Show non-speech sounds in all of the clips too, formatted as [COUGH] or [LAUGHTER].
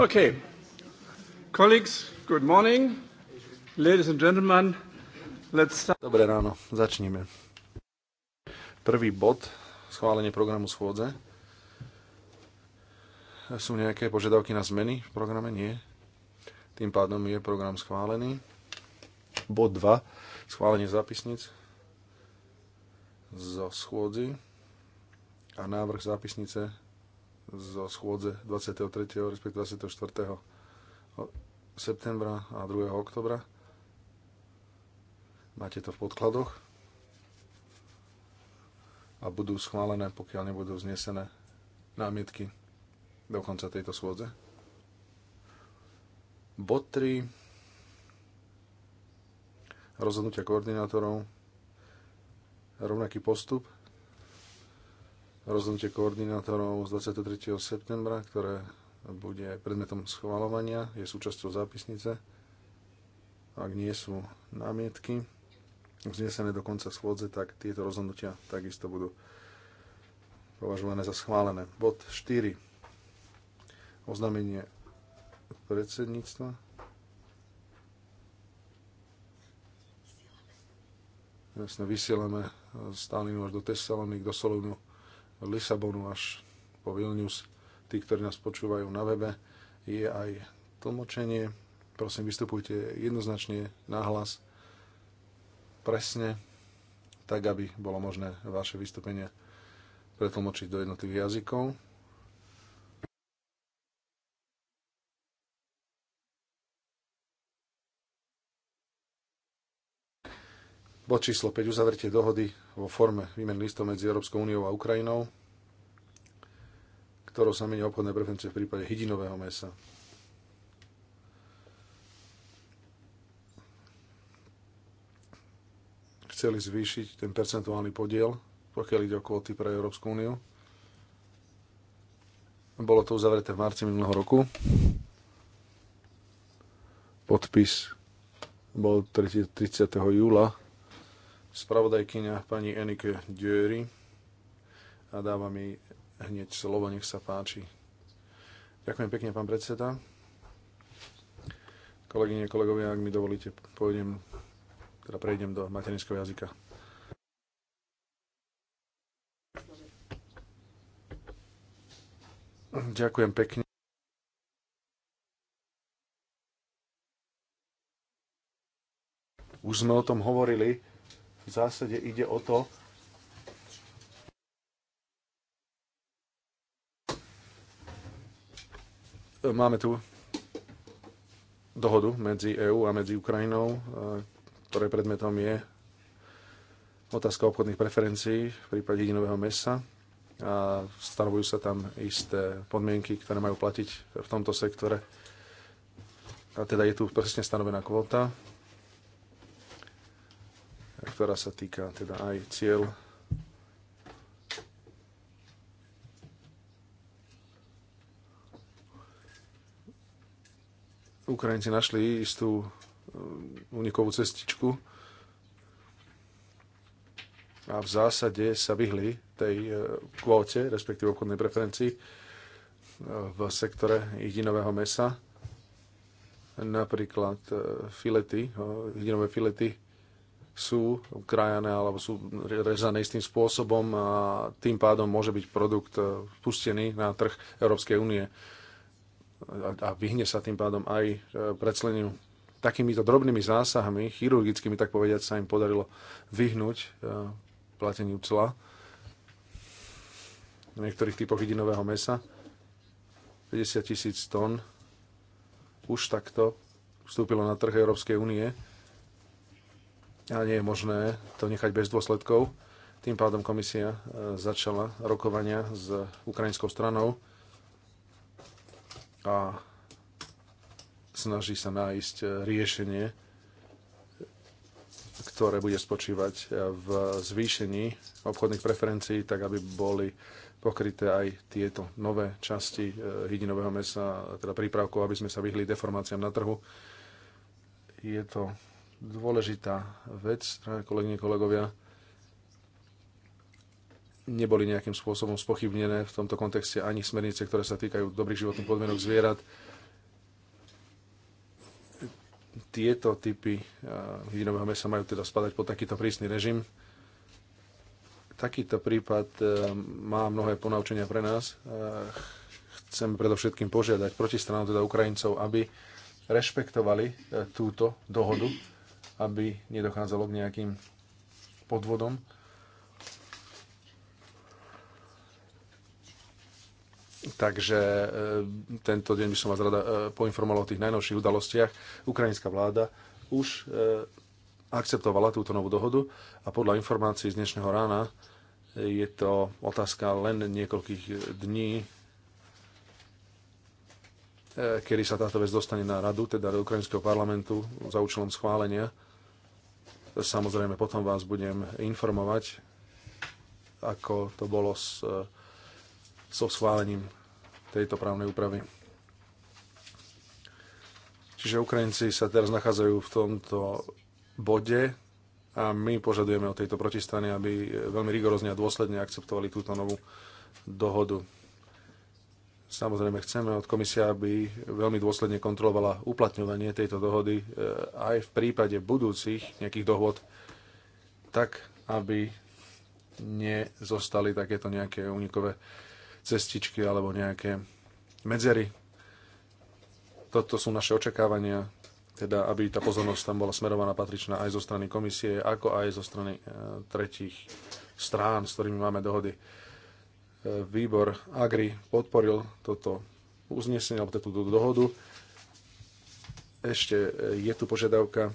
Okay. Colleagues, good morning. Ladies and gentlemen, let's start. Dobré ráno, začníme. Prvý bod, schválenie programu schôdze. Sú nejaké požiadavky na zmeny v programe? Nie. Tým pádom je program schválený. Bod 2, schválenie zápisníc zo schôdzi a návrh zápisnice zo schôdze 23. respektíve 24. septembra a 2. oktobra. Máte to v podkladoch a budú schválené, pokiaľ nebudú vznesené námietky do konca tejto schôdze. Bod 3. Rozhodnutia koordinátorov. Rovnaký postup rozhodnutie koordinátorov z 23. septembra, ktoré bude predmetom schvalovania, je súčasťou zápisnice. Ak nie sú námietky vznesené do konca schôdze, tak tieto rozhodnutia takisto budú považované za schválené. Bod 4. Oznámenie predsedníctva. Jasne, vysielame z Stalinu až do Tesalonik, do Solúnu Lisabonu až po Vilnius. Tí, ktorí nás počúvajú na webe, je aj tlmočenie. Prosím, vystupujte jednoznačne, nahlas, presne, tak, aby bolo možné vaše vystúpenie pretlmočiť do jednotlivých jazykov. Bod číslo 5. Uzavretie dohody vo forme výmen listov medzi Európskou úniou a Ukrajinou, ktorou sa menia obchodné preferencie v prípade hydinového mesa. Chceli zvýšiť ten percentuálny podiel, pokiaľ ide o kvóty pre Európsku úniu. Bolo to uzavreté v marci minulého roku. Podpis bol 30. júla spravodajkyňa pani Enike Dury a dávam jej hneď slovo, nech sa páči. Ďakujem pekne, pán predseda. Kolegyne, kolegovia, ak mi dovolíte, pôjdem, teda prejdem do materinského jazyka. Ďakujem pekne. Už sme o tom hovorili v zásade ide o to, Máme tu dohodu medzi EÚ a medzi Ukrajinou, e, ktoré predmetom je otázka obchodných preferencií v prípade jedinového mesa a stanovujú sa tam isté podmienky, ktoré majú platiť v tomto sektore. A teda je tu presne stanovená kvóta ktorá sa týka teda aj cieľ Ukrajinci našli istú um, unikovú cestičku a v zásade sa vyhli tej eh, kvóte, respektíve obchodnej preferencii eh, v sektore jedinového mesa. Napríklad eh, filety, jedinové filety sú krajané alebo sú rezané istým spôsobom a tým pádom môže byť produkt e, pustený na trh Európskej únie a vyhne sa tým pádom aj e, predsleniu. Takýmito drobnými zásahmi, chirurgickými tak povediať, sa im podarilo vyhnúť e, plateniu cla. niektorých typoch vidinového mesa 50 tisíc tón už takto vstúpilo na trh Európskej únie ale nie je možné to nechať bez dôsledkov. Tým pádom komisia e, začala rokovania s ukrajinskou stranou a snaží sa nájsť e, riešenie, ktoré bude spočívať e, v zvýšení obchodných preferencií, tak aby boli pokryté aj tieto nové časti hydinového mesa, teda prípravkov, aby sme sa vyhli deformáciám na trhu. Je to dôležitá vec, kolegyne, kolegovia, neboli nejakým spôsobom spochybnené v tomto kontexte ani smernice, ktoré sa týkajú dobrých životných podmienok zvierat. Tieto typy hydinového eh, mesa majú teda spadať pod takýto prísny režim. Takýto prípad eh, má mnohé ponaučenia pre nás. Eh, chcem predovšetkým požiadať protistranu, teda Ukrajincov, aby rešpektovali túto dohodu aby nedochádzalo k nejakým podvodom. Takže e, tento deň by som vás rada e, poinformoval o tých najnovších udalostiach. Ukrajinská vláda už e, akceptovala túto novú dohodu a podľa informácií z dnešného rána je to otázka len niekoľkých dní, kedy sa táto vec dostane na radu, teda do ukrajinského parlamentu za účelom schválenia. Samozrejme, potom vás budem informovať, ako to bolo s, e, so schválením tejto právnej úpravy. Čiže Ukrajinci sa teraz nachádzajú v tomto bode a my požadujeme od tejto protistrany, aby veľmi rigorózne a dôsledne akceptovali túto novú dohodu. Samozrejme, chceme od komisia, aby veľmi dôsledne kontrolovala uplatňovanie tejto dohody e, aj v prípade budúcich nejakých dohod, tak aby nezostali takéto nejaké unikové cestičky alebo nejaké medzery. Toto sú naše očakávania, teda aby tá pozornosť tam bola smerovaná patričná aj zo strany komisie, ako aj zo strany e, tretich strán, s ktorými máme dohody výbor Agri podporil toto uznesenie alebo túto dohodu. Ešte je tu požiadavka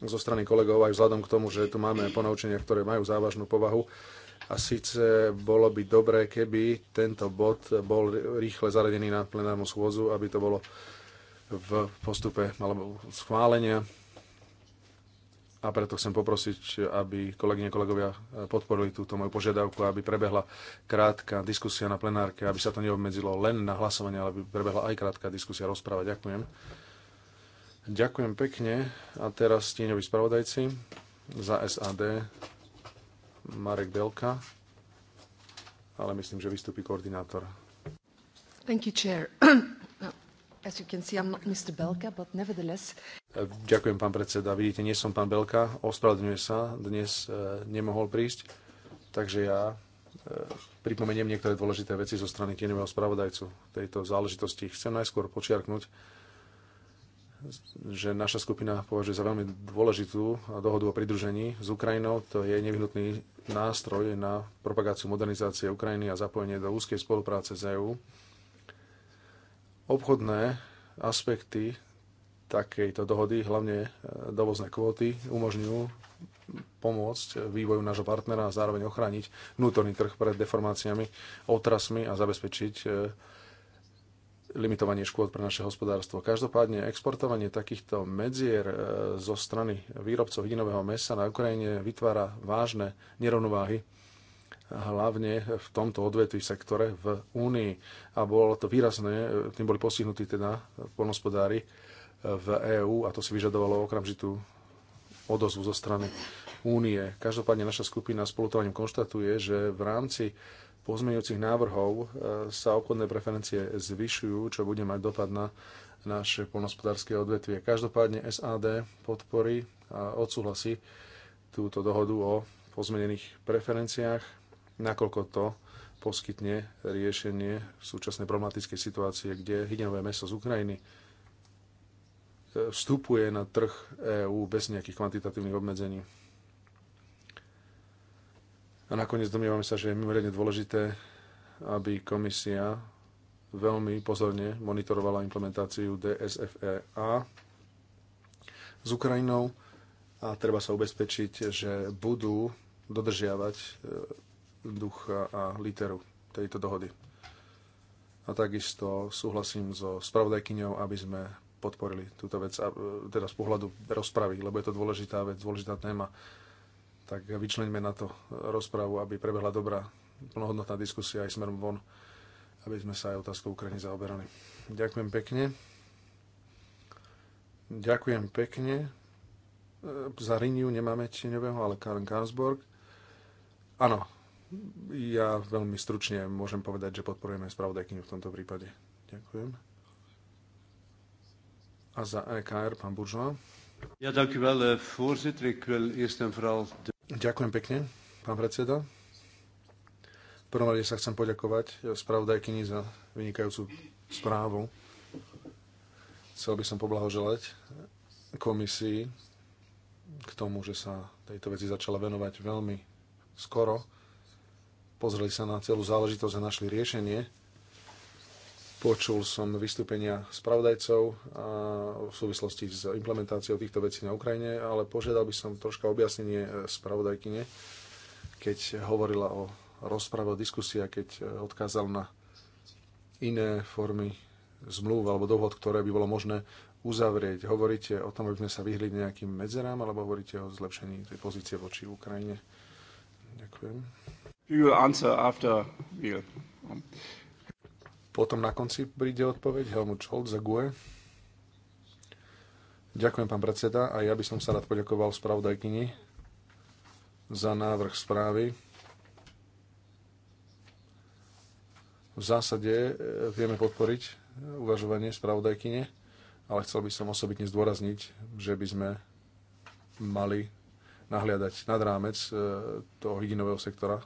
zo strany kolegov aj vzhľadom k tomu, že tu máme ponaučenia, ktoré majú závažnú povahu. A síce bolo by dobré, keby tento bod bol rýchle zaradený na plenárnu schôzu, aby to bolo v postupe alebo schválenia a preto chcem poprosiť, aby kolegyne kolegovia eh, podporili túto moju požiadavku, aby prebehla krátka diskusia na plenárke, aby sa to neobmedzilo len na hlasovanie, ale aby prebehla aj krátka diskusia, rozpráva. Ďakujem. Ďakujem pekne. A teraz tieňoví spravodajci za SAD Marek Delka, ale myslím, že vystúpi koordinátor. Thank you, Chair. [CLEARS THROAT] Belka, nevertheless... E, ďakujem, pán predseda. Vidíte, nie som pán Belka, ospravedlňuje sa, dnes e, nemohol prísť, takže ja e, pripomeniem niektoré dôležité veci zo strany tieňového spravodajcu tejto záležitosti. Chcem najskôr počiarknúť, že naša skupina považuje za veľmi dôležitú dohodu o pridružení s Ukrajinou. To je nevyhnutný nástroj na propagáciu modernizácie Ukrajiny a zapojenie do úzkej spolupráce s EÚ Obchodné aspekty takejto dohody, hlavne e, dovozné kvóty, umožňujú pomôcť vývoju nášho partnera a zároveň ochrániť vnútorný trh pred deformáciami, otrasmi a zabezpečiť e, limitovanie škôd pre naše hospodárstvo. Každopádne exportovanie takýchto medzier e, zo strany výrobcov hydinového mesa na Ukrajine vytvára vážne nerovnováhy hlavne v tomto odvetví sektore v Únii. A bolo to výrazné, tým boli postihnutí teda polnospodári v EÚ a to si vyžadovalo okamžitú odozvu zo strany únie. Každopádne naša skupina spolutovaním konštatuje, že v rámci pozmeňujúcich návrhov e, sa obchodné preferencie zvyšujú, čo bude mať dopad na naše polnospodárske odvetvie. Každopádne SAD podporí a odsúhlasí túto dohodu o pozmenených preferenciách nakoľko to poskytne riešenie v súčasnej problematickej situácie, kde hydenové meso z Ukrajiny e, vstupuje na trh EÚ bez nejakých kvantitatívnych obmedzení. A nakoniec domnievame sa, že je mimoriadne dôležité, aby komisia veľmi pozorne monitorovala implementáciu DSFEA s Ukrajinou a treba sa ubezpečiť, že budú dodržiavať e, ducha a literu tejto dohody. A takisto súhlasím so spravodajkyňou, aby sme podporili túto vec, teda z pohľadu rozpravy, lebo je to dôležitá vec, dôležitá téma. Tak vyčleňme na to rozpravu, aby prebehla dobrá, plnohodnotná diskusia aj smerom von, aby sme sa aj otázkou Ukrajiny zaoberali. Ďakujem pekne. Ďakujem pekne. E, za Riniu nemáme tieňového, ale Karen Karsborg. Áno, ja veľmi stručne môžem povedať, že podporujeme spravodajkyňu v tomto prípade. Ďakujem. A za EKR pán Buržová. Ja, dankjewel, eh, voorzitter. Ik wil eerst en vooral... Ďakujem pekne, pán predseda. V prvom rade sa chcem poďakovať eh, spravodajkyni za vynikajúcu správu. Chcel by som poblahoželať eh, komisii k tomu, že sa tejto veci začala venovať veľmi skoro pozreli sa na celú záležitosť a našli riešenie. Počul som vystúpenia spravodajcov v súvislosti s implementáciou týchto vecí na Ukrajine, ale požiadal by som troška objasnenie e, spravodajkyne, keď hovorila o rozprave, o diskusii a keď e, odkázal na iné formy zmluv alebo dohod, ktoré by bolo možné uzavrieť? Hovoríte o tom, aby sme sa vyhli nejakým medzerám, alebo hovoríte o zlepšení tej pozície voči Ukrajine? Ďakujem will answer after Potom na konci príde odpoveď Helmut Scholz za GUE. Ďakujem, pán predseda, a ja by som sa rád poďakoval spravodajkyni za návrh správy. V zásade e, vieme podporiť uvažovanie spravodajkyne, ale chcel by som osobitne zdôrazniť, že by sme mali nahliadať nad rámec e, toho hydinového sektora,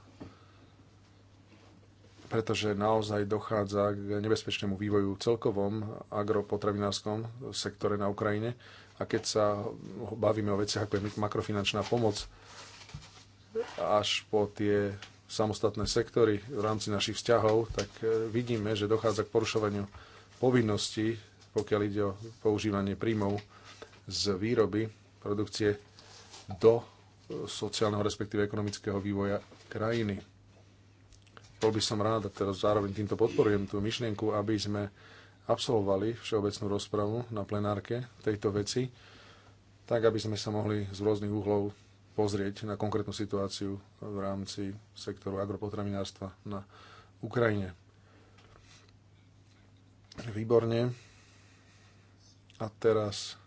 pretože naozaj dochádza k nebezpečnému vývoju celkovom agropotravinárskom sektore na Ukrajine. A keď sa bavíme o veciach ako je makrofinančná pomoc, až po tie samostatné sektory v rámci našich vzťahov, tak e, vidíme, že dochádza k porušovaniu povinností, pokiaľ ide o používanie príjmov z výroby, produkcie do e, sociálneho, respektíve ekonomického vývoja krajiny bol by som rád, a teraz zároveň týmto podporujem tú myšlienku, aby sme absolvovali všeobecnú rozpravu na plenárke tejto veci, tak aby sme sa mohli z rôznych uhlov pozrieť na konkrétnu situáciu v rámci sektoru agropotravinárstva na Ukrajine. Výborne. A teraz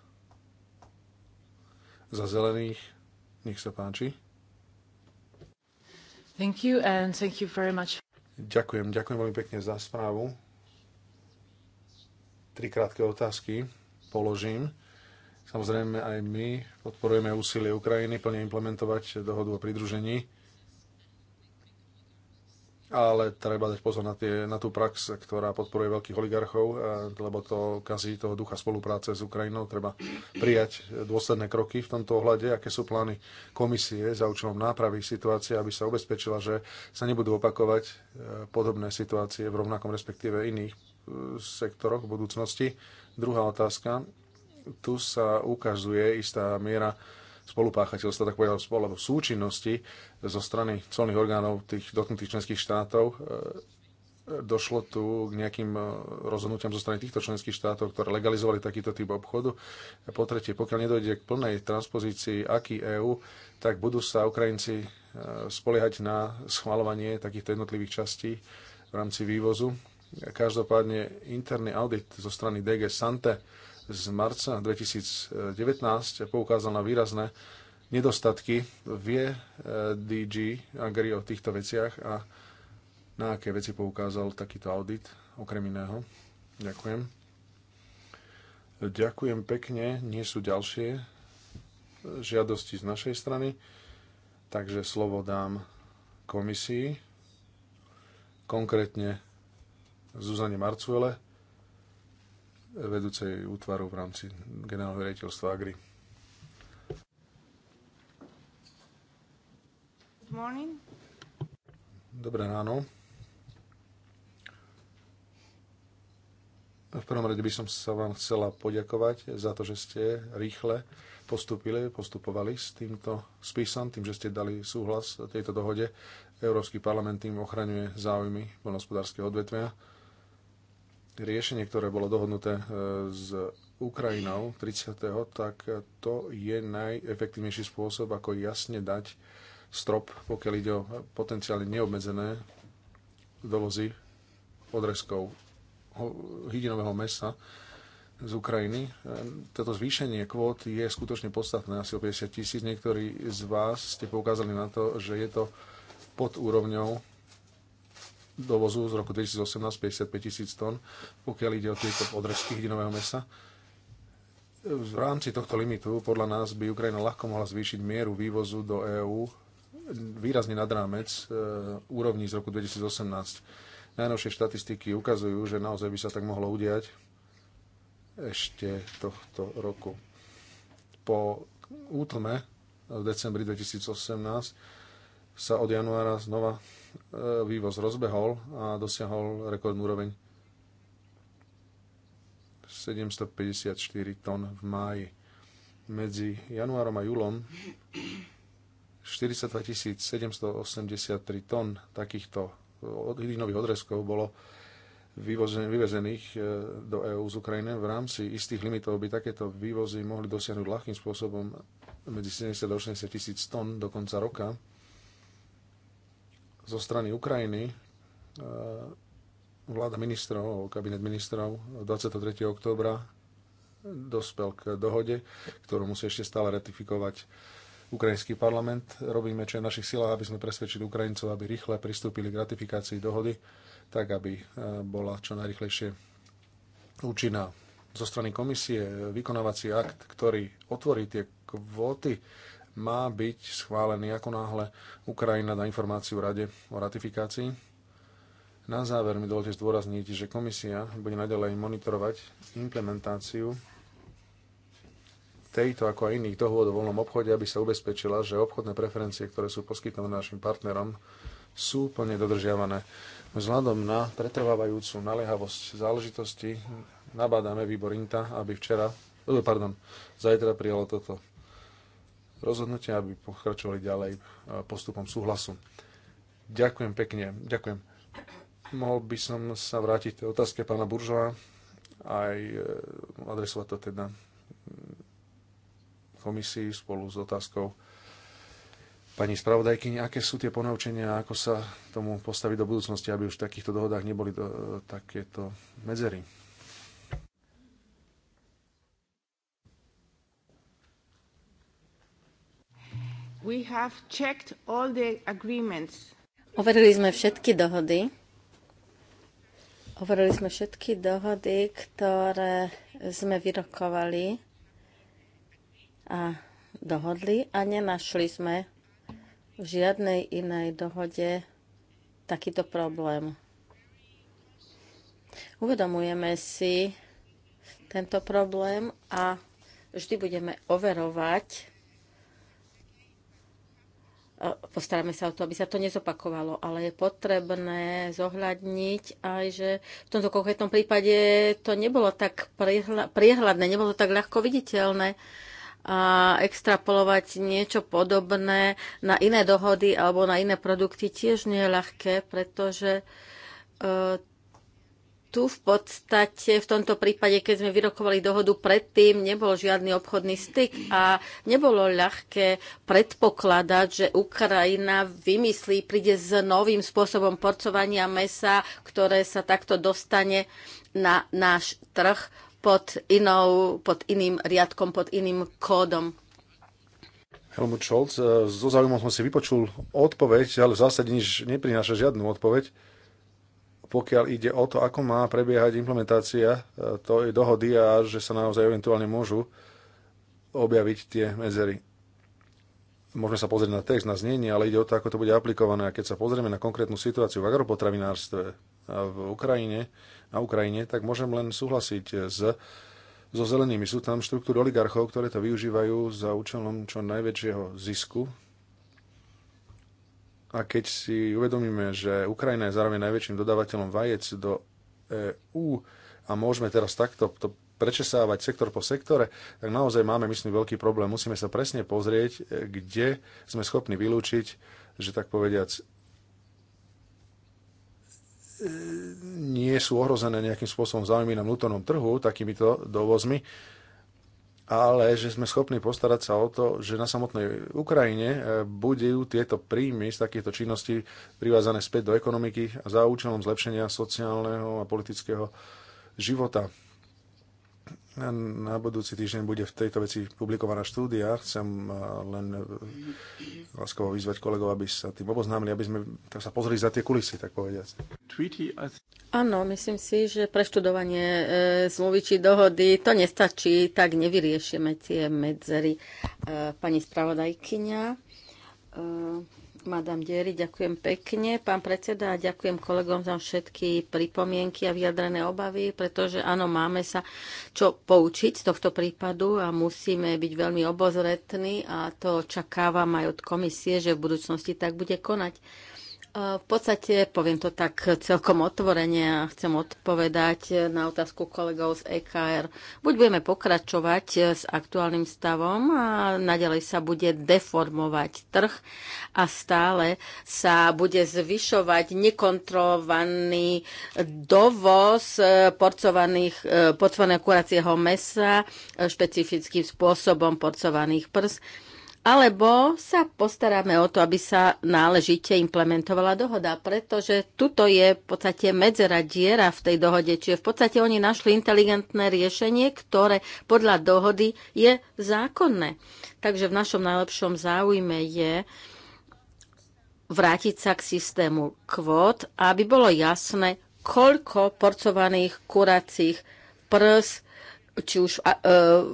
za zelených. Nech sa páči. Thank you and thank you very much. Ďakujem, ďakujem veľmi pekne za správu. Tri krátke otázky položím. Samozrejme aj my podporujeme úsilie Ukrajiny plne implementovať dohodu o pridružení ale treba dať pozor na, tie, na tú prax, ktorá podporuje veľkých oligarchov, lebo to kazí toho ducha spolupráce s Ukrajinou. Treba prijať dôsledné kroky v tomto ohľade, aké sú plány komisie za účelom nápravy situácie, aby sa ubezpečila, že sa nebudú opakovať e, podobné situácie v rovnakom respektíve iných e, sektoroch v budúcnosti. Druhá otázka. Tu sa ukazuje istá miera spolupáchateľstva, tak povedal, alebo súčinnosti zo strany colných orgánov tých dotknutých členských štátov e, došlo tu k nejakým e, rozhodnutiam zo strany týchto členských štátov, ktoré legalizovali takýto typ obchodu. Po tretie, pokiaľ nedojde k plnej transpozícii aký EÚ, tak budú sa Ukrajinci e, spoliehať na schvalovanie takýchto jednotlivých častí v rámci vývozu. Každopádne interný audit zo strany DG Sante z marca 2019 poukázal na výrazné nedostatky. Vie DG Agri o týchto veciach a na aké veci poukázal takýto audit, okrem iného. Ďakujem. Ďakujem pekne. Nie sú ďalšie žiadosti z našej strany, takže slovo dám komisii, konkrétne Zuzane Marcuele vedúcej útvaru v rámci generálneho riaditeľstva Agri. Dobré ráno. V prvom rade by som sa vám chcela poďakovať za to, že ste rýchle postupili, postupovali s týmto spisom, tým, že ste dali súhlas tejto dohode. Európsky parlament tým ochraňuje záujmy poľnohospodárskeho odvetvia riešenie, ktoré bolo dohodnuté e, s Ukrajinou 30. tak to je najefektívnejší spôsob, ako jasne dať strop, pokiaľ ide o potenciálne neobmedzené dovozy odrezkov hydinového mesa z Ukrajiny. E, toto zvýšenie kvót je skutočne podstatné, asi o 50 tisíc. Niektorí z vás ste poukázali na to, že je to pod úrovňou dovozu z roku 2018 55 tisíc tón, pokiaľ ide o tieto odrezky hydinového mesa. V rámci tohto limitu podľa nás by Ukrajina ľahko mohla zvýšiť mieru vývozu do EÚ výrazne nad rámec e, úrovní z roku 2018. Najnovšie štatistiky ukazujú, že naozaj by sa tak mohlo udiať ešte tohto roku. Po útlme v decembri 2018 sa od januára znova E, vývoz rozbehol a dosiahol rekordnú úroveň 754 tón v máji. Medzi januárom a júlom 42 783 tón takýchto e, hlinových odrezkov bolo vyvezených e, do EÚ z Ukrajiny. V rámci istých limitov by takéto vývozy mohli dosiahnuť ľahkým spôsobom medzi 70 a 80 tisíc tón do konca roka zo strany Ukrajiny e, vláda ministrov, kabinet ministrov 23. októbra dospel k dohode, ktorú musí ešte stále ratifikovať ukrajinský parlament. Robíme čo je v našich silách, aby sme presvedčili Ukrajincov, aby rýchle pristúpili k ratifikácii dohody, tak aby e, bola čo najrychlejšie účinná. Zo strany komisie vykonávací akt, ktorý otvorí tie kvóty má byť schválený ako náhle Ukrajina na informáciu Rade o ratifikácii. Na záver mi dovolte zdôrazniť, že komisia bude naďalej monitorovať implementáciu tejto ako aj iných dohôd o voľnom obchode, aby sa ubezpečila, že obchodné preferencie, ktoré sú poskytnuté našim partnerom, sú plne dodržiavané. Vzhľadom na pretrvávajúcu naliehavosť záležitosti nabádame výbor INTA, aby včera, eh, pardon, zajtra prijalo toto rozhodnutia, aby pokračovali ďalej e, postupom súhlasu. Ďakujem pekne, ďakujem. Mohol by som sa vrátiť k otázke pána Buržova aj e, adresovať to teda komisii spolu s otázkou pani spravodajky, aké sú tie ponaučenia, ako sa tomu postaviť do budúcnosti, aby už v takýchto dohodách neboli do, e, takéto medzery. We have checked all the agreements. Overili sme všetky dohody. Overili sme všetky dohody, ktoré sme vyrokovali a dohodli a nenašli sme v žiadnej inej dohode takýto problém. Uvedomujeme si tento problém a vždy budeme overovať postaráme sa o to, aby sa to nezopakovalo, ale je potrebné zohľadniť aj, že v tomto konkrétnom prípade to nebolo tak priehľadné, nebolo tak ľahko viditeľné a extrapolovať niečo podobné na iné dohody alebo na iné produkty tiež nie je ľahké, pretože e, tu v podstate v tomto prípade, keď sme vyrokovali dohodu predtým, nebol žiadny obchodný styk a nebolo ľahké predpokladať, že Ukrajina vymyslí, príde s novým spôsobom porcovania mesa, ktoré sa takto dostane na náš trh pod, inou, pod iným riadkom, pod iným kódom. Helmut Scholz, zo e, zaujímavom som si vypočul odpoveď, ale v zásade nič neprináša žiadnu odpoveď pokiaľ ide o to, ako má prebiehať implementácia e, tej dohody a že sa naozaj eventuálne môžu objaviť tie medzery. Môžeme sa pozrieť na text, na znenie, ale ide o to, ako to bude aplikované. A keď sa pozrieme na konkrétnu situáciu v agropotravinárstve e, v Ukrajine, na Ukrajine, tak môžem len súhlasiť s, so zelenými. Sú tam štruktúry oligarchov, ktoré to využívajú za účelom čo najväčšieho zisku, a keď si uvedomíme, že Ukrajina je zároveň najväčším dodávateľom vajec do EÚ a môžeme teraz takto to prečesávať sektor po sektore, tak naozaj máme, myslím, veľký problém. Musíme sa presne pozrieť, kde sme schopní vylúčiť, že tak povediac e, nie sú ohrozené nejakým spôsobom záujmy na vnútornom trhu takýmito dovozmi, ale že sme schopní postarať sa o to, že na samotnej Ukrajine eh, budú tieto príjmy z takýchto činností privázané späť do ekonomiky a za účelom zlepšenia sociálneho a politického života. Na budúci týždeň bude v tejto veci publikovaná štúdia. Chcem eh, len eh, láskovo vyzvať kolegov, aby sa tým oboznámili, aby sme sa pozreli za tie kulisy, tak povediať. Áno, myslím si, že preštudovanie e, zmluvy či dohody to nestačí, tak nevyriešime tie medzery. E, pani spravodajkyňa. E, Madame Diery, ďakujem pekne. Pán predseda, ďakujem kolegom za všetky pripomienky a vyjadrené obavy, pretože áno, máme sa čo poučiť z tohto prípadu a musíme byť veľmi obozretní a to očakávam aj od komisie, že v budúcnosti tak bude konať. V podstate poviem to tak celkom otvorene a chcem odpovedať na otázku kolegov z EKR. Buď budeme pokračovať s aktuálnym stavom a nadalej sa bude deformovať trh a stále sa bude zvyšovať nekontrolovaný dovoz porcovaných, eh, porcovaného kuracieho mesa eh, špecifickým spôsobom porcovaných prs alebo sa postaráme o to, aby sa náležite implementovala dohoda, pretože tuto je v podstate medzera diera v tej dohode, čiže v podstate oni našli inteligentné riešenie, ktoré podľa dohody je zákonné. Takže v našom najlepšom záujme je vrátiť sa k systému kvót, aby bolo jasné, koľko porcovaných kuracích prs či už e,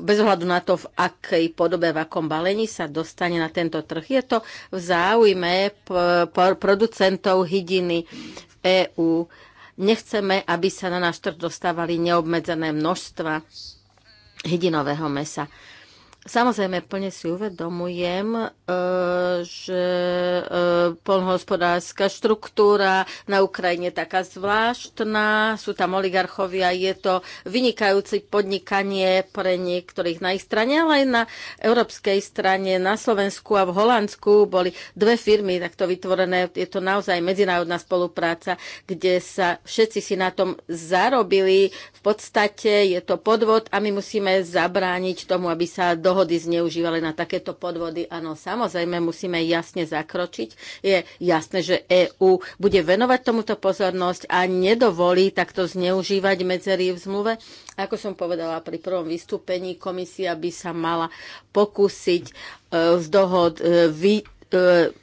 bez ohľadu na to, v akej podobe, v akom balení sa dostane na tento trh. Je to v záujme producentov hydiny v e EÚ. Nechceme, aby sa na náš trh dostávali neobmedzené množstva hydinového mesa. Samozrejme, plne si uvedomujem, e, že e, polnohospodárska štruktúra na Ukrajine je taká zvláštna, sú tam oligarchovia, je to vynikajúce podnikanie pre niektorých na ich strane, ale aj na európskej strane, na Slovensku a v Holandsku boli dve firmy takto vytvorené. Je to naozaj medzinárodná spolupráca, kde sa všetci si na tom zarobili. V podstate je to podvod a my musíme zabrániť tomu, aby sa do dohody zneužívali na takéto podvody. Áno, samozrejme musíme jasne zakročiť. Je jasné, že EÚ bude venovať tomuto pozornosť a nedovolí takto zneužívať medzery v zmluve. Ako som povedala pri prvom vystúpení, komisia by sa mala pokúsiť e, z dohod e, vy, e,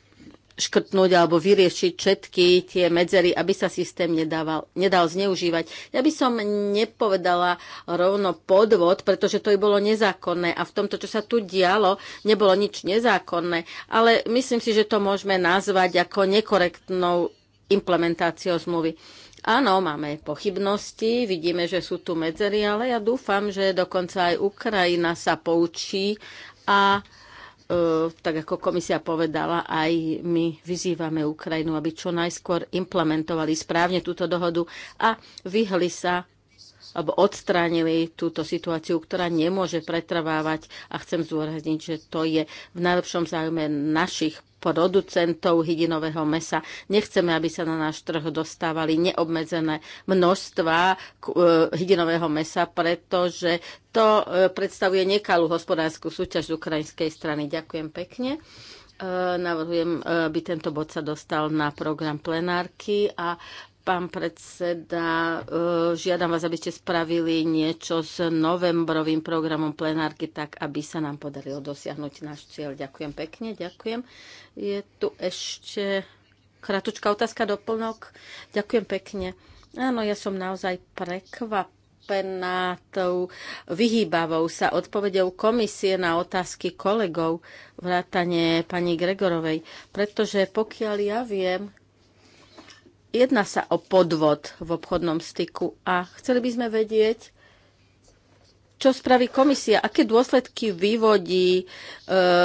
škrtnúť alebo vyriešiť všetky tie medzery, aby sa systém nedával, nedal zneužívať. Ja by som nepovedala rovno podvod, pretože to by bolo nezákonné a v tomto, čo sa tu dialo, nebolo nič nezákonné. Ale myslím si, že to môžeme nazvať ako nekorektnou implementáciou zmluvy. Áno, máme pochybnosti, vidíme, že sú tu medzery, ale ja dúfam, že dokonca aj Ukrajina sa poučí a E, tak ako komisia povedala, aj my vyzývame Ukrajinu, aby čo najskôr implementovali správne túto dohodu a vyhli sa alebo odstránili túto situáciu, ktorá nemôže pretrvávať a chcem zdôrazniť, že to je v najlepšom záujme našich producentov hydinového mesa. Nechceme, aby sa na náš trh dostávali neobmedzené množstva e, hydinového mesa, pretože to e, predstavuje nekalú hospodárskú súťaž z ukrajinskej strany. Ďakujem pekne e, navrhujem, by tento bod sa dostal na program plenárky a Pán predseda, eh, žiadam vás, aby ste spravili niečo s novembrovým programom plenárky, tak aby sa nám podarilo dosiahnuť náš cieľ. Ďakujem pekne, ďakujem. Je tu ešte kratučká otázka, doplnok. Ďakujem pekne. Áno, ja som naozaj prekvapená tou vyhýbavou sa odpovedou komisie na otázky kolegov vrátane pani Gregorovej, pretože pokiaľ ja viem, Jedná sa o podvod v obchodnom styku a chceli by sme vedieť, čo spraví komisia, aké dôsledky vyvodí e,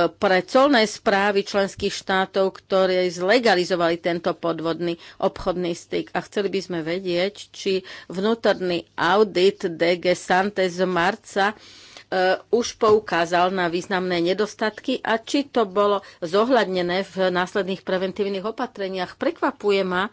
pre colné správy členských štátov, ktoré zlegalizovali tento podvodný obchodný styk. A chceli by sme vedieť, či vnútorný audit DG Sante z marca e, už poukázal na významné nedostatky a či to bolo zohľadnené v následných preventívnych opatreniach. Prekvapuje ma,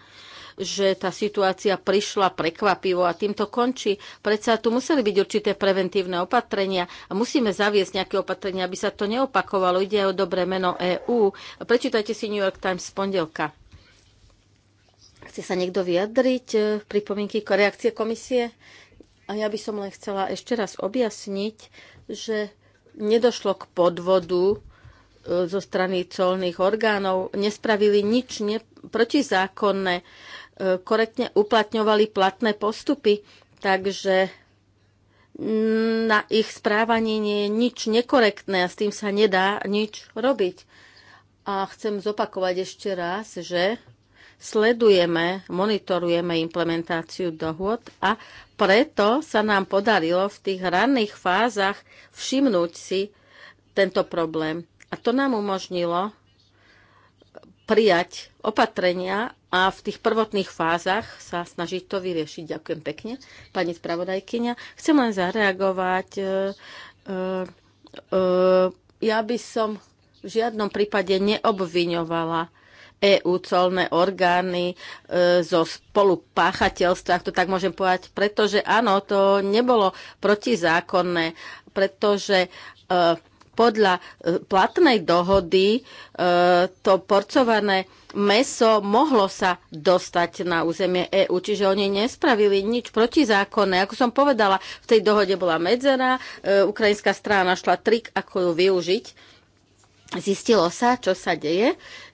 že tá situácia prišla prekvapivo a týmto končí. Predsa tu museli byť určité preventívne opatrenia a musíme zaviesť nejaké opatrenia, aby sa to neopakovalo. Ide o dobré meno EÚ. Prečítajte si New York Times z pondelka. Chce sa niekto vyjadriť? E, pripomienky, reakcie komisie? A ja by som len chcela ešte raz objasniť, že nedošlo k podvodu e, zo strany colných orgánov, nespravili nič ne, protizákonné korektne uplatňovali platné postupy, takže na ich správanie nie je nič nekorektné a s tým sa nedá nič robiť. A chcem zopakovať ešte raz, že sledujeme, monitorujeme implementáciu dohôd a preto sa nám podarilo v tých ranných fázach všimnúť si tento problém. A to nám umožnilo prijať opatrenia a v tých prvotných fázach sa snažiť to vyriešiť. Ďakujem pekne, pani spravodajkyňa. Chcem len zareagovať. E, e, e, ja by som v žiadnom prípade neobviňovala EU colné orgány e, zo spolupáchateľstva, ak to tak môžem povedať, pretože áno, to nebolo protizákonné, pretože e, podľa e, platnej dohody e, to porcované meso mohlo sa dostať na územie EÚ, čiže oni nespravili nič protizákonné. Ako som povedala, v tej dohode bola medzera, e, ukrajinská strana našla trik, ako ju využiť. Zistilo sa, čo sa deje.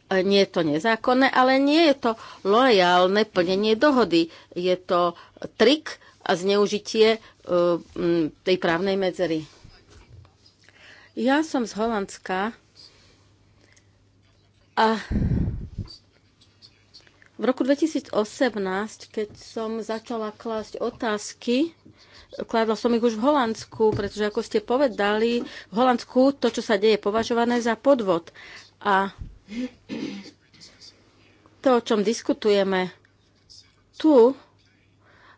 Nie je to nezákonné, ale nie je to lojálne plnenie dohody. Je to trik a zneužitie tej právnej medzery. Ja som z Holandska a v roku 2018, keď som začala klásť otázky, kládla som ich už v Holandsku, pretože ako ste povedali, v Holandsku to, čo sa deje, je považované za podvod. A to, o čom diskutujeme tu,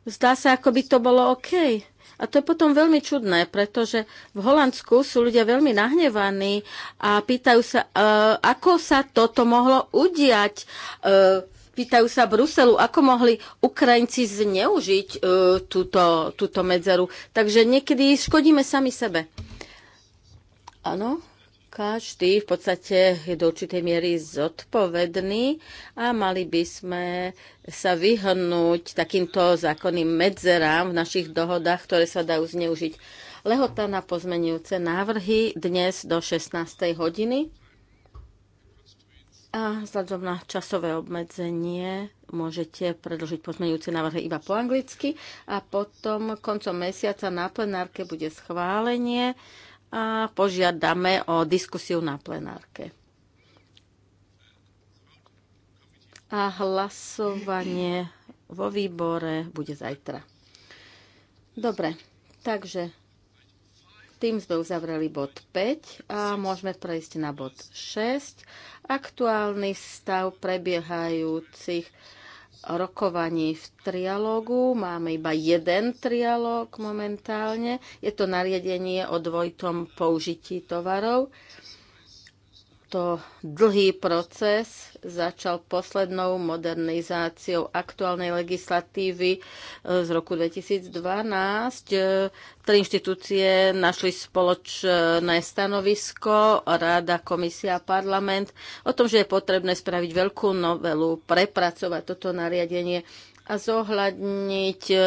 zdá sa, ako by to bolo OK. A to je potom veľmi čudné, pretože v Holandsku sú ľudia veľmi nahnevaní a pýtajú sa, e, ako sa toto mohlo udiať. E, pýtajú sa Bruselu, ako mohli Ukrajinci zneužiť e, túto, túto medzeru. Takže niekedy škodíme sami sebe. Áno? každý v podstate je do určitej miery zodpovedný a mali by sme sa vyhnúť takýmto zákonným medzerám v našich dohodách, ktoré sa dajú zneužiť. Lehota na pozmenujúce návrhy dnes do 16. hodiny. A vzhľadom na časové obmedzenie môžete predložiť pozmenujúce návrhy iba po anglicky a potom koncom mesiaca na plenárke bude schválenie a požiadame o diskusiu na plenárke. A hlasovanie vo výbore bude zajtra. Dobre, takže tým sme uzavreli bod 5 a môžeme prejsť na bod 6. Aktuálny stav prebiehajúcich rokovaní v trialógu. Máme iba jeden trialóg momentálne. Je to nariadenie o dvojitom použití tovarov to dlhý proces. Začal poslednou modernizáciou aktuálnej legislatívy e, z roku 2012. E, tri inštitúcie našli spoločné stanovisko, Rada, Komisia a Parlament o tom, že je potrebné spraviť veľkú novelu, prepracovať toto nariadenie a zohľadniť e,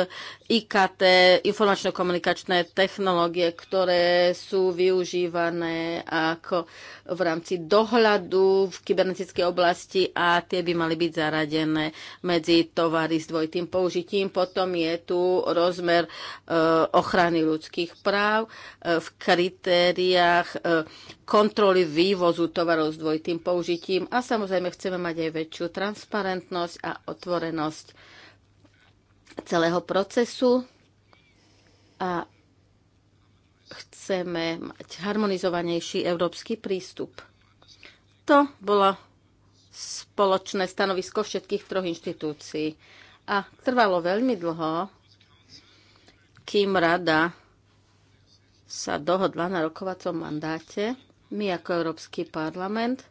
IKT, informačno-komunikačné technológie, ktoré sú využívané ako v rámci dohľadu v kybernetickej oblasti a tie by mali byť zaradené medzi tovary s dvojitým použitím. Potom je tu rozmer e, ochrany ľudských práv e, v kritériách kontroly vývozu tovarov s dvojitým použitím a samozrejme chceme mať aj väčšiu transparentnosť a otvorenosť celého procesu a chceme mať harmonizovanejší európsky prístup. To bolo spoločné stanovisko všetkých troch inštitúcií. A trvalo veľmi dlho, kým rada sa dohodla na rokovacom mandáte. My ako Európsky parlament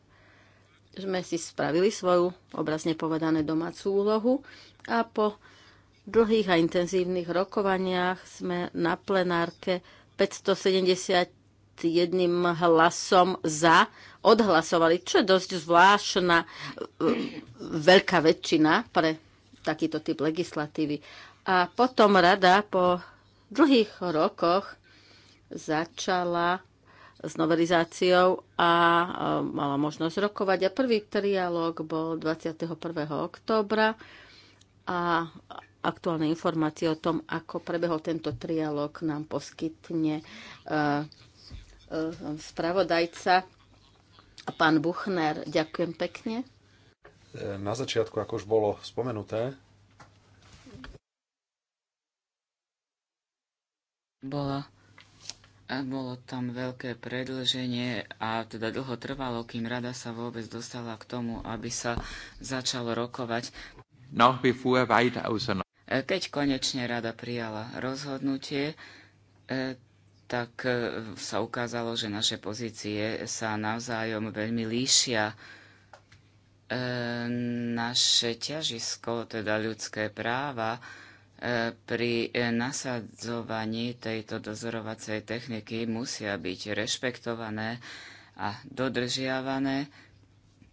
sme si spravili svoju, obrazne povedané, domácu úlohu a po dlhých a intenzívnych rokovaniach sme na plenárke 571 hlasom za odhlasovali, čo je dosť zvláštna e, veľká väčšina pre takýto typ legislatívy. A potom rada po dlhých rokoch začala s novelizáciou a e, mala možnosť rokovať. A prvý trialóg bol 21. oktobra a aktuálne informácie o tom, ako prebehol tento trialog, nám poskytne eh, eh, spravodajca pán Buchner. Ďakujem pekne. Eh, na začiatku, ako už bolo spomenuté, bola bolo tam veľké predlženie a teda dlho trvalo, kým rada sa vôbec dostala k tomu, aby sa začalo rokovať. E, keď konečne rada prijala rozhodnutie, e, tak e, sa ukázalo, že naše pozície sa navzájom veľmi líšia. Naše ťažisko, teda ľudské práva, pri nasadzovaní tejto dozorovacej techniky musia byť rešpektované a dodržiavané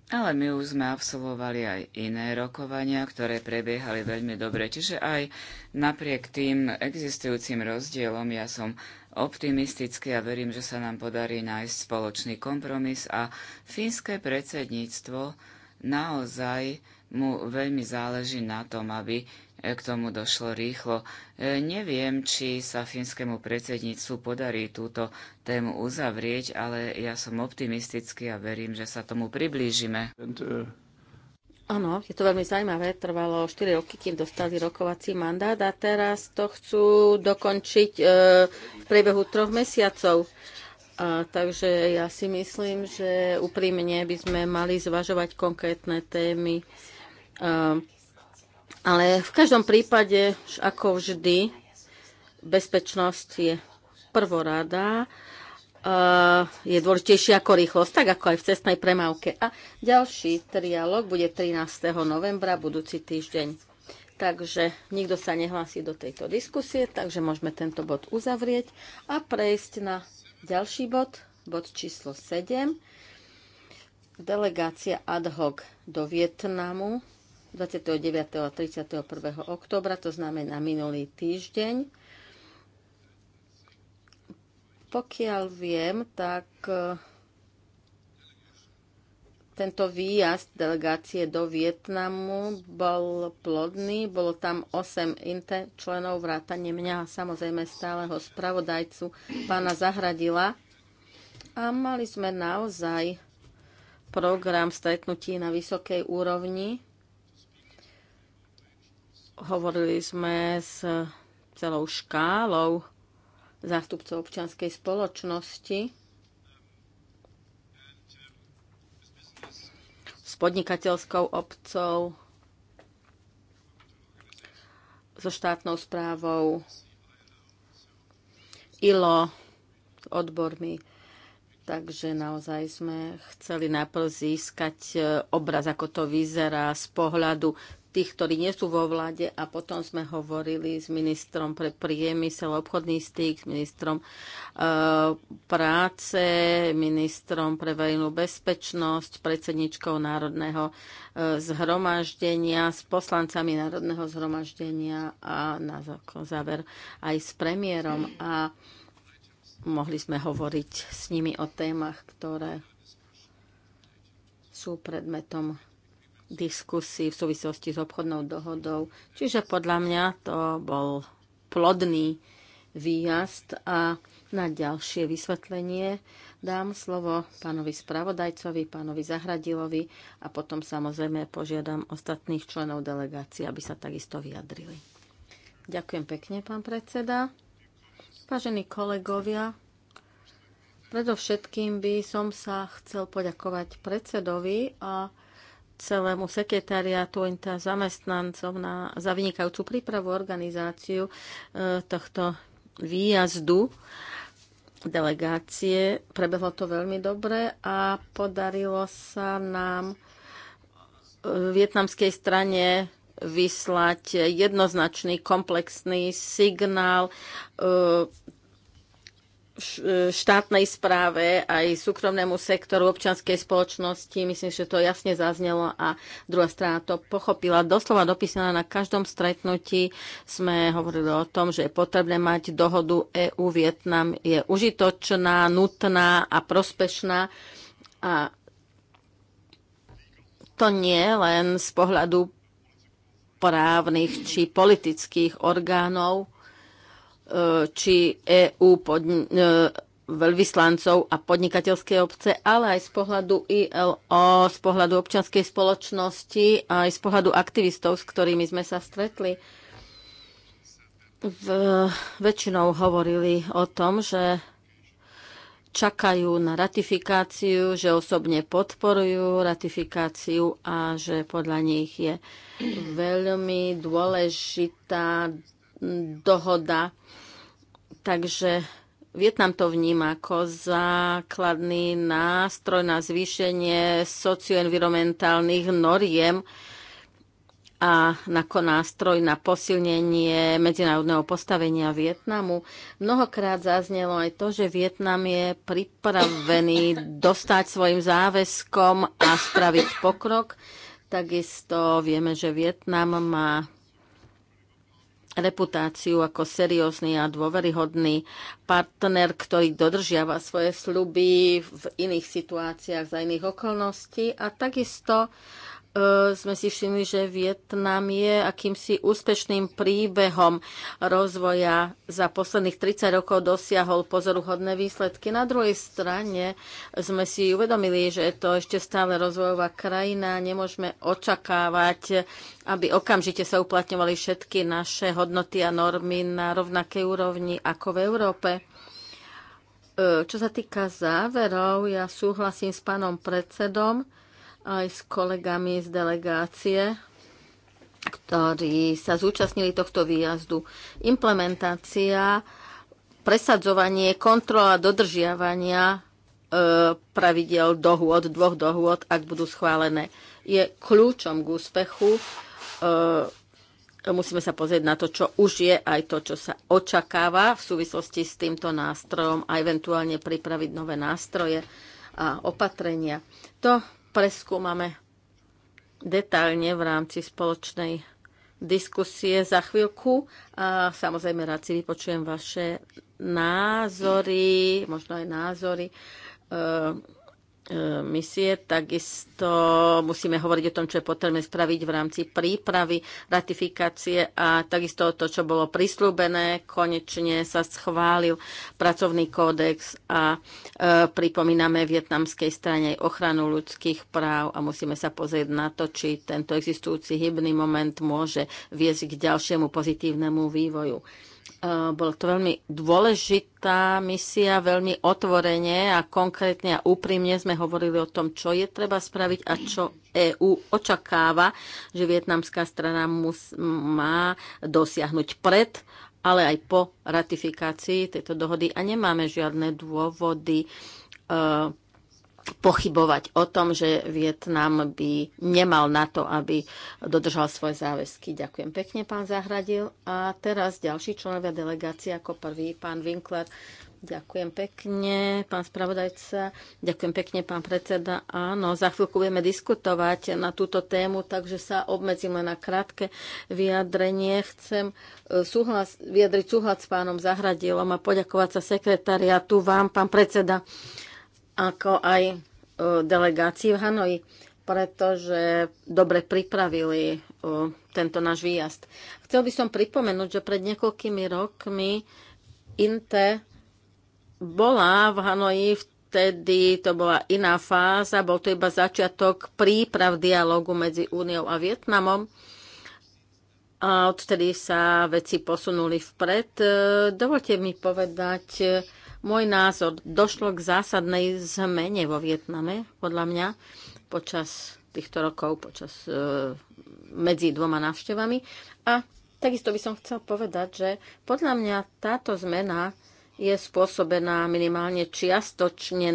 ale my už sme absolvovali aj iné rokovania, ktoré prebiehali veľmi dobre. Čiže aj napriek tým existujúcim rozdielom ja som optimistický a verím, že sa nám podarí nájsť spoločný kompromis a fínske predsedníctvo naozaj mu veľmi záleží na tom, aby E, k tomu došlo rýchlo. E, neviem, či sa fínskemu predsedníctvu podarí túto tému uzavrieť, ale ja som optimistický a verím, že sa tomu priblížime. E, Áno, je to veľmi zaujímavé. Trvalo 4 roky, kým dostali rokovací mandát a teraz to chcú dokončiť v priebehu troch mesiacov. A, takže ja si myslím, že úprimne by sme mali zvažovať konkrétne témy. A, ale v každom prípade, ako vždy, bezpečnosť je prvorada, je dôležitejšia ako rýchlosť, tak ako aj v cestnej premávke. A ďalší trialog bude 13. novembra, budúci týždeň. Takže nikto sa nehlási do tejto diskusie, takže môžeme tento bod uzavrieť a prejsť na ďalší bod, bod číslo 7. Delegácia ad hoc do Vietnamu 29. a 31. oktobra, to znamená minulý týždeň. Pokiaľ viem, tak e, tento výjazd delegácie do Vietnamu bol plodný. Bolo tam 8 inte členov vrátane mňa a samozrejme stáleho spravodajcu pána Zahradila. A mali sme naozaj program stretnutí na vysokej úrovni. Hovorili sme s celou škálou zástupcov občianskej spoločnosti, s podnikateľskou obcou, so štátnou správou, ILO, odbormi. Takže naozaj sme chceli najprv získať eh, obraz, ako to vyzerá z pohľadu tých, ktorí nie sú vo vláde a potom sme hovorili s ministrom pre priemysel, obchodný styk, s ministrom e, práce, ministrom pre verejnú bezpečnosť, predsedničkou Národného e, zhromaždenia, s poslancami Národného zhromaždenia a na záver aj s premiérom a mohli sme hovoriť s nimi o témach, ktoré sú predmetom diskusí v súvislosti s obchodnou dohodou. Čiže podľa mňa to bol plodný výjazd a na ďalšie vysvetlenie dám slovo pánovi spravodajcovi, pánovi Zahradilovi a potom samozrejme požiadam ostatných členov delegácie, aby sa takisto vyjadrili. Ďakujem pekne, pán predseda. Vážení kolegovia, predovšetkým by som sa chcel poďakovať predsedovi a celému sekretariátu tá zamestnancom na, za vynikajúcu prípravu organizáciu e, tohto výjazdu delegácie. Prebehlo to veľmi dobre a podarilo sa nám v e, vietnamskej strane vyslať jednoznačný komplexný signál e, E, štátnej správe, aj súkromnému sektoru, občianskej spoločnosti. Myslím, že to jasne zaznelo a druhá strana to pochopila. Doslova dopísaná na každom stretnutí sme hovorili o tom, že je potrebné mať dohodu EU-Vietnam. Je užitočná, nutná a prospešná. A to nie len z pohľadu právnych či politických orgánov, E, či EU pod, e, veľvyslancov a podnikateľskej obce, ale aj z pohľadu ILO, z pohľadu občianskej spoločnosti, aj z pohľadu aktivistov, s ktorými sme sa stretli. V, väčšinou hovorili o tom, že čakajú na ratifikáciu, že osobne podporujú ratifikáciu a že podľa nich je veľmi dôležitá dohoda. Takže Vietnam to vníma ako základný nástroj na zvýšenie socioenvironmentálnych noriem a ako nástroj na posilnenie medzinárodného postavenia Vietnamu. Mnohokrát zaznelo aj to, že Vietnam je pripravený dostať svojim záväzkom a spraviť pokrok. Takisto vieme, že Vietnam má reputáciu ako seriózny a dôveryhodný partner, ktorý dodržiava svoje sluby v iných situáciách za iných okolností a takisto E, sme si všimli, že Vietnam je akýmsi úspešným príbehom rozvoja. Za posledných 30 rokov dosiahol pozoruhodné výsledky. Na druhej strane sme si uvedomili, že je to ešte stále rozvojová krajina. Nemôžeme očakávať, aby okamžite sa uplatňovali všetky naše hodnoty a normy na rovnakej úrovni ako v Európe. E, čo sa týka záverov, ja súhlasím s pánom predsedom aj s kolegami z delegácie, ktorí sa zúčastnili tohto výjazdu. Implementácia, presadzovanie, kontrola dodržiavania e, pravidel dohôd, dvoch dohôd, ak budú schválené, je kľúčom k úspechu. E, musíme sa pozrieť na to, čo už je, aj to, čo sa očakáva v súvislosti s týmto nástrojom a eventuálne pripraviť nové nástroje a opatrenia. To preskúmame detálne v rámci spoločnej diskusie za chvíľku. A samozrejme, rád si vypočujem vaše názory, možno aj názory e E, misie. Takisto musíme hovoriť o tom, čo je potrebné spraviť v rámci prípravy ratifikácie a takisto to, čo bolo prislúbené. Konečne sa schválil pracovný kódex a e, pripomíname vietnamskej strane aj ochranu ľudských práv a musíme sa pozrieť na to, či tento existujúci hybný moment môže viesť k ďalšiemu pozitívnemu vývoju. Eh, bola to veľmi dôležitá misia, veľmi otvorene a konkrétne a úprimne sme hovorili o tom, čo je treba spraviť a čo EÚ očakáva, že vietnamská strana mus, má dosiahnuť pred ale aj po ratifikácii tejto dohody a nemáme žiadne dôvody eh, pochybovať o tom, že Vietnam by nemal na to, aby dodržal svoje záväzky. Ďakujem pekne, pán Zahradil. A teraz ďalší členovia delegácie, ako prvý pán Winkler. Ďakujem pekne, pán spravodajca. Ďakujem pekne, pán predseda. Áno, za chvíľku budeme diskutovať na túto tému, takže sa obmedzím len na krátke vyjadrenie. Chcem e, súhlas, vyjadriť súhlas s pánom Zahradilom a poďakovať sa sekretariatu vám, pán predseda, ako aj e, delegácii v Hanoji, pretože dobre pripravili e, tento náš výjazd. Chcel by som pripomenúť, že pred niekoľkými rokmi INTE bola v Hanoji v vtedy to bola iná fáza, bol to iba začiatok príprav dialogu medzi Úniou a Vietnamom. A odtedy sa veci posunuli vpred. E, dovolte mi povedať môj názor, došlo k zásadnej zmene vo Vietname, podľa mňa, počas týchto rokov, počas e, medzi dvoma návštevami. A takisto by som chcel povedať, že podľa mňa táto zmena je spôsobená minimálne čiastočne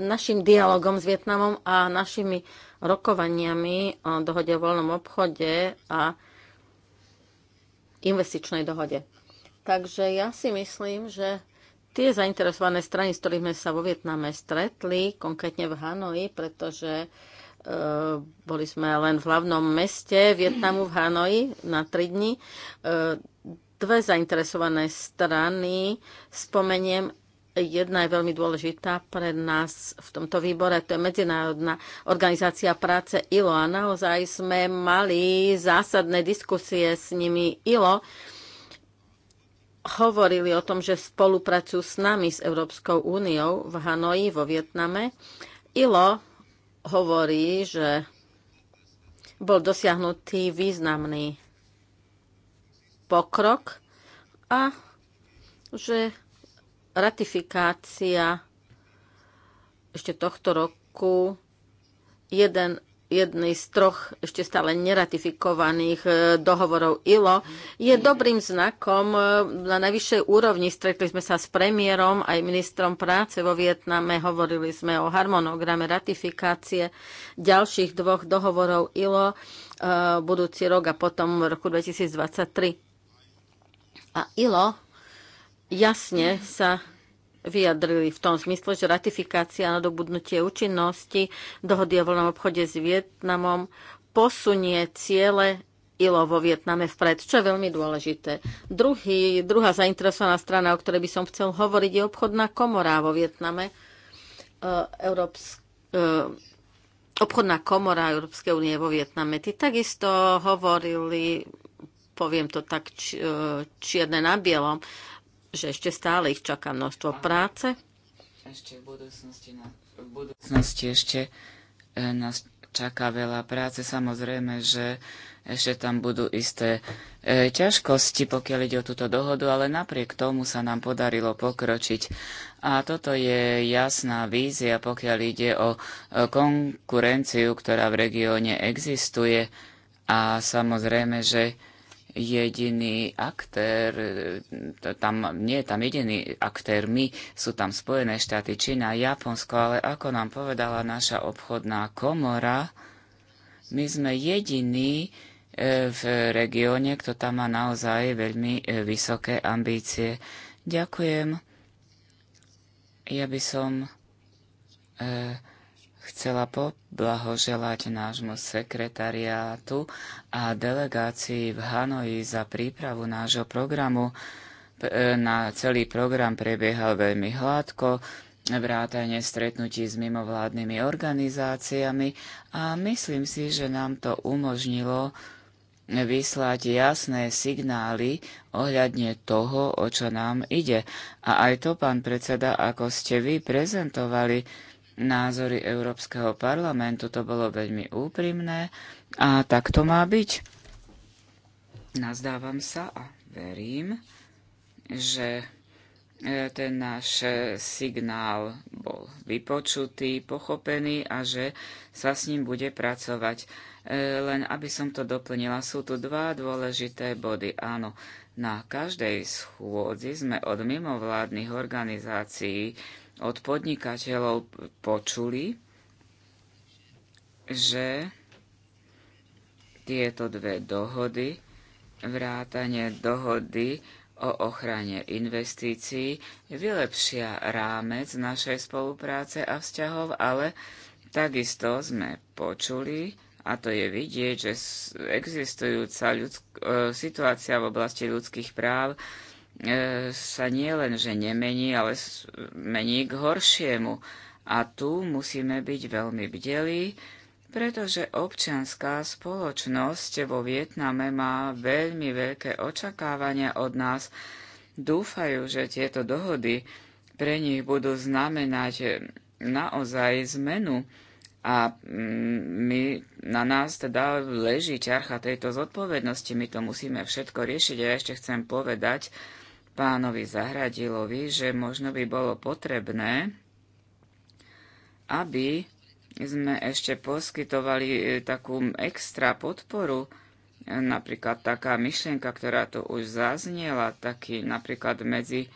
našim dialogom s Vietnamom a našimi rokovaniami o dohode o voľnom obchode a investičnej dohode. Takže ja si myslím, že tie zainteresované strany, s ktorými sme sa vo Vietname stretli, konkrétne v Hanoi, pretože e, boli sme len v hlavnom meste Vietnamu v Hanoi na tri dni. E, dve zainteresované strany spomeniem. Jedna je veľmi dôležitá pre nás v tomto výbore, to je Medzinárodná organizácia práce ILO a naozaj sme mali zásadné diskusie s nimi ILO hovorili o tom, že spolupracujú s nami, s Európskou úniou v Hanoji, vo Vietname. ILO hovorí, že bol dosiahnutý významný pokrok a že ratifikácia ešte tohto roku jeden jednej z troch ešte stále neratifikovaných e, dohovorov ILO, je dobrým znakom e, na najvyššej úrovni. Stretli sme sa s premiérom aj ministrom práce vo Vietname, hovorili sme o harmonograme ratifikácie ďalších dvoch dohovorov ILO e, budúci rok a potom v roku 2023. A ILO jasne sa vyjadrili v tom zmysle, že ratifikácia a nadobudnutie účinnosti dohody o voľnom obchode s Vietnamom posunie ciele ILO vo Vietname vpred, čo je veľmi dôležité. Druhý, druhá zainteresovaná strana, o ktorej by som chcel hovoriť, je obchodná komora vo Vietname. E, Európsk, e, obchodná komora Európskej únie vo Vietname. Tí takisto hovorili, poviem to tak či, e, čierne na bielom, že ešte stále ich čaká množstvo práce. Ešte v budúcnosti, na, v budúcnosti ešte e, nás čaká veľa práce. Samozrejme, že ešte tam budú isté e, ťažkosti, pokiaľ ide o túto dohodu, ale napriek tomu sa nám podarilo pokročiť. A toto je jasná vízia, pokiaľ ide o e, konkurenciu, ktorá v regióne existuje. A samozrejme, že jediný aktér, tam nie je tam jediný aktér, my sú tam Spojené štáty, Čína, Japonsko, ale ako nám povedala naša obchodná komora, my sme jediní e, v regióne, kto tam má naozaj veľmi e, vysoké ambície. Ďakujem. Ja by som e, chcela poblahoželať nášmu sekretariátu a delegácii v Hanoji za prípravu nášho programu. E, na celý program prebiehal veľmi hladko, vrátanie stretnutí s mimovládnymi organizáciami a myslím si, že nám to umožnilo vyslať jasné signály ohľadne toho, o čo nám ide. A aj to, pán predseda, ako ste vy prezentovali, názory Európskeho parlamentu. To bolo veľmi úprimné a tak to má byť. Nazdávam sa a verím, že e, ten náš e, signál bol vypočutý, pochopený a že sa s ním bude pracovať. E, len aby som to doplnila, sú tu dva dôležité body. Áno, na každej schôdzi sme od mimovládnych organizácií od podnikateľov počuli, že tieto dve dohody, vrátanie dohody o ochrane investícií, vylepšia rámec našej spolupráce a vzťahov, ale takisto sme počuli, a to je vidieť, že existujúca ľudsk- e, situácia v oblasti ľudských práv E, sa nie len, že nemení, ale mení k horšiemu. A tu musíme byť veľmi bdelí, pretože občianská spoločnosť vo Vietname má veľmi veľké očakávania od nás. Dúfajú, že tieto dohody pre nich budú znamenať naozaj zmenu a mm, my, na nás teda leží ťarcha tejto zodpovednosti. My to musíme všetko riešiť a ja ešte chcem povedať, pánovi Zahradilovi, že možno by bolo potrebné, aby sme ešte poskytovali e, takú extra podporu, e, napríklad taká myšlienka, ktorá tu už zaznela, taký napríklad medzi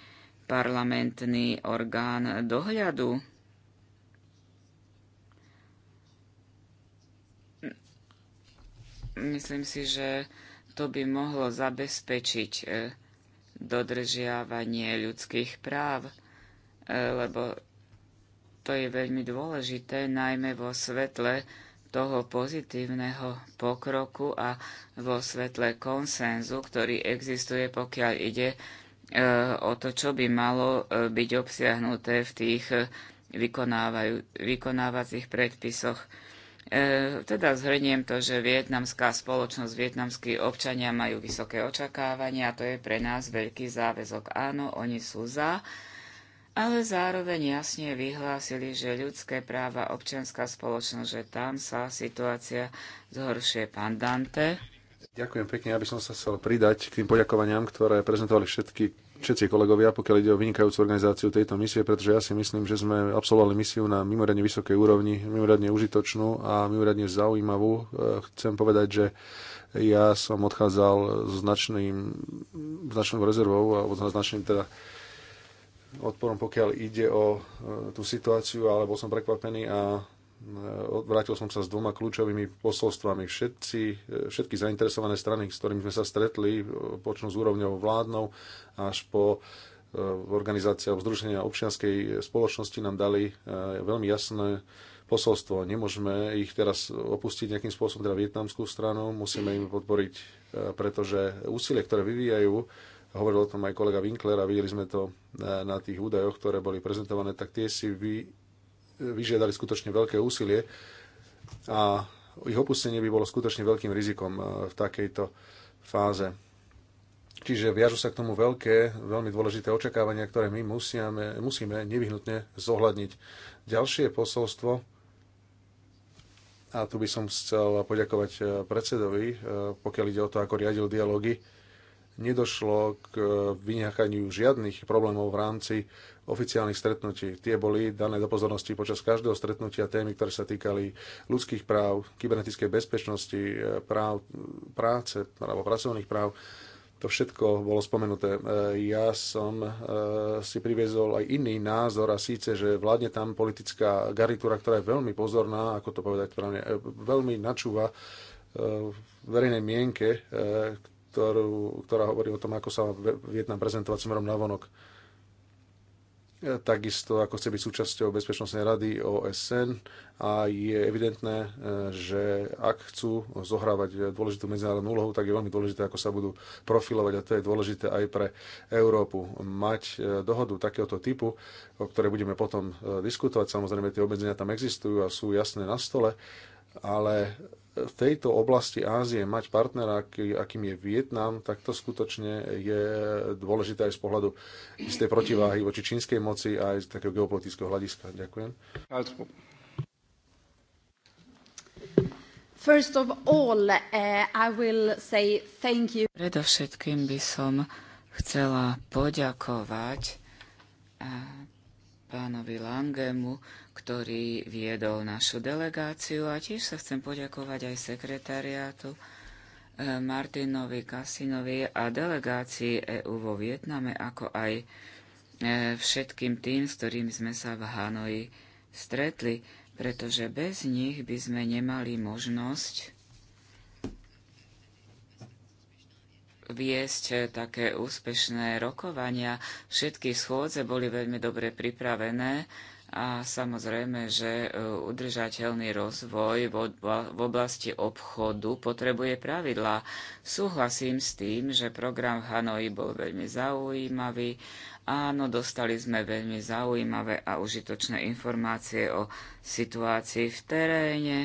parlamentný orgán dohľadu. Myslím si, že to by mohlo zabezpečiť e, dodržiavanie ľudských práv, e, lebo to je veľmi dôležité, najmä vo svetle toho pozitívneho pokroku a vo svetle konsenzu, ktorý existuje, pokiaľ ide e, o to, čo by malo e, byť obsiahnuté v tých vykonávacích predpisoch. E, teda zhrniem to, že vietnamská spoločnosť, vietnamskí občania majú vysoké očakávania, to je pre nás veľký záväzok. Áno, oni sú za, ale zároveň jasne vyhlásili, že ľudské práva, občianská spoločnosť, že tam sa situácia zhoršuje pandante. Ďakujem pekne, aby som sa chcel pridať k tým poďakovaniam, ktoré prezentovali všetky všetci kolegovia, pokiaľ ide o vynikajúcu organizáciu tejto misie, pretože ja si myslím, že sme absolvovali misiu na mimoriadne vysokej úrovni, mimoriadne užitočnú a mimoriadne zaujímavú. E, chcem povedať, že ja som odchádzal s značným, značnou rezervou alebo značným teda odporom, pokiaľ ide o e, tú situáciu, ale bol som prekvapený a No, vrátil som sa s dvoma kľúčovými posolstvami. Všetci, všetky zainteresované strany, s ktorými sme sa stretli, počnú s úrovňou vládnou až po e, organizácia Združenia občianskej spoločnosti nám dali e, veľmi jasné posolstvo. Nemôžeme ich teraz opustiť nejakým spôsobom, teda vietnamskú stranu, musíme im podporiť, e, pretože úsilie, ktoré vyvíjajú, hovoril o tom aj kolega Winkler a videli sme to na tých údajoch, ktoré boli prezentované, tak tie si vy vyžiadali skutočne veľké úsilie a ich opustenie by bolo skutočne veľkým rizikom e, v takejto fáze. Čiže viažu sa k tomu veľké, veľmi dôležité očakávania, ktoré my musíme, musíme nevyhnutne zohľadniť. Ďalšie posolstvo, a tu by som chcel poďakovať e, predsedovi, e, pokiaľ ide o to, ako riadil dialógy, nedošlo k vynechaniu žiadnych problémov v rámci oficiálnych stretnutí. Tie boli dané do pozornosti počas každého stretnutia témy, ktoré sa týkali ľudských práv, kybernetickej bezpečnosti, e, práv, práce alebo pracovných práv. To všetko bolo spomenuté. E, ja som e, si priviezol aj iný názor a síce, že vládne tam politická garitúra, ktorá je veľmi pozorná, ako to povedať správne, veľmi načúva verejnej mienke, ktorú, ktorá hovorí o tom, ako sa Vietnam prezentovať smerom na vonok takisto ako chce byť súčasťou Bezpečnostnej rady OSN a je evidentné, e, že ak chcú zohrávať dôležitú medzinárodnú úlohu, tak je veľmi dôležité, ako sa budú profilovať a to je dôležité aj pre Európu. Mať e, dohodu takéhoto typu, o ktorej budeme potom e, diskutovať, samozrejme tie obmedzenia tam existujú a sú jasné na stole, ale v tejto oblasti Ázie mať partnera, akým je Vietnam, tak to skutočne je dôležité aj z pohľadu istej protiváhy voči čínskej moci a aj z takého geopolitického hľadiska. Ďakujem. First of all, uh, I will say thank you. Predovšetkým by som chcela poďakovať eh, pánovi Langemu, ktorý viedol našu delegáciu a tiež sa chcem poďakovať aj sekretariátu eh, Martinovi Kasinovi a delegácii EÚ vo Vietname, ako aj eh, všetkým tým, s ktorými sme sa v Hanoji stretli, pretože bez nich by sme nemali možnosť viesť eh, také úspešné rokovania. Všetky schôdze boli veľmi dobre pripravené a samozrejme, že e, udržateľný rozvoj v oblasti obchodu potrebuje pravidla. Súhlasím s tým, že program v Hanoi bol veľmi zaujímavý. Áno, dostali sme veľmi zaujímavé a užitočné informácie o situácii v teréne.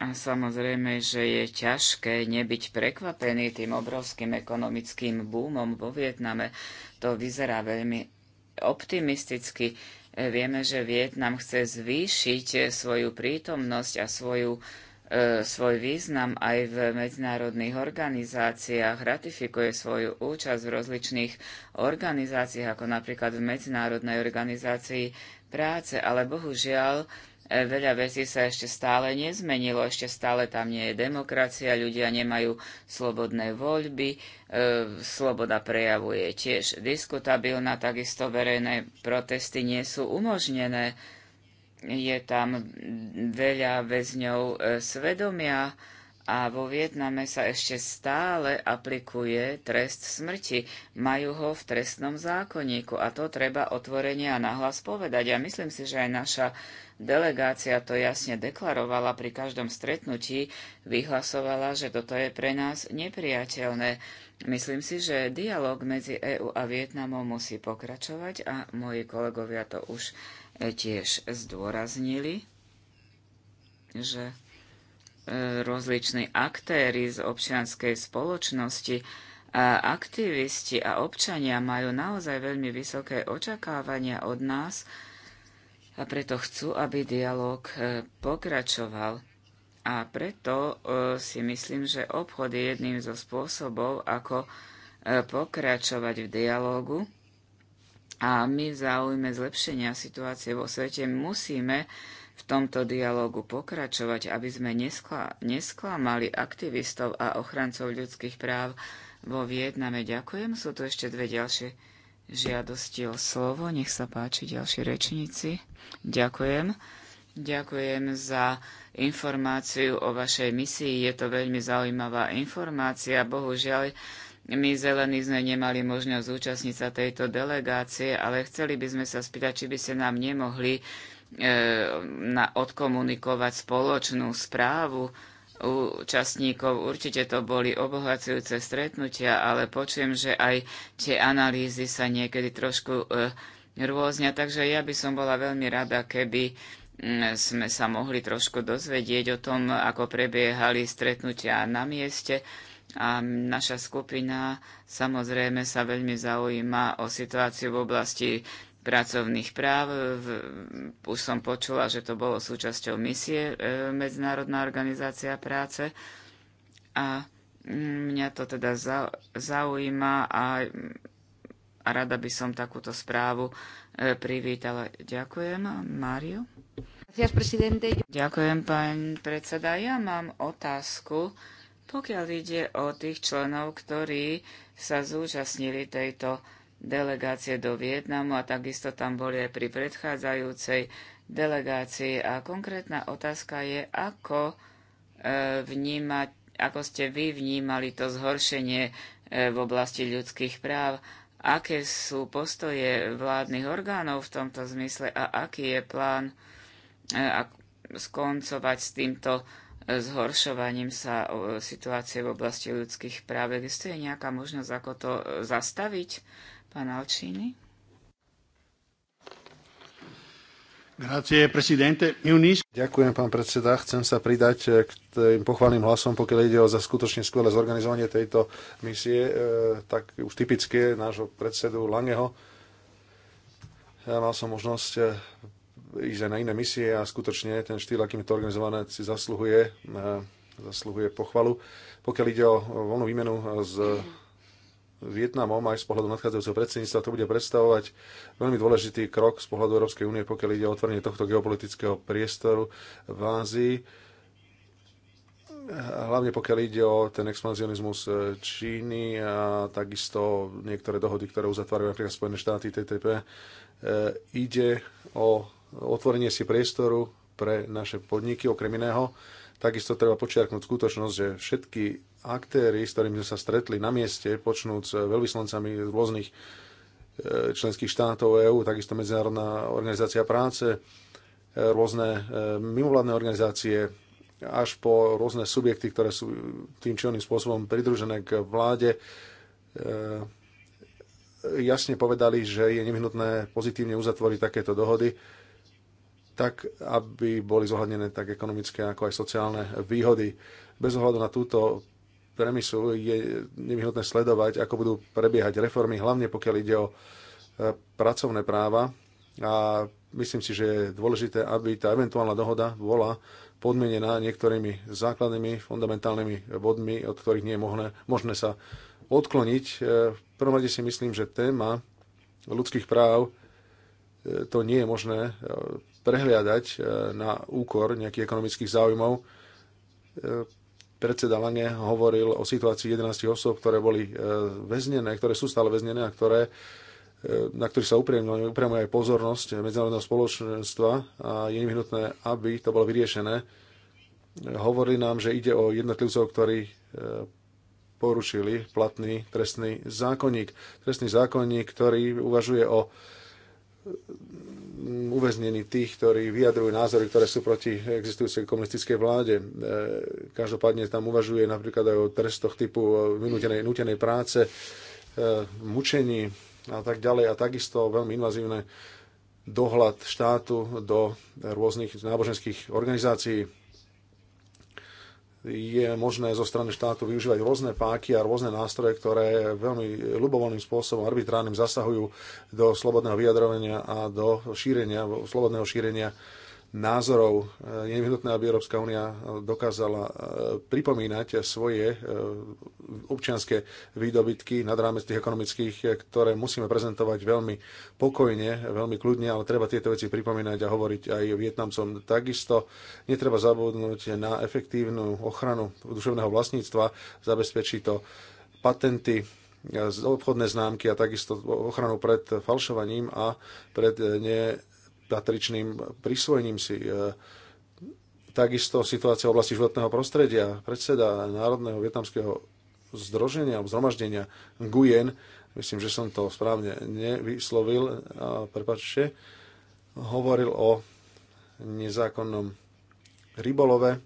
A samozrejme, že je ťažké nebyť prekvapený tým obrovským ekonomickým búmom vo Vietname. To vyzerá veľmi optimisticky. E, vieme, že Vietnam chce zvýšiť e, svoju prítomnosť a svoju, e, svoj význam aj v medzinárodných organizáciách, ratifikuje svoju účasť v rozličných organizáciách, ako napríklad v Medzinárodnej organizácii práce, ale bohužiaľ E, veľa vecí sa ešte stále nezmenilo, ešte stále tam nie je demokracia, ľudia nemajú slobodné voľby, e, sloboda prejavu je tiež diskutabilná, takisto verejné protesty nie sú umožnené. Je tam veľa väzňov e, svedomia a vo Vietname sa ešte stále aplikuje trest smrti. Majú ho v trestnom zákonníku a to treba otvorene a nahlas povedať. A ja myslím si, že aj naša Delegácia to jasne deklarovala pri každom stretnutí, vyhlasovala, že toto je pre nás nepriateľné. Myslím si, že dialog medzi EÚ a Vietnamom musí pokračovať a moji kolegovia to už e, tiež zdôraznili, že e, rozliční aktéry z občianskej spoločnosti a aktivisti a občania majú naozaj veľmi vysoké očakávania od nás, a preto chcú, aby dialog e, pokračoval. A preto e, si myslím, že obchod je jedným zo spôsobov, ako e, pokračovať v dialogu A my v záujme zlepšenia situácie vo svete musíme v tomto dialógu pokračovať, aby sme nesklamali aktivistov a ochrancov ľudských práv vo Vietname. Ďakujem. Sú tu ešte dve ďalšie žiadosti o slovo. Nech sa páči ďalší rečníci. Ďakujem. Ďakujem za informáciu o vašej misii. Je to veľmi zaujímavá informácia. Bohužiaľ, my zelení sme nemali možnosť zúčastniť sa tejto delegácie, ale chceli by sme sa spýtať, či by ste nám nemohli e, na, odkomunikovať spoločnú správu účastníkov. Určite to boli obohacujúce stretnutia, ale počujem, že aj tie analýzy sa niekedy trošku eh, rôznia, takže ja by som bola veľmi rada, keby mm, sme sa mohli trošku dozvedieť o tom, ako prebiehali stretnutia na mieste. A naša skupina samozrejme sa veľmi zaujíma o situáciu v oblasti pracovných práv. Už som počula, že to bolo súčasťou misie e, Medzinárodná organizácia práce. A mňa to teda zaujíma a, rada by som takúto správu e, privítala. Ďakujem, Mário. Ďakujem, pán predseda. Ja mám otázku, pokiaľ ide o tých členov, ktorí sa zúčastnili tejto delegácie do Vietnamu a takisto tam boli aj pri predchádzajúcej delegácii. A konkrétna otázka je, ako e, vnímať, ako ste vy vnímali to zhoršenie e, v oblasti ľudských práv, aké sú postoje vládnych orgánov v tomto zmysle a aký je plán e, skoncovať s týmto zhoršovaním sa situácie v oblasti ľudských práv. Existuje nejaká možnosť, ako to zastaviť? Pán Ďakujem, pán predseda. Chcem sa pridať eh, k tým pochvalným hlasom, pokiaľ ide o za skutočne skvelé zorganizovanie tejto misie, eh, tak už typické nášho predsedu Langeho. Ja mal som možnosť eh, ísť aj na iné misie a skutočne ten štýl, akým je to organizované, si zasluhuje, zasluhuje pochvalu. Pokiaľ ide o voľnú výmenu s Vietnamom aj z pohľadu nadchádzajúceho predsedníctva to bude predstavovať veľmi dôležitý krok z pohľadu Európskej únie, pokiaľ ide o otvorenie tohto geopolitického priestoru v Ázii. Hlavne pokiaľ ide o ten expanzionizmus e, Číny a takisto niektoré dohody, ktoré uzatvárajú napríklad Spojené štáty, TTP, e, ide o otvorenie si priestoru pre naše podniky, okrem iného. Takisto treba počiarknúť skutočnosť, že všetky aktéry, s ktorými sme sa stretli na mieste, počnúc eh, veľvyslancami z rôznych eh, členských štátov EÚ, takisto Medzinárodná organizácia práce, eh, rôzne mimovládne organizácie, až po rôzne subjekty, ktoré sú tým či oným spôsobom pridružené k vláde, jasne povedali, že je nevyhnutné pozitívne uzatvoriť takéto dohody, tak aby boli zohľadnené tak ekonomické ako aj sociálne výhody. Bez ohľadu na túto premyslu je nevyhodné sledovať, ako budú prebiehať reformy, hlavne pokiaľ ide o e, pracovné práva. A myslím si, že je dôležité, aby tá eventuálna dohoda bola podmienená niektorými základnými fundamentálnymi bodmi, od ktorých nie je možné, možné sa odkloniť. E, v prvom rade si myslím, že téma ľudských práv e, to nie je možné prehliadať na úkor nejakých ekonomických záujmov Predseda Lange hovoril o situácii 11 osôb, ktoré boli e, väznené, ktoré sú stále väznené a ktoré e, na ktorých sa upriamuje aj pozornosť medzinárodného spoločenstva a je nevyhnutné, aby to bolo vyriešené. Hovorili nám, že ide o jednotlivcov, ktorí e, porušili platný trestný zákonník. Trestný zákonník, ktorý uvažuje o uväznení tých, ktorí vyjadrujú názory, ktoré sú proti existujúcej komunistickej vláde. E, každopádne tam uvažuje napríklad aj o trestoch typu vynútenej nutenej práce, e, mučení a tak ďalej. A takisto veľmi invazívne dohľad štátu do rôznych náboženských organizácií je možné zo strany štátu využívať rôzne páky a rôzne nástroje, ktoré veľmi ľubovoľným spôsobom, arbitrárnym zasahujú do slobodného vyjadrovania a do šírenia, slobodného šírenia názorov. E, je nevyhnutné, aby Európska únia e, dokázala e, pripomínať svoje občianské výdobytky nad rámec tých ekonomických, ktoré musíme prezentovať veľmi pokojne, veľmi kľudne, ale treba tieto veci pripomínať a hovoriť aj Vietnamcom. Takisto netreba zabudnúť na efektívnu ochranu duševného vlastníctva, zabezpečí to patenty, obchodné známky a takisto ochranu pred falšovaním a pred ne patričným prisvojením si. E, takisto situácia v oblasti životného prostredia. Predseda Národného vietnamského zdroženia alebo zhromaždenia Nguyen, myslím, že som to správne nevyslovil, prepačte, hovoril o nezákonnom rybolove,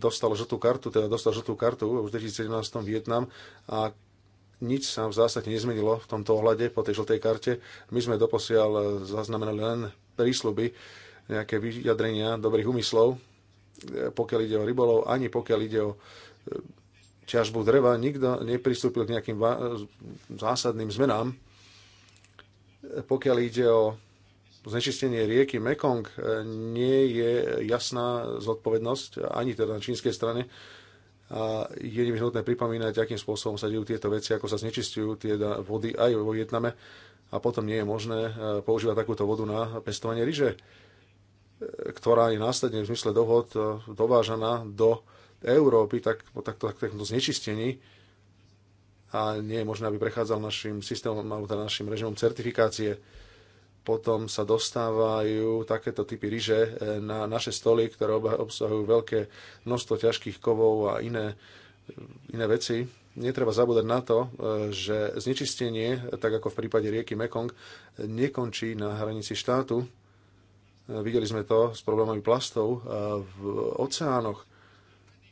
dostal žltú kartu, teda dostal žltú kartu už v 2017 Vietnam a nič sa v zásade nezmenilo v tomto ohľade po tej žltej karte. My sme doposiaľ zaznamenali len prísľuby, nejaké vyjadrenia dobrých úmyslov, pokiaľ ide o rybolov, ani pokiaľ ide o e, ťažbu dreva. Nikto nepristúpil k nejakým zásadným zmenám. Pokiaľ ide o znečistenie rieky Mekong, e, nie je jasná zodpovednosť ani teda na čínskej strane a je nevyhnutné pripomínať, akým spôsobom sa dejú tieto veci, ako sa znečistujú tie vody aj vo Vietname a potom nie je možné e, používať takúto vodu na pestovanie ryže, e, ktorá je následne v zmysle dohod e, dovážaná do Európy tak, po takto, takto znečistení a nie je možné, aby prechádzal našim systémom alebo teda našim režimom certifikácie potom sa dostávajú takéto typy ryže e, na naše stoly, ktoré obsahujú veľké množstvo ťažkých kovov a iné, e, iné veci. Netreba zabúdať na to, e, že znečistenie, tak ako v prípade rieky Mekong, nekončí na hranici štátu. Videli sme to s problémami plastov v oceánoch.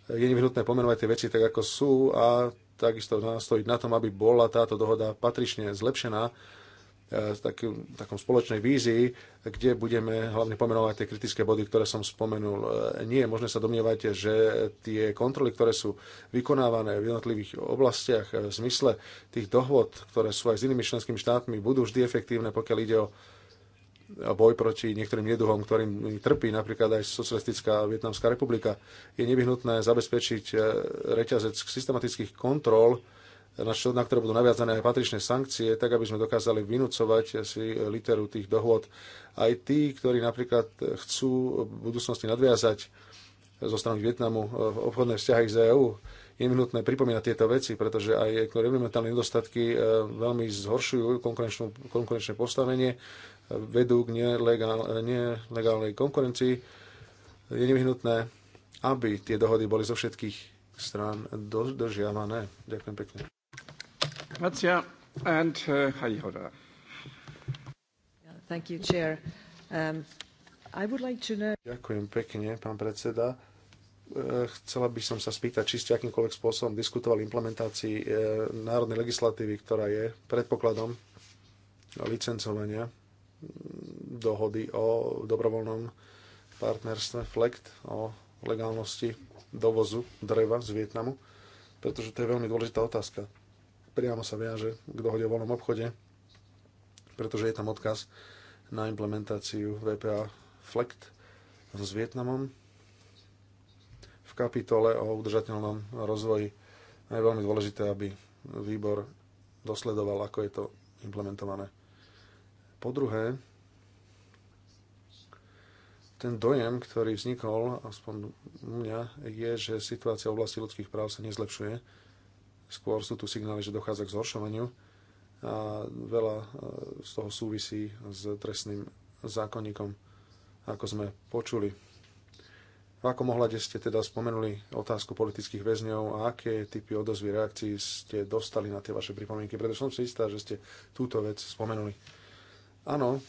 Je nevyhnutné pomenovať tie veci tak, ako sú a takisto nastojiť na tom, aby bola táto dohoda patrične zlepšená v eh, takom spoločnej vízii, kde budeme hlavne pomenovať tie kritické body, ktoré som spomenul. Eh, nie je možné sa domnievať, že tie kontroly, ktoré sú vykonávané v jednotlivých oblastiach eh, v zmysle tých dohod, ktoré sú aj s inými členskými štátmi, budú vždy efektívne, pokiaľ ide o boj proti niektorým neduhom, ktorým trpí napríklad aj socialistická Vietnamská republika, je nevyhnutné zabezpečiť reťazec systematických kontrol, na ktoré budú naviazané aj patričné sankcie, tak aby sme dokázali vynúcovať si literu tých dohôd. Aj tí, ktorí napríklad chcú v budúcnosti nadviazať zo strany Vietnamu e, obchodné vzťahy z EÚ, je nutné pripomínať tieto veci, pretože aj environmentálne nedostatky e, veľmi zhoršujú konkurenčné postavenie, e, vedú k nelegálnej konkurencii. Je nevyhnutné, aby tie dohody boli zo všetkých strán dodržiavané. Ďakujem pekne. And uh, Thank you, Chair. Um, I would like to know... Ďakujem pekne, pán predseda. Uh, chcela by som sa spýtať, či ste akýmkoľvek spôsobom diskutovali implementácii uh, národnej legislatívy, ktorá je predpokladom licencovania mm, dohody o dobrovoľnom partnerstve FLECT, o legálnosti dovozu dreva z Vietnamu, pretože to je veľmi dôležitá otázka priamo sa viaže k dohode o voľnom obchode, pretože je tam odkaz na implementáciu VPA FLECT s Vietnamom v kapitole o udržateľnom rozvoji. Je veľmi dôležité, aby výbor dosledoval, ako je to implementované. Po druhé, ten dojem, ktorý vznikol, aspoň u mňa, je, že situácia v oblasti ľudských práv sa nezlepšuje Skôr sú tu signály, že dochádza k zhoršovaniu a veľa e, z toho súvisí s trestným zákonníkom, ako sme počuli. V akom ohľade ste teda spomenuli otázku politických väzňov a aké typy odozvy reakcií ste dostali na tie vaše pripomienky? Pretože som si istá, že ste túto vec spomenuli. Áno,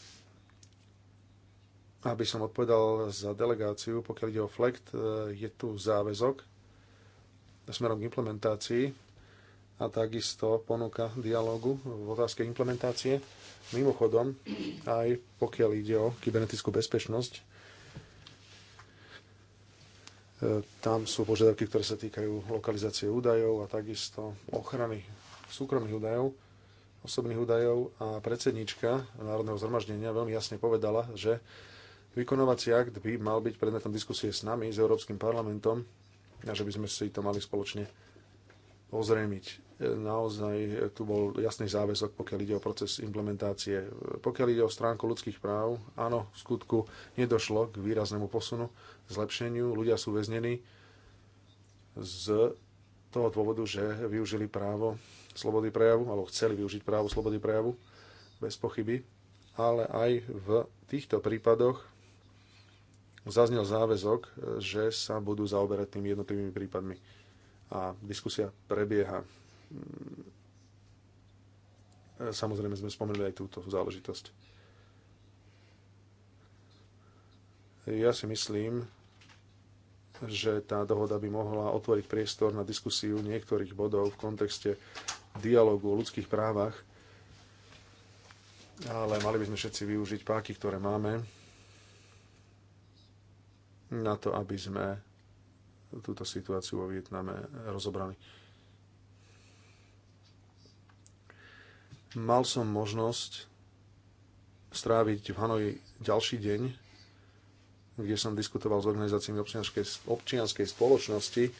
aby som odpovedal za delegáciu, pokiaľ ide o FLECT, e, je tu záväzok smerom k implementácii a takisto ponuka dialogu v otázke implementácie. Mimochodom, aj pokiaľ ide o kybernetickú bezpečnosť, e, tam sú požiadavky, ktoré sa týkajú lokalizácie údajov a takisto ochrany súkromných údajov, osobných údajov a predsednička Národného zhromaždenia veľmi jasne povedala, že vykonovací akt by mal byť predmetom diskusie s nami, s Európskym parlamentom a že by sme si to mali spoločne ozremiť. E, naozaj e, tu bol jasný záväzok, pokiaľ ide o proces implementácie. E, pokiaľ ide o stránku ľudských práv, áno, v skutku nedošlo k výraznému posunu, zlepšeniu. Ľudia sú väznení z toho dôvodu, že využili právo slobody prejavu, alebo chceli využiť právo slobody prejavu, bez pochyby. Ale aj v týchto prípadoch zaznel záväzok, že sa budú zaoberať tými jednotlivými prípadmi a diskusia prebieha. Samozrejme sme spomenuli aj túto záležitosť. Ja si myslím, že tá dohoda by mohla otvoriť priestor na diskusiu niektorých bodov v kontexte dialogu o ľudských právach, ale mali by sme všetci využiť páky, ktoré máme, na to, aby sme túto situáciu vo Vietname rozobrali. Mal som možnosť stráviť v Hanoji ďalší deň, kde som diskutoval s organizáciami občianskej, občianskej spoločnosti,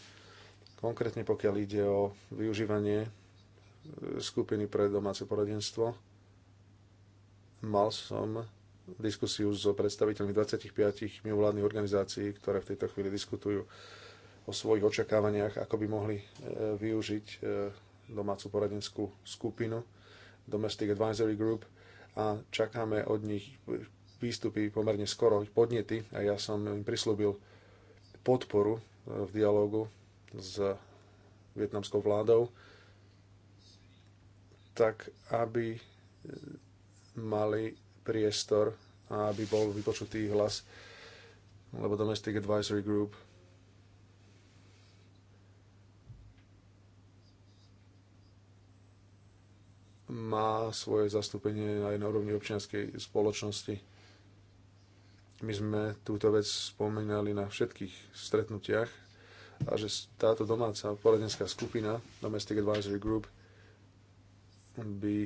konkrétne pokiaľ ide o využívanie e, skupiny pre domáce poradenstvo. Mal som diskusiu so predstaviteľmi 25 mimovládnych organizácií, ktoré v tejto chvíli diskutujú o svojich očakávaniach, ako by mohli e, využiť e, domácu poradenskú skupinu Domestic Advisory Group a čakáme od nich výstupy pomerne skoro, podnety a ja som im prislúbil podporu e, v dialogu s vietnamskou vládou, tak aby mali priestor a aby bol vypočutý hlas, lebo Domestic Advisory Group má svoje zastúpenie aj na úrovni občianskej spoločnosti. My sme túto vec spomínali na všetkých stretnutiach a že táto domáca poradenská skupina, Domestic Advisory Group, by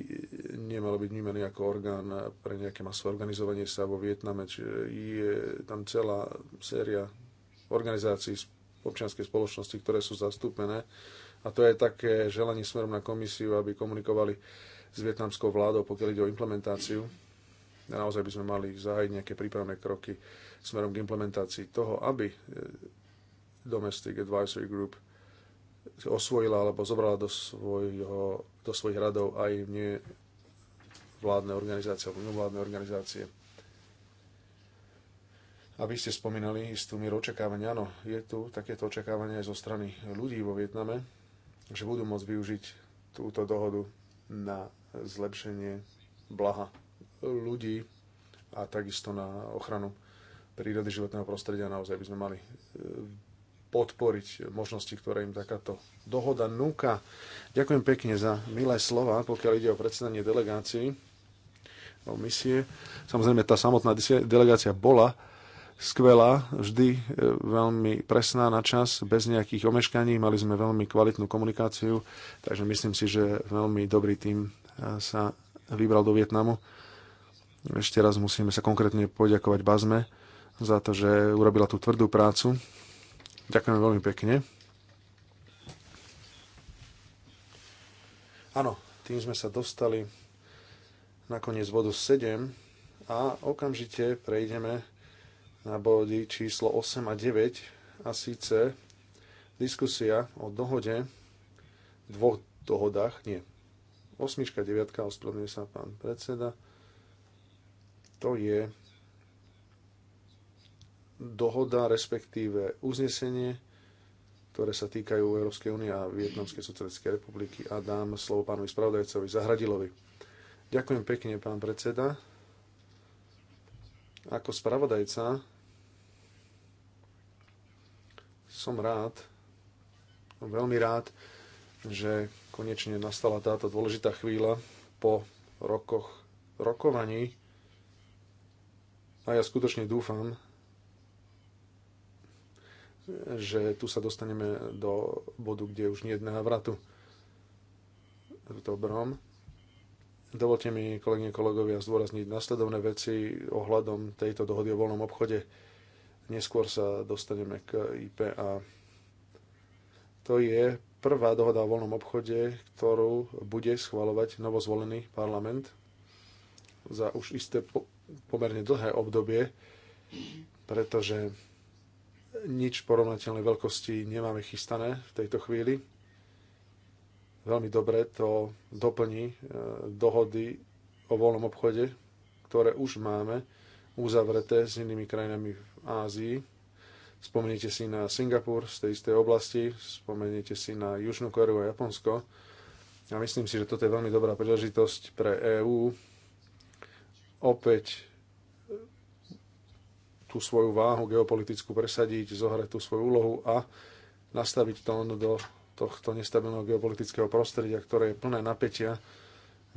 nemalo byť vnímaný ako orgán pre nejaké masové organizovanie sa vo Vietname. Čiže je tam celá séria organizácií občianskej spoločnosti, ktoré sú zastúpené. A to je také želanie smerom na komisiu, aby komunikovali s vietnamskou vládou, pokiaľ ide o implementáciu. Naozaj by sme mali zahájiť nejaké prípravné kroky smerom k implementácii toho, aby eh, Domestic Advisory Group osvojila alebo zobrala do, svojho, do svojich radov aj nie vládne organizácie alebo mimovládne organizácie. A vy ste spomínali istú mieru očakávania. Áno, je tu takéto očakávanie aj zo strany ľudí vo Vietname, že budú môcť využiť túto dohodu na zlepšenie blaha ľudí a takisto na ochranu prírody životného prostredia. Naozaj by sme mali e, podporiť možnosti, ktoré im takáto dohoda núka. Ďakujem pekne za milé slova, pokiaľ ide o predsedanie delegácií, o misie. Samozrejme, tá samotná delegácia bola skvelá, vždy e, veľmi presná na čas, bez nejakých omeškaní, mali sme veľmi kvalitnú komunikáciu, takže myslím si, že veľmi dobrý tým sa vybral do Vietnamu. Ešte raz musíme sa konkrétne poďakovať Bazme za to, že urobila tú tvrdú prácu. Ďakujem veľmi pekne. Áno, tým sme sa dostali na koniec bodu 7 a okamžite prejdeme na body číslo 8 a 9 a síce diskusia o dohode, dvoch dohodách, nie, Osmička, deviatka, ospravedlňuje sa pán predseda. To je dohoda, respektíve uznesenie, ktoré sa týkajú Európskej únie a Vietnamskej socialistickej republiky a dám slovo pánovi spravodajcovi Zahradilovi. Ďakujem pekne, pán predseda. Ako spravodajca som rád, veľmi rád, že konečne nastala táto dôležitá chvíľa po rokoch rokovaní. A ja skutočne dúfam, že tu sa dostaneme do bodu, kde už nie je návratu. V dobrom. Dovolte mi, kolegyne, kolegovia, zdôrazniť nasledovné veci ohľadom tejto dohody o voľnom obchode. Neskôr sa dostaneme k IPA. To je prvá dohoda o voľnom obchode, ktorú bude schvalovať novozvolený parlament za už isté po, pomerne dlhé obdobie, pretože nič porovnateľnej veľkosti nemáme chystané v tejto chvíli. Veľmi dobre to doplní e, dohody o voľnom obchode, ktoré už máme uzavreté s inými krajinami v Ázii Spomeniete si na Singapur z tej istej oblasti, spomeniete si na Južnú Koreu a Japonsko. A myslím si, že toto je veľmi dobrá príležitosť pre EÚ opäť e, tú svoju váhu geopolitickú presadiť, zohrať tú svoju úlohu a nastaviť tón do tohto nestabilného geopolitického prostredia, ktoré je plné napätia.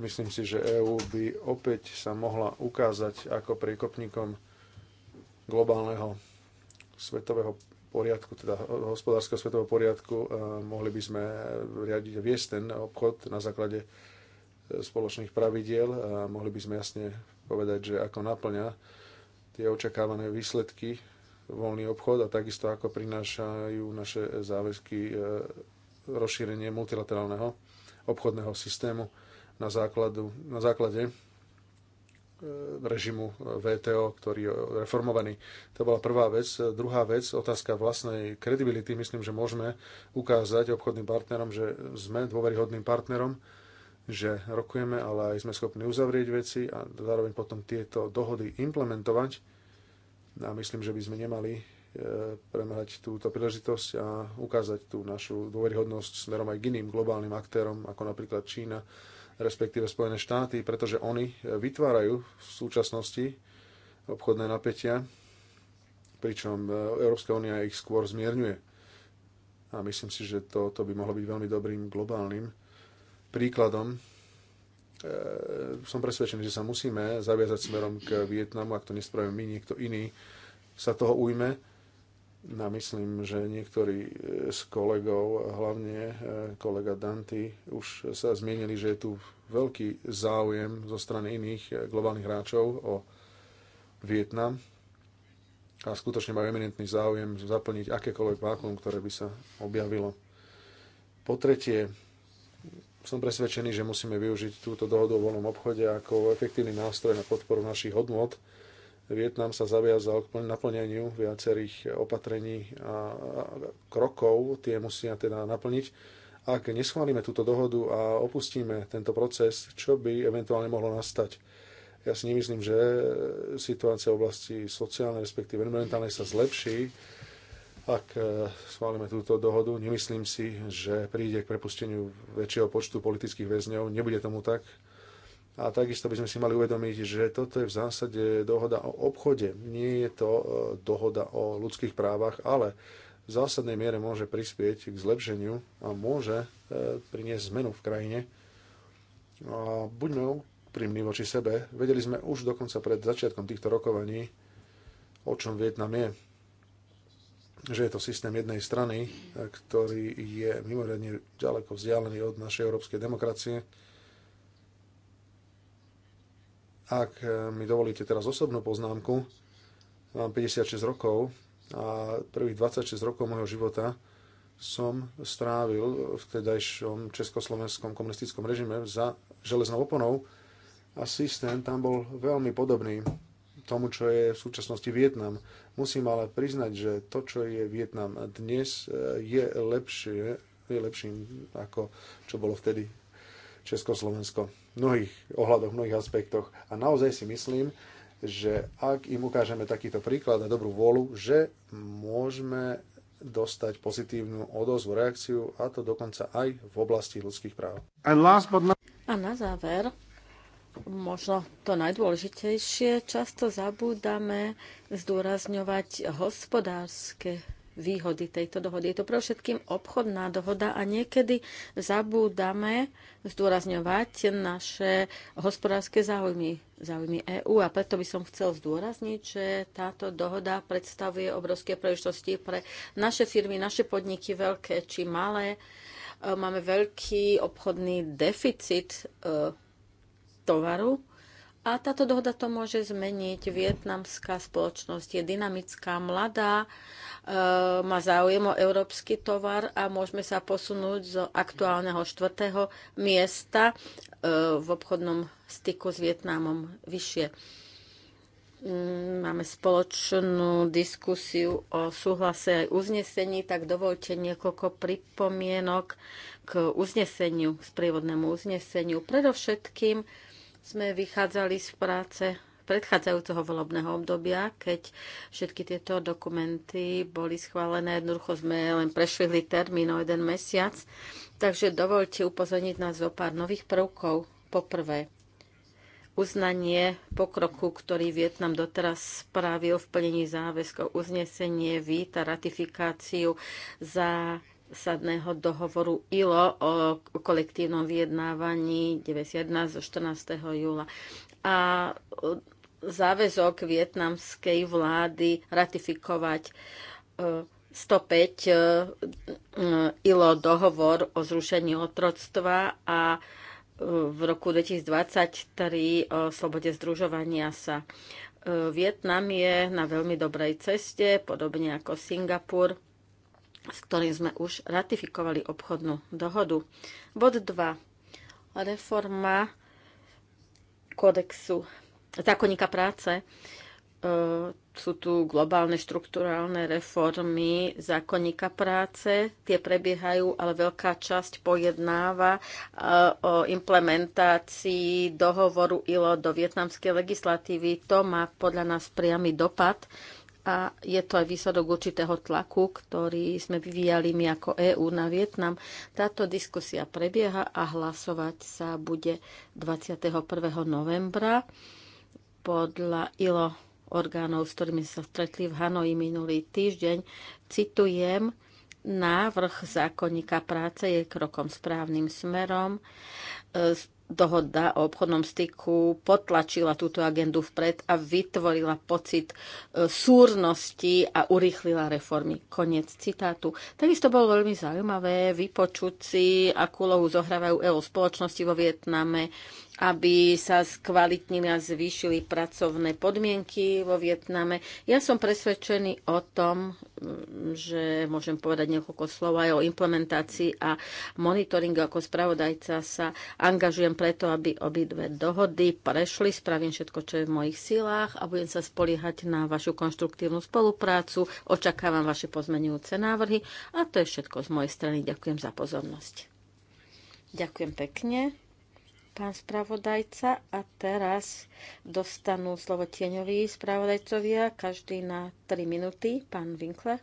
Myslím si, že EÚ by opäť sa mohla ukázať ako priekopníkom globálneho svetového poriadku, teda hospodárskeho svetového poriadku, mohli by sme riadiť a viesť ten obchod na základe e, spoločných pravidiel a mohli by sme jasne povedať, že ako naplňa tie očakávané výsledky voľný obchod a takisto ako prinášajú naše záväzky e, rozšírenie multilaterálneho obchodného systému na, základu, na základe E, režimu e, VTO, ktorý je reformovaný. To bola prvá vec. Druhá vec, otázka vlastnej kredibility. Myslím, že môžeme ukázať obchodným partnerom, že sme dôveryhodným partnerom, že rokujeme, ale aj sme schopní uzavrieť veci a zároveň potom tieto dohody implementovať. A myslím, že by sme nemali e, premrhať túto príležitosť a ukázať tú našu dôveryhodnosť smerom aj k iným globálnym aktérom, ako napríklad Čína, respektíve Spojené štáty, pretože oni vytvárajú v súčasnosti obchodné napätia, pričom e, Európska únia ich skôr zmierňuje. A myslím si, že to, to by mohlo byť veľmi dobrým globálnym príkladom. E, som presvedčený, že sa musíme zaviazať smerom k Vietnamu, ak to nespravíme my, niekto iný sa toho ujme No myslím, že niektorí e, z kolegov, hlavne e, kolega Danty, už sa zmienili, že je tu veľký záujem zo strany iných e, globálnych hráčov o Vietnam a skutočne majú eminentný záujem zaplniť akékoľvek vákuum, ktoré by sa objavilo. Po tretie, som presvedčený, že musíme využiť túto dohodu o voľnom obchode ako efektívny nástroj na podporu našich hodnot, Vietnam sa zaviazal k naplneniu viacerých opatrení a krokov, tie musia teda naplniť. Ak neschválime túto dohodu a opustíme tento proces, čo by eventuálne mohlo nastať? Ja si nemyslím, že situácia v oblasti sociálnej, respektíve environmentálnej sa zlepší, ak e, schválime túto dohodu. Nemyslím si, že príde k prepusteniu väčšieho počtu politických väzňov. Nebude tomu tak a takisto by sme si mali uvedomiť, že toto je v zásade dohoda o obchode. Nie je to e, dohoda o ľudských právach, ale v zásadnej miere môže prispieť k zlepšeniu a môže e, priniesť zmenu v krajine. A buďme úprimní voči sebe. Vedeli sme už dokonca pred začiatkom týchto rokovaní, o čom Vietnam je. Že je to systém jednej strany, e, ktorý je mimoriadne ďaleko vzdialený od našej európskej demokracie ak eh, mi dovolíte teraz osobnú poznámku, mám 56 rokov a prvých 26 rokov môjho života som strávil v tedajšom československom komunistickom režime za železnou oponou a systém tam bol veľmi podobný tomu, čo je v súčasnosti Vietnam. Musím ale priznať, že to, čo je Vietnam dnes, eh, je lepšie, je lepším ako čo bolo vtedy Československo mnohých ohľadoch, mnohých aspektoch. A naozaj si myslím, že ak im ukážeme takýto príklad a dobrú vôľu, že môžeme dostať pozitívnu odozvu, reakciu a to dokonca aj v oblasti ľudských práv. A na záver, možno to najdôležitejšie, často zabúdame zdôrazňovať hospodárske výhody tejto dohody. Je to pre všetkým obchodná dohoda a niekedy zabúdame zdôrazňovať naše hospodárske záujmy, záujmy EÚ a preto by som chcel zdôrazniť, že táto dohoda predstavuje obrovské príležitosti pre naše firmy, naše podniky, veľké či malé. E, máme veľký obchodný deficit e, tovaru a táto dohoda to môže zmeniť. Vietnamská spoločnosť je dynamická, mladá, e, má záujem o európsky tovar a môžeme sa posunúť zo aktuálneho štvrtého miesta e, v obchodnom styku s Vietnamom vyššie. Mm, máme spoločnú diskusiu o súhlase aj uznesení, tak dovolte niekoľko pripomienok k uzneseniu, sprievodnému uzneseniu. Predovšetkým sme vychádzali z práce predchádzajúceho volebného obdobia, keď všetky tieto dokumenty boli schválené. Jednoducho sme len prešli termín o jeden mesiac. Takže dovolte upozorniť nás o pár nových prvkov. Poprvé, uznanie pokroku, ktorý Vietnam doteraz spravil v plnení záväzkov, uznesenie víta ratifikáciu za zásadného dohovoru ILO o kolektívnom vyjednávaní 91 zo 14. júla. A e, záväzok vietnamskej vlády ratifikovať 105 e, e, ILO dohovor o zrušení otroctva a v roku 2023 o slobode združovania sa. Vietnam je na veľmi dobrej ceste, podobne ako Singapur s ktorým sme už ratifikovali obchodnú dohodu. Bod 2. Reforma kodexu zákonníka práce. E, sú tu globálne štruktúrálne reformy zákonníka práce. Tie prebiehajú, ale veľká časť pojednáva e, o implementácii dohovoru ILO do vietnamskej legislatívy. To má podľa nás priamy dopad a je to aj výsledok určitého tlaku, ktorý sme vyvíjali my ako EÚ na Vietnam. Táto diskusia prebieha a hlasovať sa bude 21. novembra podľa ILO orgánov, s ktorými sa stretli v Hanoji minulý týždeň. Citujem, návrh zákonníka práce je krokom správnym smerom. E, dohoda o obchodnom styku potlačila túto agendu vpred a vytvorila pocit e, súrnosti a urýchlila reformy. Koniec citátu. Takisto bolo veľmi zaujímavé vypočuť si, akú lohu zohrávajú EU spoločnosti vo Vietname, aby sa skvalitnili a zvýšili pracovné podmienky vo Vietname. Ja som presvedčený o tom, mm, že môžem povedať niekoľko slov aj o implementácii a monitoringu. Ako spravodajca sa angažujem preto, aby obidve dohody prešli. Spravím všetko, čo je v mojich silách a budem sa spoliehať na vašu konštruktívnu spoluprácu. Očakávam vaše pozmenujúce návrhy a to je všetko z mojej strany. Ďakujem za pozornosť. Ďakujem pekne pán spravodajca. A teraz dostanú slovo tieňoví spravodajcovia, každý na 3 minúty. Pán Winkler.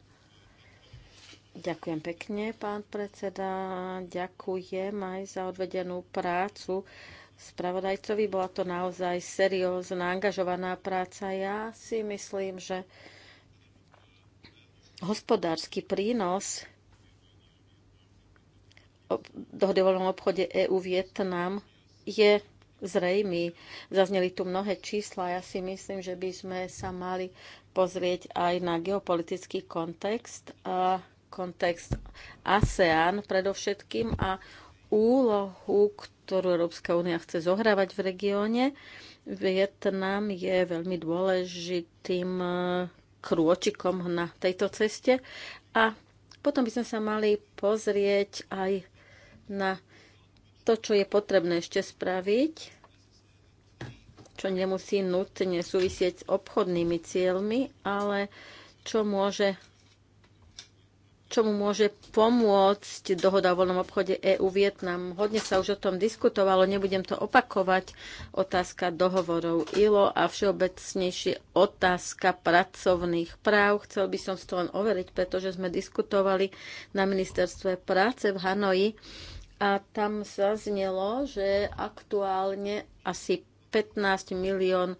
Ďakujem pekne, pán predseda. Ďakujem aj za odvedenú prácu spravodajcovi. Bola to naozaj seriózna, angažovaná práca. Ja si myslím, že hospodársky prínos dohody o voľnom obchode EU-Vietnam je zrejmý. Zazneli tu mnohé čísla. Ja si myslím, že by sme sa mali pozrieť aj na geopolitický kontext, kontext ASEAN predovšetkým a úlohu, ktorú Európska únia chce zohrávať v regióne. Vietnam je veľmi dôležitým e, krôčikom na tejto ceste a potom by sme sa mali pozrieť aj na to, čo je potrebné ešte spraviť, čo nemusí nutne súvisieť s obchodnými cieľmi, ale čo môže mu môže pomôcť dohoda o voľnom obchode EU-Vietnam. Hodne sa už o tom diskutovalo, nebudem to opakovať. Otázka dohovorov ILO a všeobecnejšie otázka pracovných práv. Chcel by som toho len overiť, pretože sme diskutovali na ministerstve práce v Hanoji a tam zaznelo, že aktuálne asi 15 milión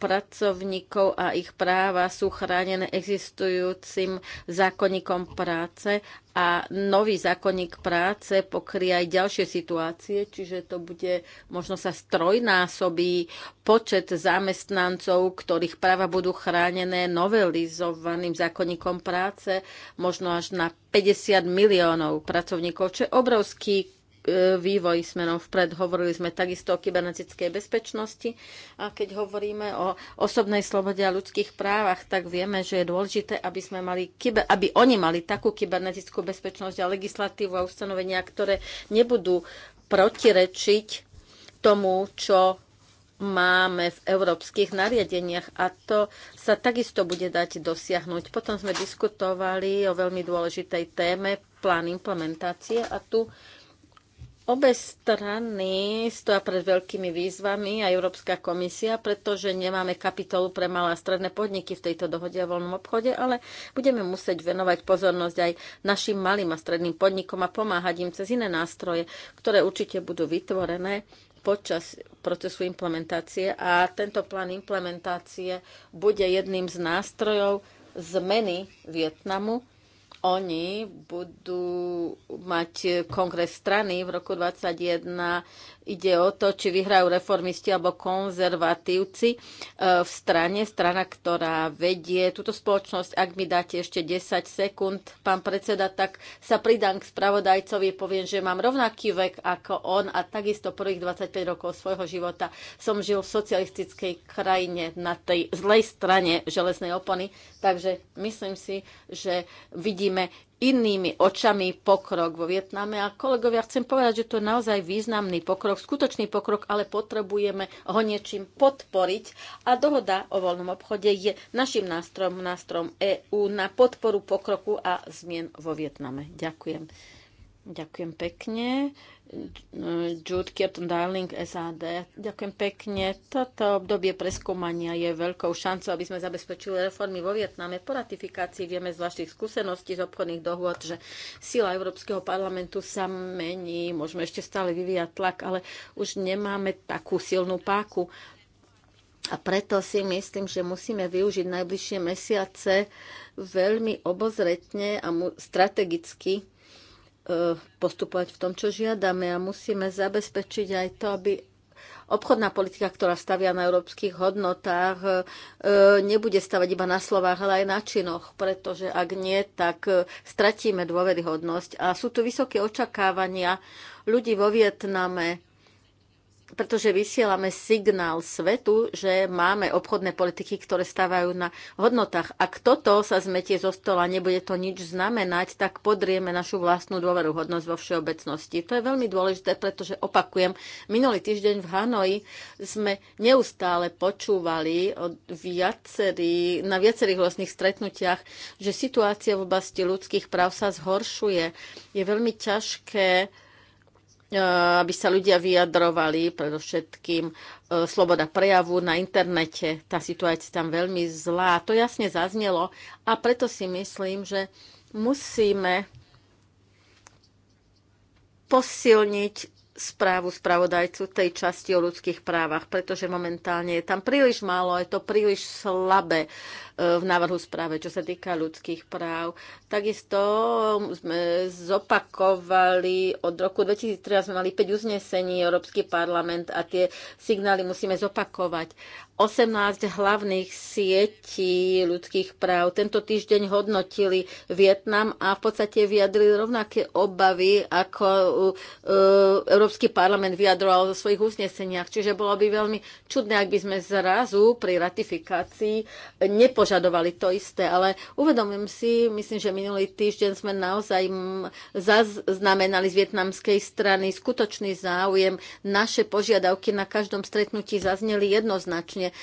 pracovníkov a ich práva sú chránené existujúcim zákonníkom práce a nový zákonník práce pokryje aj ďalšie situácie, čiže to bude možno sa strojnásobí počet zamestnancov, ktorých práva budú chránené novelizovaným zákonníkom práce, možno až na 50 miliónov pracovníkov, čo je obrovský E, vývoj smerom vpred. Hovorili sme takisto o kybernetickej bezpečnosti a keď hovoríme o osobnej slobode a ľudských právach, tak vieme, že je dôležité, aby, sme mali kyber, aby oni mali takú kybernetickú bezpečnosť a legislatívu a ustanovenia, ktoré nebudú protirečiť tomu, čo máme v európskych nariadeniach a to sa takisto bude dať dosiahnuť. Potom sme diskutovali o veľmi dôležitej téme plán implementácie a tu Obe strany stoja pred veľkými výzvami a Európska komisia, pretože nemáme kapitolu pre malé a stredné podniky v tejto dohode o voľnom obchode, ale budeme musieť venovať pozornosť aj našim malým a stredným podnikom a pomáhať im cez iné nástroje, ktoré určite budú vytvorené počas procesu implementácie a tento plán implementácie bude jedným z nástrojov zmeny Vietnamu oni budú mať kongres strany v roku 2021 ide o to, či vyhrajú reformisti alebo konzervatívci e, v strane, strana, ktorá vedie túto spoločnosť. Ak mi dáte ešte 10 sekúnd, pán predseda, tak sa pridám k spravodajcovi, poviem, že mám rovnaký vek ako on a takisto prvých 25 rokov svojho života som žil v socialistickej krajine na tej zlej strane železnej opony, takže myslím si, že vidíme inými očami pokrok vo Vietname. A kolegovia, chcem povedať, že to je naozaj významný pokrok, skutočný pokrok, ale potrebujeme ho niečím podporiť. A dohoda o voľnom obchode je našim nástrojom, nástrojom EÚ na podporu pokroku a zmien vo Vietname. Ďakujem. Ďakujem pekne. Jude Kirton Darling, SAD. Ďakujem pekne. Toto obdobie preskúmania je veľkou šancou, aby sme zabezpečili reformy vo Vietname. Po ratifikácii vieme z vašich skúseností z obchodných dohôd, že sila Európskeho parlamentu sa mení, môžeme ešte stále vyvíjať tlak, ale už nemáme takú silnú páku. A preto si myslím, že musíme využiť najbližšie mesiace veľmi obozretne a strategicky postupovať v tom, čo žiadame a musíme zabezpečiť aj to, aby obchodná politika, ktorá stavia na európskych hodnotách, e, nebude stavať iba na slovách, ale aj na činoch, pretože ak nie, tak e, stratíme dôveryhodnosť. A sú tu vysoké očakávania ľudí vo Vietname, pretože vysielame signál svetu, že máme obchodné politiky, ktoré stávajú na hodnotách. Ak toto sa zmetie zo stola, nebude to nič znamenať, tak podrieme našu vlastnú dôveruhodnosť vo všeobecnosti. To je veľmi dôležité, pretože opakujem, minulý týždeň v Hanoji sme neustále počúvali od viacerý, na viacerých vlastných stretnutiach, že situácia v oblasti ľudských práv sa zhoršuje. Je veľmi ťažké Eh, aby sa ľudia vyjadrovali, predovšetkým eh, sloboda prejavu na internete. Tá situácia tam veľmi zlá. To jasne zaznelo a preto si myslím, že musíme posilniť správu spravodajcu tej časti o ľudských právach, pretože momentálne je tam príliš málo, je to príliš slabé v návrhu správe, čo sa týka ľudských práv. Takisto sme zopakovali, od roku 2013 sme mali 5 uznesení Európsky parlament a tie signály musíme zopakovať. 18 hlavných sietí ľudských práv. Tento týždeň hodnotili Vietnam a v podstate vyjadrili rovnaké obavy, ako e, Európsky parlament vyjadroval vo svojich uzneseniach. Čiže bolo by veľmi čudné, ak by sme zrazu pri ratifikácii nepoš- požadovali to isté, ale uvedomím si, myslím, že minulý týždeň sme naozaj zaznamenali z vietnamskej strany skutočný záujem. Naše požiadavky na každom stretnutí zazneli jednoznačne. E,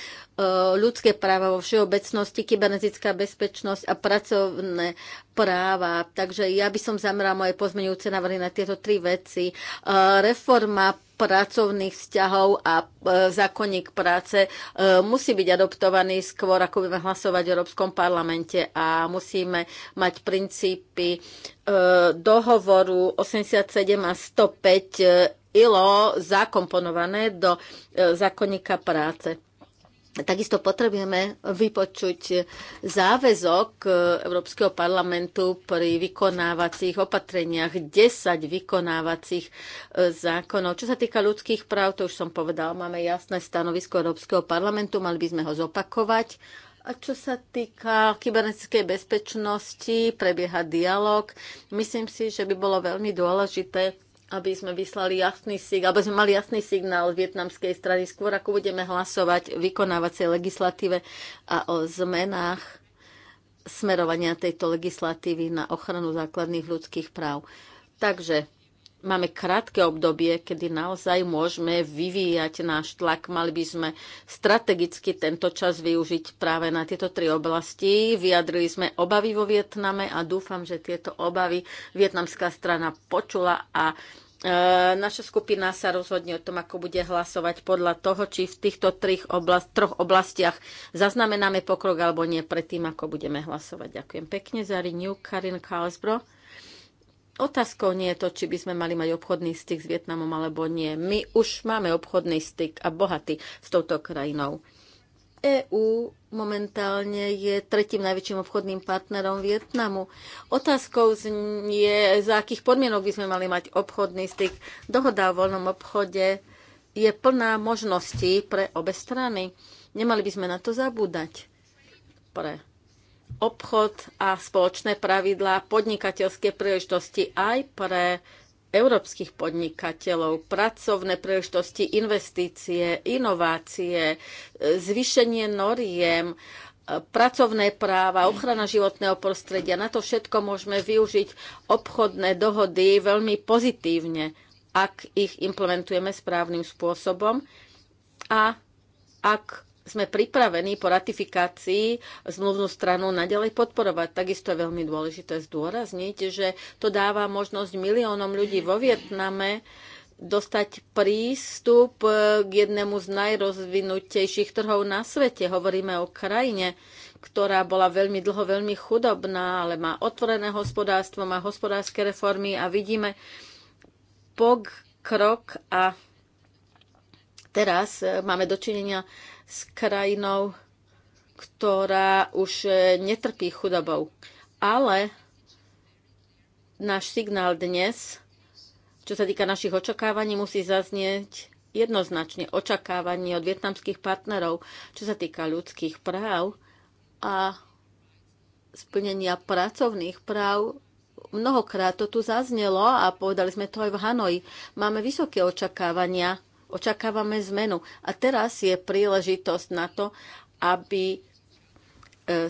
ľudské práva vo všeobecnosti, kybernetická bezpečnosť a pracovné práva. Takže ja by som zamerala moje pozmeňujúce návrhy na tieto tri veci. E, reforma pracovných vzťahov a e, zákonník práce e, musí byť adoptovaný skôr, ako budeme hlasovať v Európskom parlamente a musíme mať princípy dohovoru 87 a 105 ILO zakomponované do zákonníka práce. Takisto potrebujeme vypočuť záväzok e, Európskeho parlamentu pri vykonávacích opatreniach, 10 vykonávacích e, zákonov. Čo sa týka ľudských práv, to už som povedal, máme jasné stanovisko Európskeho parlamentu, mali by sme ho zopakovať. A čo sa týka kybernetickej bezpečnosti, prebieha dialog. Myslím si, že by bolo veľmi dôležité aby sme vyslali jasný signál, aby sme mali jasný signál vietnamskej strany skôr, ako budeme hlasovať v vykonávacej legislatíve a o zmenách smerovania tejto legislatívy na ochranu základných ľudských práv. Takže máme krátke obdobie, kedy naozaj môžeme vyvíjať náš tlak. Mali by sme strategicky tento čas využiť práve na tieto tri oblasti. Vyjadrili sme obavy vo Vietname a dúfam, že tieto obavy vietnamská strana počula a e, naša skupina sa rozhodne o tom, ako bude hlasovať podľa toho, či v týchto oblast, troch oblastiach zaznamenáme pokrok alebo nie predtým, ako budeme hlasovať. Ďakujem pekne za Renew Karin Kalsbro. Otázkou nie je to, či by sme mali mať obchodný styk s Vietnamom alebo nie. My už máme obchodný styk a bohatý s touto krajinou. EÚ momentálne je tretím najväčším obchodným partnerom Vietnamu. Otázkou je, za akých podmienok by sme mali mať obchodný styk. Dohoda o voľnom obchode je plná možností pre obe strany. Nemali by sme na to zabúdať pre obchod a spoločné pravidlá, podnikateľské príležitosti aj pre európskych podnikateľov, pracovné príležitosti, investície, inovácie, e, zvýšenie noriem, e, pracovné práva, ochrana životného prostredia. Na to všetko môžeme využiť obchodné dohody veľmi pozitívne, ak ich implementujeme správnym spôsobom a ak sme pripravení po ratifikácii zmluvnú stranu naďalej podporovať. Takisto je veľmi dôležité zdôrazniť, že to dáva možnosť miliónom ľudí vo Vietname dostať prístup k jednému z najrozvinutejších trhov na svete. Hovoríme o krajine, ktorá bola veľmi dlho veľmi chudobná, ale má otvorené hospodárstvo, má hospodárske reformy a vidíme pokrok a teraz e, máme dočinenia s krajinou, ktorá už e, netrpí chudobou. Ale náš signál dnes, čo sa týka našich očakávaní, musí zaznieť jednoznačne očakávanie od vietnamských partnerov, čo sa týka ľudských práv a splnenia pracovných práv. Mnohokrát to tu zaznelo a povedali sme to aj v Hanoji. Máme vysoké očakávania Očakávame zmenu. A teraz je príležitosť na to, aby e,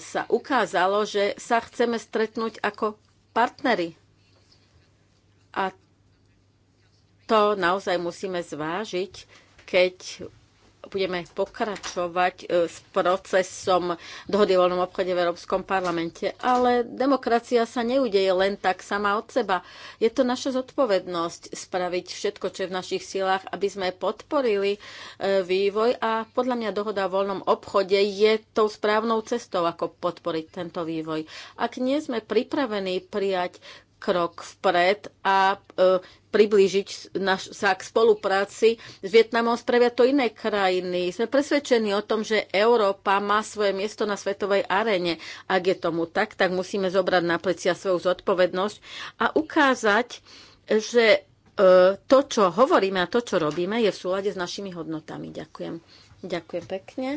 sa ukázalo, že sa chceme stretnúť ako partnery. A to naozaj musíme zvážiť, keď budeme pokračovať e, s procesom dohody o voľnom obchode v Európskom parlamente. Ale demokracia sa neudeje len tak sama od seba. Je to naša zodpovednosť spraviť všetko, čo je v našich silách, aby sme podporili e, vývoj a podľa mňa dohoda o voľnom obchode je tou správnou cestou, ako podporiť tento vývoj. Ak nie sme pripravení prijať krok vpred a e, priblížiť naš, sa k spolupráci s Vietnamom spravia to iné krajiny. Sme presvedčení o tom, že Európa má svoje miesto na svetovej arene. Ak je tomu tak, tak musíme zobrať na plecia svoju zodpovednosť a ukázať, že e, to, čo hovoríme a to, čo robíme, je v súlade s našimi hodnotami. Ďakujem. Ďakujem pekne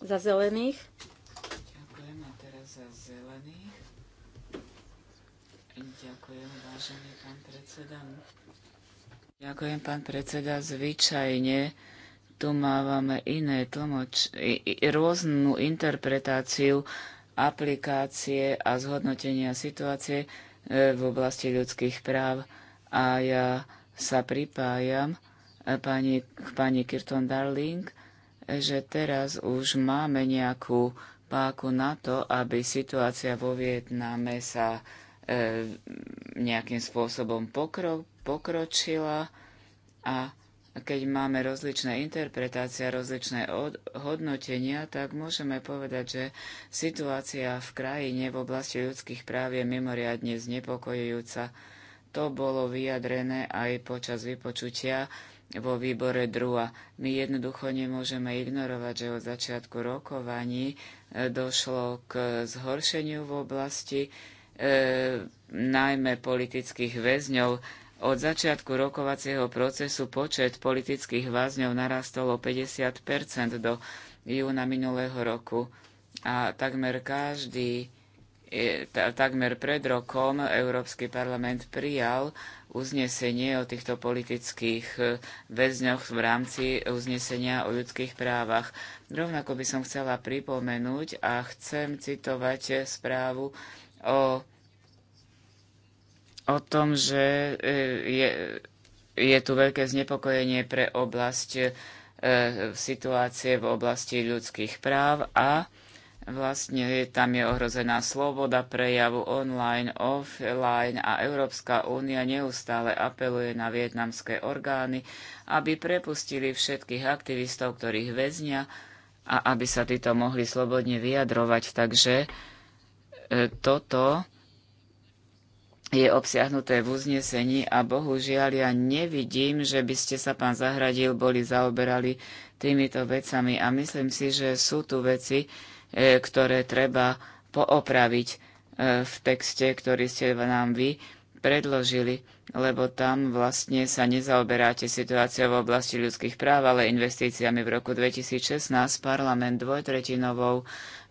za zelených. vážený pán predseda. Ďakujem, pán predseda. Zvyčajne tu máme iné tlmoč, rôznu interpretáciu aplikácie a zhodnotenia situácie e, v oblasti ľudských práv. A ja sa pripájam e, pani, k pani Kirton Darling, že teraz už máme nejakú páku na to, aby situácia vo Vietname sa E, nejakým spôsobom pokro, pokročila a keď máme rozličné interpretácie, rozličné hodnotenia, tak môžeme povedať, že situácia v krajine v oblasti ľudských práv je mimoriadne znepokojujúca. To bolo vyjadrené aj počas vypočutia vo výbore DRUA. My jednoducho nemôžeme ignorovať, že od začiatku rokovaní e, došlo k zhoršeniu v oblasti E, najmä politických väzňov. Od začiatku rokovacieho procesu počet politických väzňov narastol o 50 do júna minulého roku. A takmer každý, e, takmer pred rokom Európsky parlament prijal uznesenie o týchto politických e, väzňoch v rámci uznesenia o ľudských právach. Rovnako by som chcela pripomenúť a chcem citovať správu o, o tom, že e, je, je tu veľké znepokojenie pre oblasť e, situácie v oblasti ľudských práv a vlastne tam je ohrozená sloboda prejavu online, offline a Európska únia neustále apeluje na vietnamské orgány, aby prepustili všetkých aktivistov, ktorých väznia a aby sa títo mohli slobodne vyjadrovať. Takže toto je obsiahnuté v uznesení a bohužiaľ ja nevidím, že by ste sa, pán Zahradil, boli zaoberali týmito vecami a myslím si, že sú tu veci, e, ktoré treba poopraviť e, v texte, ktorý ste nám vy predložili, lebo tam vlastne sa nezaoberáte situáciou v oblasti ľudských práv, ale investíciami. V roku 2016 parlament dvojtretinovou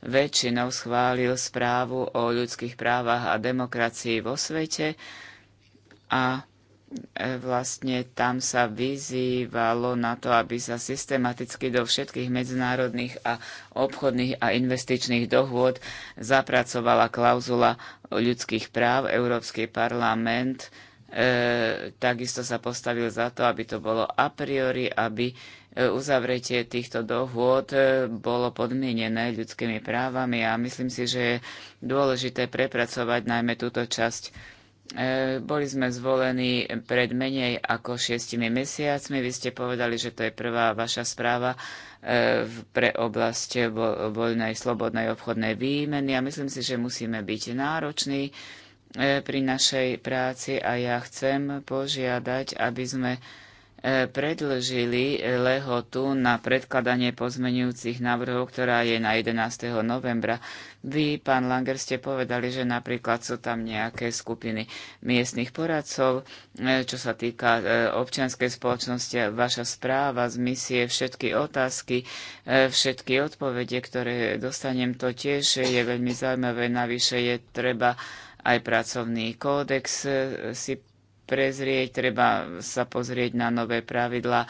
väčšinou schválil správu o ľudských právach a demokracii vo svete a E, vlastne tam sa vyzývalo na to, aby sa systematicky do všetkých medzinárodných a obchodných a investičných dohôd zapracovala klauzula ľudských práv. Európsky parlament e, takisto sa postavil za to, aby to bolo a priori, aby e, uzavretie týchto dohôd e, bolo podmienené ľudskými právami a myslím si, že je dôležité prepracovať najmä túto časť E, boli sme zvolení pred menej ako šiestimi mesiacmi. Vy ste povedali, že to je prvá vaša správa e, pre oblasť voľnej slobodnej obchodnej výmeny a myslím si, že musíme byť nároční e, pri našej práci a ja chcem požiadať, aby sme E, predlžili e, lehotu na predkladanie pozmenujúcich návrhov, ktorá je na 11. novembra. Vy, pán Langer, ste povedali, že napríklad sú tam nejaké skupiny miestnych poradcov, e, čo sa týka občianskej spoločnosti, vaša správa z misie, všetky otázky, všetky odpovede, ktoré dostanem, to tiež je veľmi zaujímavé. Navyše je treba aj pracovný kódex si prezrieť, treba sa pozrieť na nové pravidla e,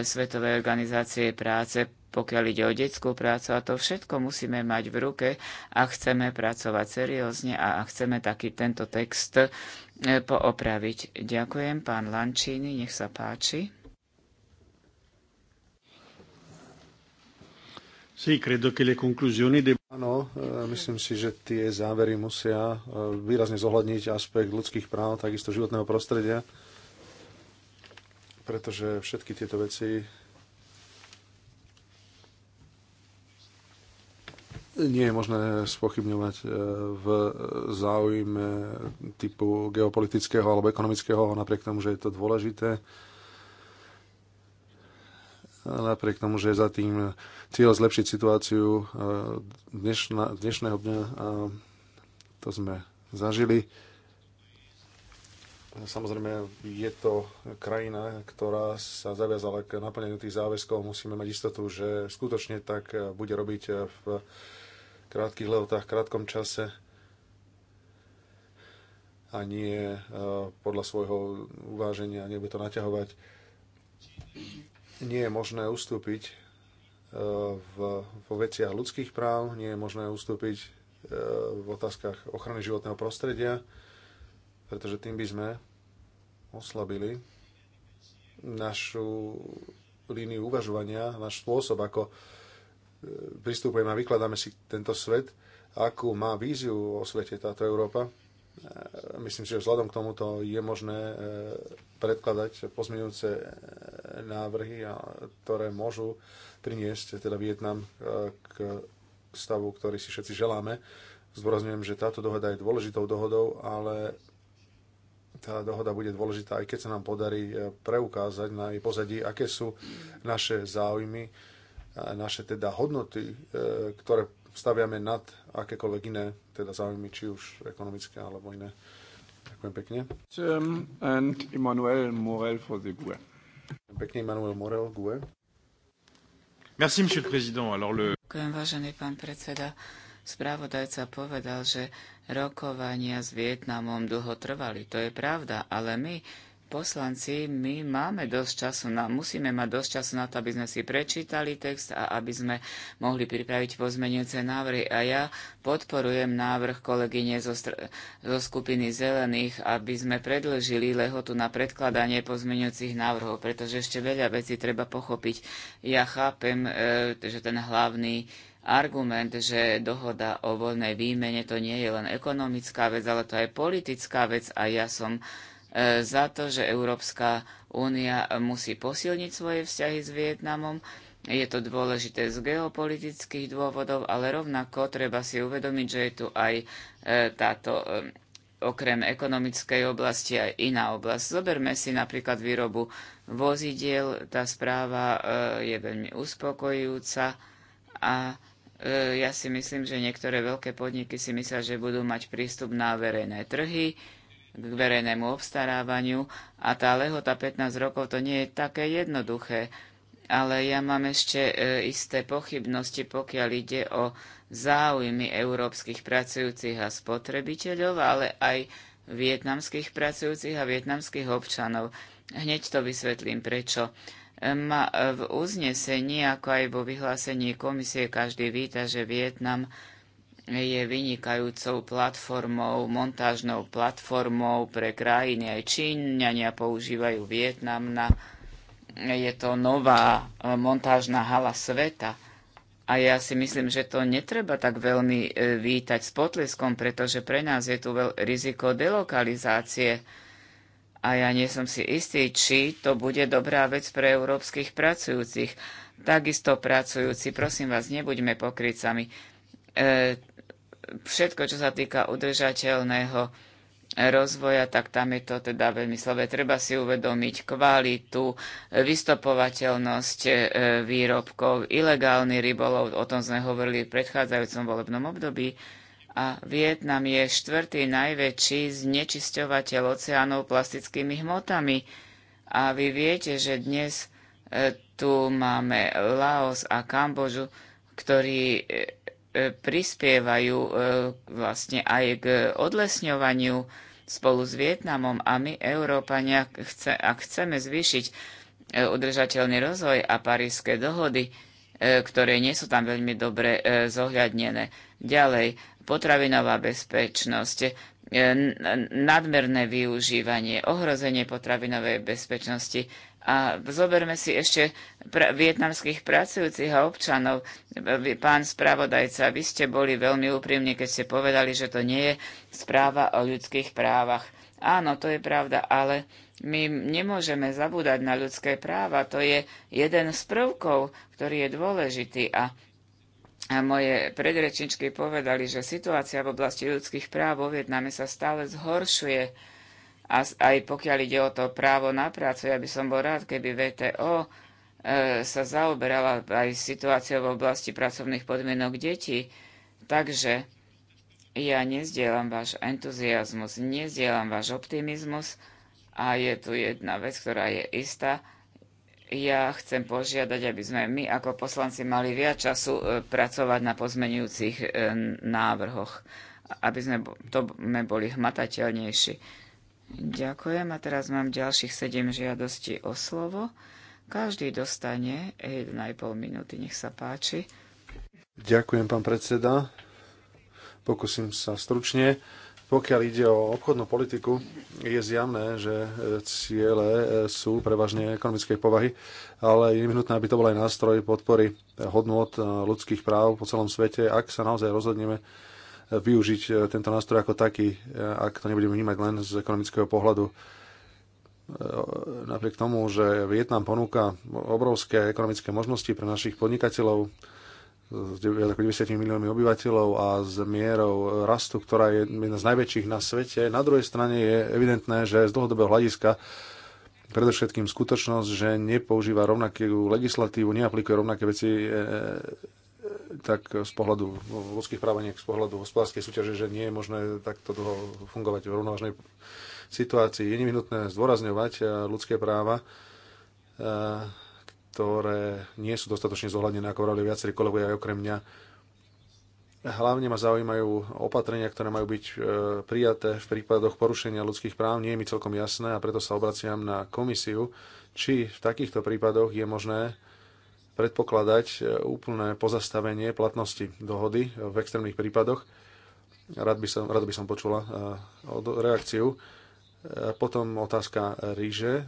Svetovej organizácie práce, pokiaľ ide o detskú prácu a to všetko musíme mať v ruke a chceme pracovať seriózne a chceme taký tento text e, poopraviť. Ďakujem, pán Lančíny, nech sa páči. Áno, e myslím si, že tie závery musia e, výrazne zohľadniť aspekt ľudských práv, takisto životného prostredia, pretože všetky tieto veci nie je možné spochybňovať e, v záujme typu geopolitického alebo ekonomického, napriek tomu, že je to dôležité napriek tomu, že je za tým cieľ zlepšiť situáciu e, dnešná, dnešného dňa a to sme zažili. Samozrejme, je to krajina, ktorá sa zaviazala k naplneniu tých záväzkov. Musíme mať istotu, že skutočne tak bude robiť v krátkých lehotách, krátkom čase a nie e, podľa svojho uváženia, nebude to naťahovať nie je možné ustúpiť e, v, vo veciach ľudských práv, nie je možné ustúpiť e, v otázkach ochrany životného prostredia, pretože tým by sme oslabili našu líniu uvažovania, náš spôsob, ako e, pristupujeme a vykladáme si tento svet, akú má víziu o svete táto Európa. E, myslím si, že vzhľadom k tomuto je možné e, predkladať pozmeňujúce e, návrhy, ktoré môžu priniesť teda Vietnam k stavu, ktorý si všetci želáme. Zdôrazňujem, že táto dohoda je dôležitou dohodou, ale tá dohoda bude dôležitá, aj keď sa nám podarí preukázať na jej pozadí, aké sú naše záujmy, naše teda hodnoty, ktoré staviame nad akékoľvek iné teda záujmy, či už ekonomické alebo iné. Ďakujem pekne. and Emmanuel Morel for the GUE. Pekne Emmanuel Morel, GUE. Merci, monsieur le président. Alors le... Ďakujem, vážený pán predseda. Správodajca povedal, že rokovania s Vietnamom dlho trvali. To je pravda, ale my poslanci, my máme dosť času, na, musíme mať dosť času na to, aby sme si prečítali text a aby sme mohli pripraviť pozmenujúce návrhy. A ja podporujem návrh kolegyne zo, zo skupiny zelených, aby sme predlžili lehotu na predkladanie pozmenujúcich návrhov, pretože ešte veľa vecí treba pochopiť. Ja chápem, e, že ten hlavný argument, že dohoda o voľnej výmene to nie je len ekonomická vec, ale to aj politická vec a ja som E, za to, že Európska únia musí posilniť svoje vzťahy s Vietnamom. Je to dôležité z geopolitických dôvodov, ale rovnako treba si uvedomiť, že je tu aj e, táto e, okrem ekonomickej oblasti aj iná oblasť. Zoberme si napríklad výrobu vozidiel. Tá správa je veľmi uspokojujúca a ja si myslím, že niektoré veľké podniky si myslia, že budú mať prístup na verejné trhy k verejnému obstarávaniu a tá lehota 15 rokov to nie je také jednoduché. Ale ja mám ešte e, isté pochybnosti, pokiaľ ide o záujmy európskych pracujúcich a spotrebiteľov, ale aj vietnamských pracujúcich a vietnamských občanov. Hneď to vysvetlím prečo. E, ma e, v uznesení, ako aj vo vyhlásení komisie, každý víta, že Vietnam je vynikajúcou platformou, montážnou platformou pre krajiny. Aj Číňania používajú Vietnam na... Je to nová e, montážna hala sveta. A ja si myslím, že to netreba tak veľmi e, vítať s potleskom, pretože pre nás je tu veľ... riziko delokalizácie. A ja nie som si istý, či to bude dobrá vec pre európskych pracujúcich. Takisto pracujúci, prosím vás, nebuďme pokrycami. E, všetko, čo sa týka udržateľného rozvoja, tak tam je to teda veľmi slové. Treba si uvedomiť kvalitu, vystopovateľnosť e, výrobkov, ilegálny rybolov, o tom sme hovorili v predchádzajúcom volebnom období. A Vietnam je štvrtý najväčší znečisťovateľ oceánov plastickými hmotami. A vy viete, že dnes e, tu máme Laos a Kambožu, ktorí e, E, prispievajú e, vlastne aj k odlesňovaniu spolu s Vietnamom a my, Európania, chce, ak chceme zvýšiť e, udržateľný rozvoj a parížské dohody, ktoré nie sú tam veľmi dobre zohľadnené. Ďalej, potravinová bezpečnosť, nadmerné využívanie, ohrozenie potravinovej bezpečnosti, a zoberme si ešte pra- vietnamských pracujúcich a občanov. Pán spravodajca, vy ste boli veľmi úprimní, keď ste povedali, že to nie je správa o ľudských právach. Áno, to je pravda, ale my nemôžeme zabúdať na ľudské práva. To je jeden z prvkov, ktorý je dôležitý. A, a moje predrečničky povedali, že situácia v oblasti ľudských práv vo Vietname sa stále zhoršuje a aj pokiaľ ide o to právo na prácu, ja by som bol rád, keby VTO e, sa zaoberala aj situáciou v oblasti pracovných podmienok detí. Takže ja nezdielam váš entuziasmus, nezdielam váš optimizmus a je tu jedna vec, ktorá je istá. Ja chcem požiadať, aby sme my ako poslanci mali viac času e, pracovať na pozmenujúcich e, návrhoch, aby sme to boli hmatateľnejší. Ďakujem a teraz mám ďalších 7 žiadostí o slovo. Každý dostane 1,5 minúty, nech sa páči. Ďakujem, pán predseda. Pokúsim sa stručne. Pokiaľ ide o obchodnú politiku, je zjavné, že ciele sú prevažne ekonomickej povahy, ale je nutné, aby to bol aj nástroj podpory hodnot ľudských práv po celom svete, ak sa naozaj rozhodneme využiť e, tento nástroj ako taký, e, ak to nebudeme vnímať len z ekonomického pohľadu. E, napriek tomu, že Vietnam ponúka obrovské ekonomické možnosti pre našich podnikateľov, s 90 miliónmi obyvateľov a s mierou rastu, ktorá je jedna z najväčších na svete. Na druhej strane je evidentné, že z dlhodobého hľadiska predovšetkým skutočnosť, že nepoužíva rovnakú legislatívu, neaplikuje rovnaké veci tak z pohľadu ľudských práv, nie z pohľadu hospodárskej súťaže, že nie je možné takto dlho fungovať v rovnovážnej situácii. Je nevyhnutné zdôrazňovať eh, ľudské práva, eh, ktoré nie sú dostatočne zohľadnené, ako hovorili viacerí kolegovia aj okrem mňa. Hlavne ma zaujímajú opatrenia, ktoré majú byť eh, prijaté v prípadoch porušenia ľudských práv. Nie je mi celkom jasné a preto sa obraciam na komisiu, či v takýchto prípadoch je možné predpokladať e, úplné pozastavenie platnosti dohody v extrémnych prípadoch. Rád by som, rád by som počula e, reakciu. E, potom otázka ríže.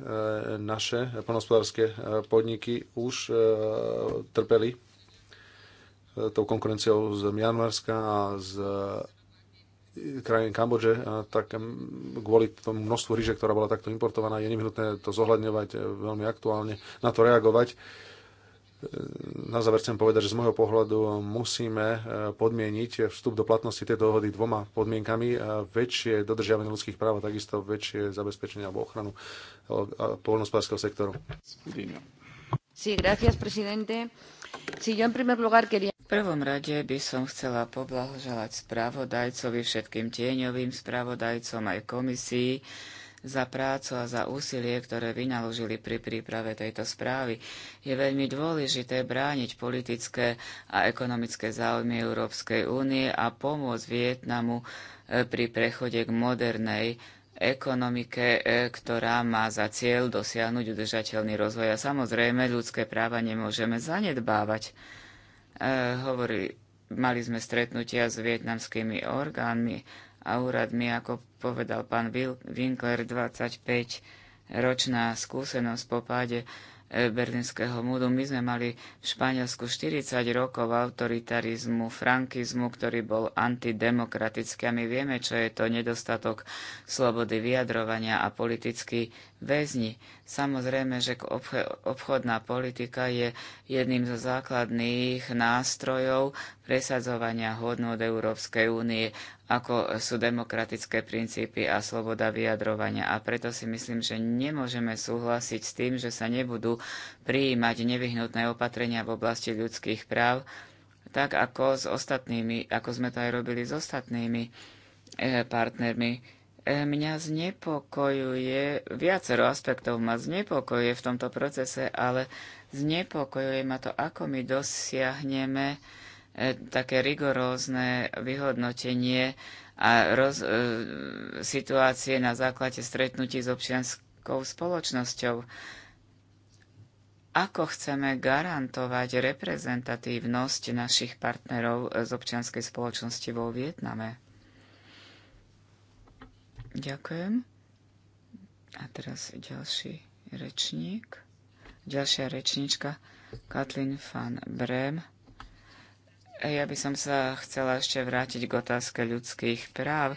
Naše plnohospodárske podniky už trpeli tou konkurenciou z Mianmarska a z krajín Kambodže, tak kvôli tomu množstvu ríže, ktorá bola takto importovaná, je nevyhnutné to zohľadňovať veľmi aktuálne, na to reagovať E, na záver chcem povedať, že z môjho pohľadu musíme e, podmieniť vstup do platnosti tejto dohody dvoma podmienkami. Väčšie dodržiavanie ľudských práv a takisto väčšie zabezpečenie alebo ochranu e, poľnospodárskeho sektoru. Sí, gracias, presidente. Sí, yo en primer lugar quería... V prvom rade by som chcela poblahoželať spravodajcovi, všetkým tieňovým spravodajcom aj komisii, za prácu a za úsilie, ktoré vynaložili pri príprave tejto správy. Je veľmi dôležité brániť politické a ekonomické záujmy Európskej únie a pomôcť Vietnamu e, pri prechode k modernej ekonomike, e, ktorá má za cieľ dosiahnuť udržateľný rozvoj. A samozrejme, ľudské práva nemôžeme zanedbávať. E, hovorí, mali sme stretnutia s vietnamskými orgánmi a úradmi, ako povedal pán Winkler, 25-ročná skúsenosť po páde e, berlínskeho múdu. My sme mali v Španielsku 40 rokov autoritarizmu, frankizmu, ktorý bol antidemokratický. A my vieme, čo je to nedostatok slobody vyjadrovania a politický väzni. Samozrejme, že obchodná politika je jedným zo základných nástrojov presadzovania hodnot Európskej únie, ako sú demokratické princípy a sloboda vyjadrovania. A preto si myslím, že nemôžeme súhlasiť s tým, že sa nebudú prijímať nevyhnutné opatrenia v oblasti ľudských práv, tak ako s ostatnými, ako sme to aj robili s ostatnými e, partnermi Mňa znepokojuje, viacero aspektov ma znepokojuje v tomto procese, ale znepokojuje ma to, ako my dosiahneme e, také rigorózne vyhodnotenie a roz, e, situácie na základe stretnutí s občianskou spoločnosťou. Ako chceme garantovať reprezentatívnosť našich partnerov z občianskej spoločnosti vo Vietname? Ďakujem. A teraz ďalší rečník. Ďalšia rečníčka Katlin van Brem. E, ja by som sa chcela ešte vrátiť k otázke ľudských práv.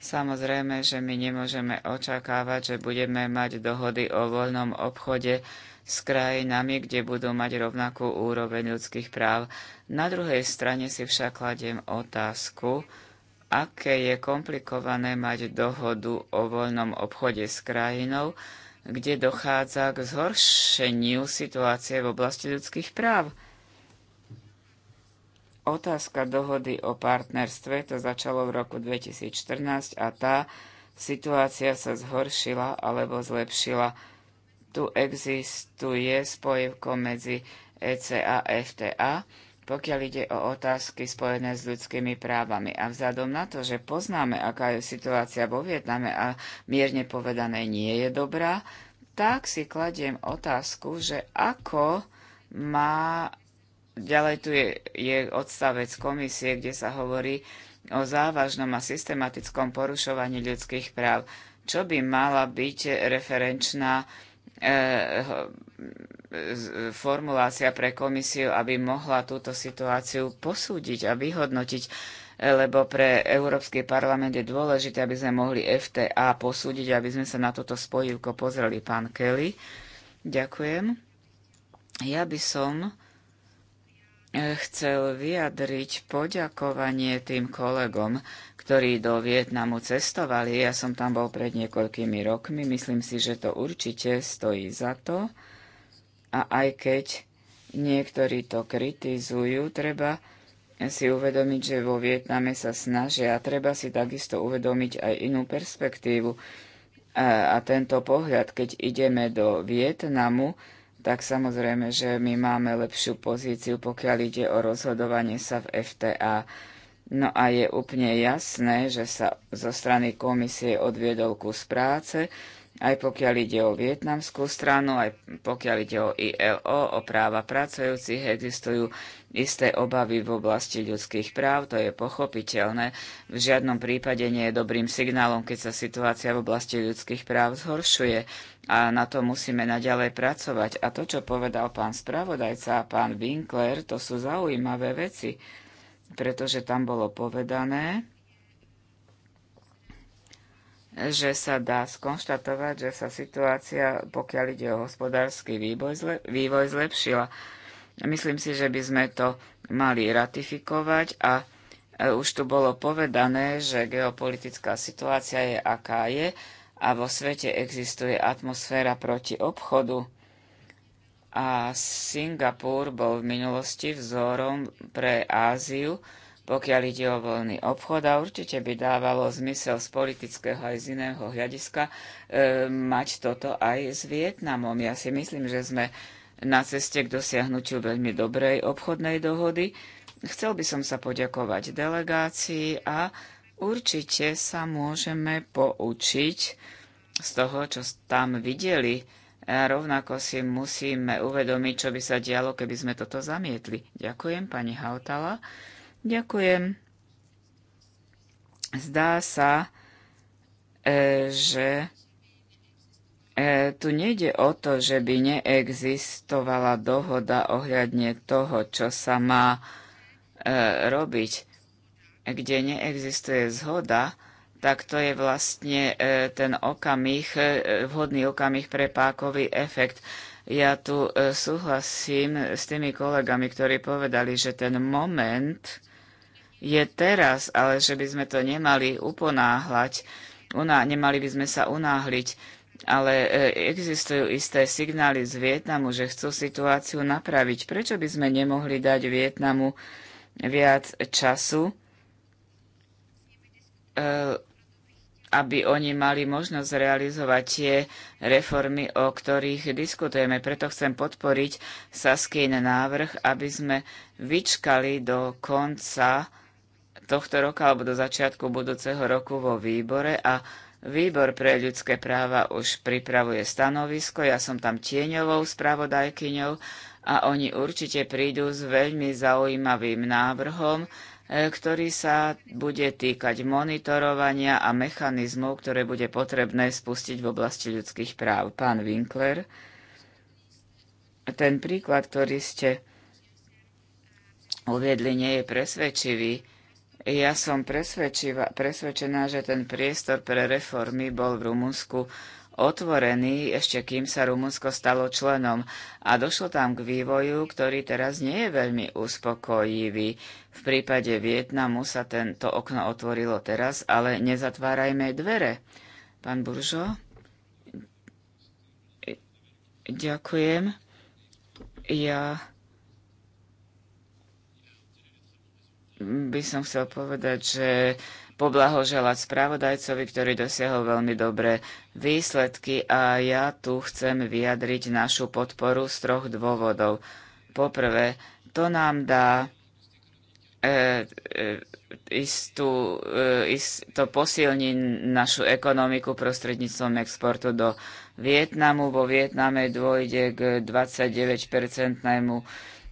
Samozrejme, že my nemôžeme očakávať, že budeme mať dohody o voľnom obchode s krajinami, kde budú mať rovnakú úroveň ľudských práv. Na druhej strane si však kladiem otázku, aké je komplikované mať dohodu o voľnom obchode s krajinou, kde dochádza k zhoršeniu situácie v oblasti ľudských práv. Otázka dohody o partnerstve to začalo v roku 2014 a tá situácia sa zhoršila alebo zlepšila. Tu existuje spojivko medzi ECA a FTA, pokiaľ ide o otázky spojené s ľudskými právami. A vzhľadom na to, že poznáme, aká je situácia vo Vietname a mierne povedané nie je dobrá, tak si kladiem otázku, že ako má... Ďalej tu je, je odstavec komisie, kde sa hovorí o závažnom a systematickom porušovaní ľudských práv. Čo by mala byť referenčná e, E, formulácia pre komisiu, aby mohla túto situáciu posúdiť a vyhodnotiť, e, lebo pre Európsky parlament je dôležité, aby sme mohli FTA posúdiť, aby sme sa na toto spojivko pozreli. Pán Kelly, ďakujem. Ja by som e, chcel vyjadriť poďakovanie tým kolegom, ktorí do Vietnamu cestovali. Ja som tam bol pred niekoľkými rokmi. Myslím si, že to určite stojí za to. A aj keď niektorí to kritizujú, treba si uvedomiť, že vo Vietname sa snažia a treba si takisto uvedomiť aj inú perspektívu. A, a tento pohľad, keď ideme do Vietnamu, tak samozrejme, že my máme lepšiu pozíciu, pokiaľ ide o rozhodovanie sa v FTA. No a je úplne jasné, že sa zo strany komisie odviedol kus práce aj pokiaľ ide o vietnamskú stranu, aj pokiaľ ide o ILO, o práva pracujúcich, existujú isté obavy v oblasti ľudských práv, to je pochopiteľné. V žiadnom prípade nie je dobrým signálom, keď sa situácia v oblasti ľudských práv zhoršuje a na to musíme naďalej pracovať. A to, čo povedal pán spravodajca a pán Winkler, to sú zaujímavé veci, pretože tam bolo povedané, že sa dá skonštatovať, že sa situácia, pokiaľ ide o hospodársky vývoj, vývoj zlepšila. Myslím si, že by sme to mali ratifikovať a e, už tu bolo povedané, že geopolitická situácia je aká je a vo svete existuje atmosféra proti obchodu. A Singapur bol v minulosti vzorom pre Áziu, pokiaľ ide o voľný obchod a určite by dávalo zmysel z politického aj z iného hľadiska e, mať toto aj s Vietnamom. Ja si myslím, že sme na ceste k dosiahnutiu veľmi dobrej obchodnej dohody. Chcel by som sa poďakovať delegácii a určite sa môžeme poučiť z toho, čo tam videli. A rovnako si musíme uvedomiť, čo by sa dialo, keby sme toto zamietli. Ďakujem, pani Hautala. Ďakujem. Zdá sa, e, že e, tu nejde o to, že by neexistovala dohoda ohľadne toho, čo sa má e, robiť. Kde neexistuje zhoda, tak to je vlastne ten okamih, vhodný okamih pre pákový efekt. Ja tu súhlasím s tými kolegami, ktorí povedali, že ten moment, je teraz, ale že by sme to nemali uponáhľať, uná, nemali by sme sa unáhliť, ale e, existujú isté signály z Vietnamu, že chcú situáciu napraviť. Prečo by sme nemohli dať Vietnamu viac času, e, aby oni mali možnosť realizovať tie reformy, o ktorých diskutujeme. Preto chcem podporiť Saskýn návrh, aby sme vyčkali do konca tohto roka alebo do začiatku budúceho roku vo výbore a Výbor pre ľudské práva už pripravuje stanovisko, ja som tam tieňovou spravodajkyňou a oni určite prídu s veľmi zaujímavým návrhom, e, ktorý sa bude týkať monitorovania a mechanizmov, ktoré bude potrebné spustiť v oblasti ľudských práv. Pán Winkler, ten príklad, ktorý ste uviedli, nie je presvedčivý ja som presvedčená, že ten priestor pre reformy bol v Rumunsku otvorený, ešte kým sa Rumunsko stalo členom a došlo tam k vývoju, ktorý teraz nie je veľmi uspokojivý. V prípade Vietnamu sa tento okno otvorilo teraz, ale nezatvárajme dvere. Pán Buržo? Ďakujem. Ja Mm. by som chcel povedať, že poblahoželať spravodajcovi, ktorý dosiahol veľmi dobré výsledky a ja tu chcem vyjadriť našu podporu z troch dôvodov. Poprvé, to nám dá e, e, istú, e, to posilní našu ekonomiku prostredníctvom exportu do Vietnamu. Vo Vietname dôjde k 29-percentnému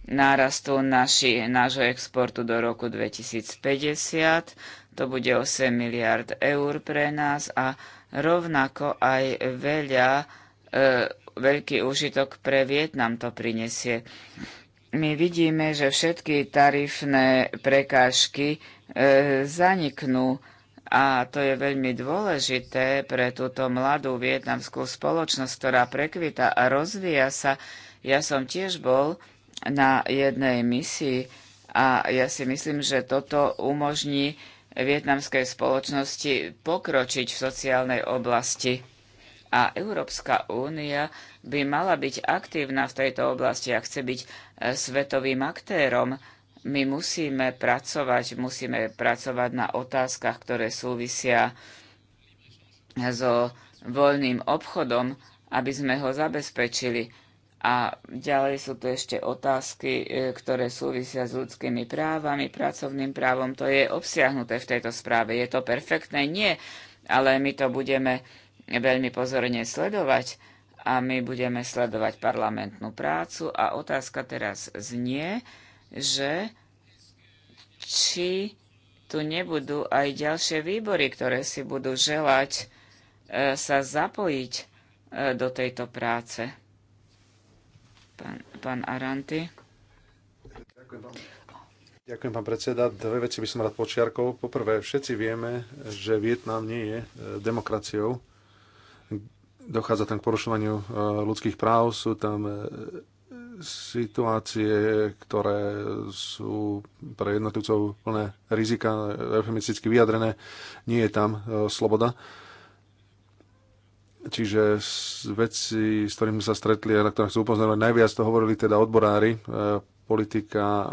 nárastu naši, nášho exportu do roku 2050. To bude 8 miliard eur pre nás a rovnako aj veľa, e, veľký užitok pre Vietnam to prinesie. My vidíme, že všetky tarifné prekážky e, zaniknú a to je veľmi dôležité pre túto mladú vietnamskú spoločnosť, ktorá prekvita a rozvíja sa. Ja som tiež bol na jednej misii a ja si myslím, že toto umožní vietnamskej spoločnosti pokročiť v sociálnej oblasti. A Európska únia by mala byť aktívna v tejto oblasti a chce byť e, svetovým aktérom. My musíme pracovať, musíme pracovať na otázkach, ktoré súvisia so voľným obchodom, aby sme ho zabezpečili a ďalej sú tu ešte otázky, e, ktoré súvisia s ľudskými právami, pracovným právom. To je obsiahnuté v tejto správe. Je to perfektné? Nie, ale my to budeme veľmi pozorne sledovať a my budeme sledovať parlamentnú prácu. A otázka teraz znie, že či tu nebudú aj ďalšie výbory, ktoré si budú želať e, sa zapojiť e, do tejto práce. Pán, pán Aranty. Ďakujem pán predseda. Dve veci by som rád počiarkol. Poprvé, všetci vieme, že Vietnam nie je e, demokraciou. Dochádza tam k porušovaniu e, ľudských práv, sú tam e, situácie, ktoré sú pre jednotlivcov plné rizika, eufemisticky vyjadrené. Nie je tam sloboda Čiže veci, s ktorými sa stretli a na ktoré sú upozorňovali, najviac to hovorili teda odborári. E, politika e,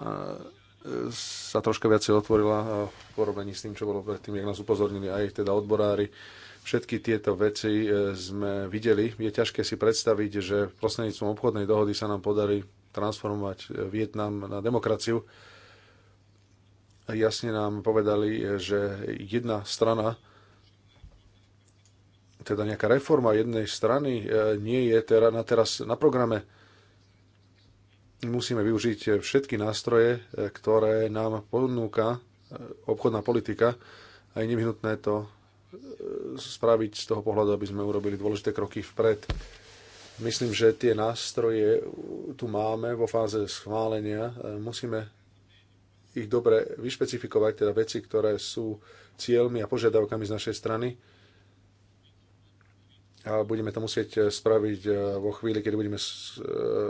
sa troška viacej otvorila e, v porovnaní s tým, čo bolo predtým, jak nás upozornili aj teda odborári. Všetky tieto veci sme videli. Je ťažké si predstaviť, že prostredníctvom obchodnej dohody sa nám podarí transformovať Vietnam na demokraciu. Jasne nám povedali, že jedna strana teda nejaká reforma jednej strany e, nie je teda na teraz na programe. Musíme využiť všetky nástroje, e, ktoré nám ponúka e, obchodná politika a je nevyhnutné to spraviť z toho pohľadu, aby sme urobili dôležité kroky vpred. Myslím, že tie nástroje tu máme vo fáze schválenia. Musíme ich dobre vyšpecifikovať, teda veci, ktoré sú cieľmi a požiadavkami z našej strany ale budeme to musieť e, spraviť e, vo chvíli, keď budeme e,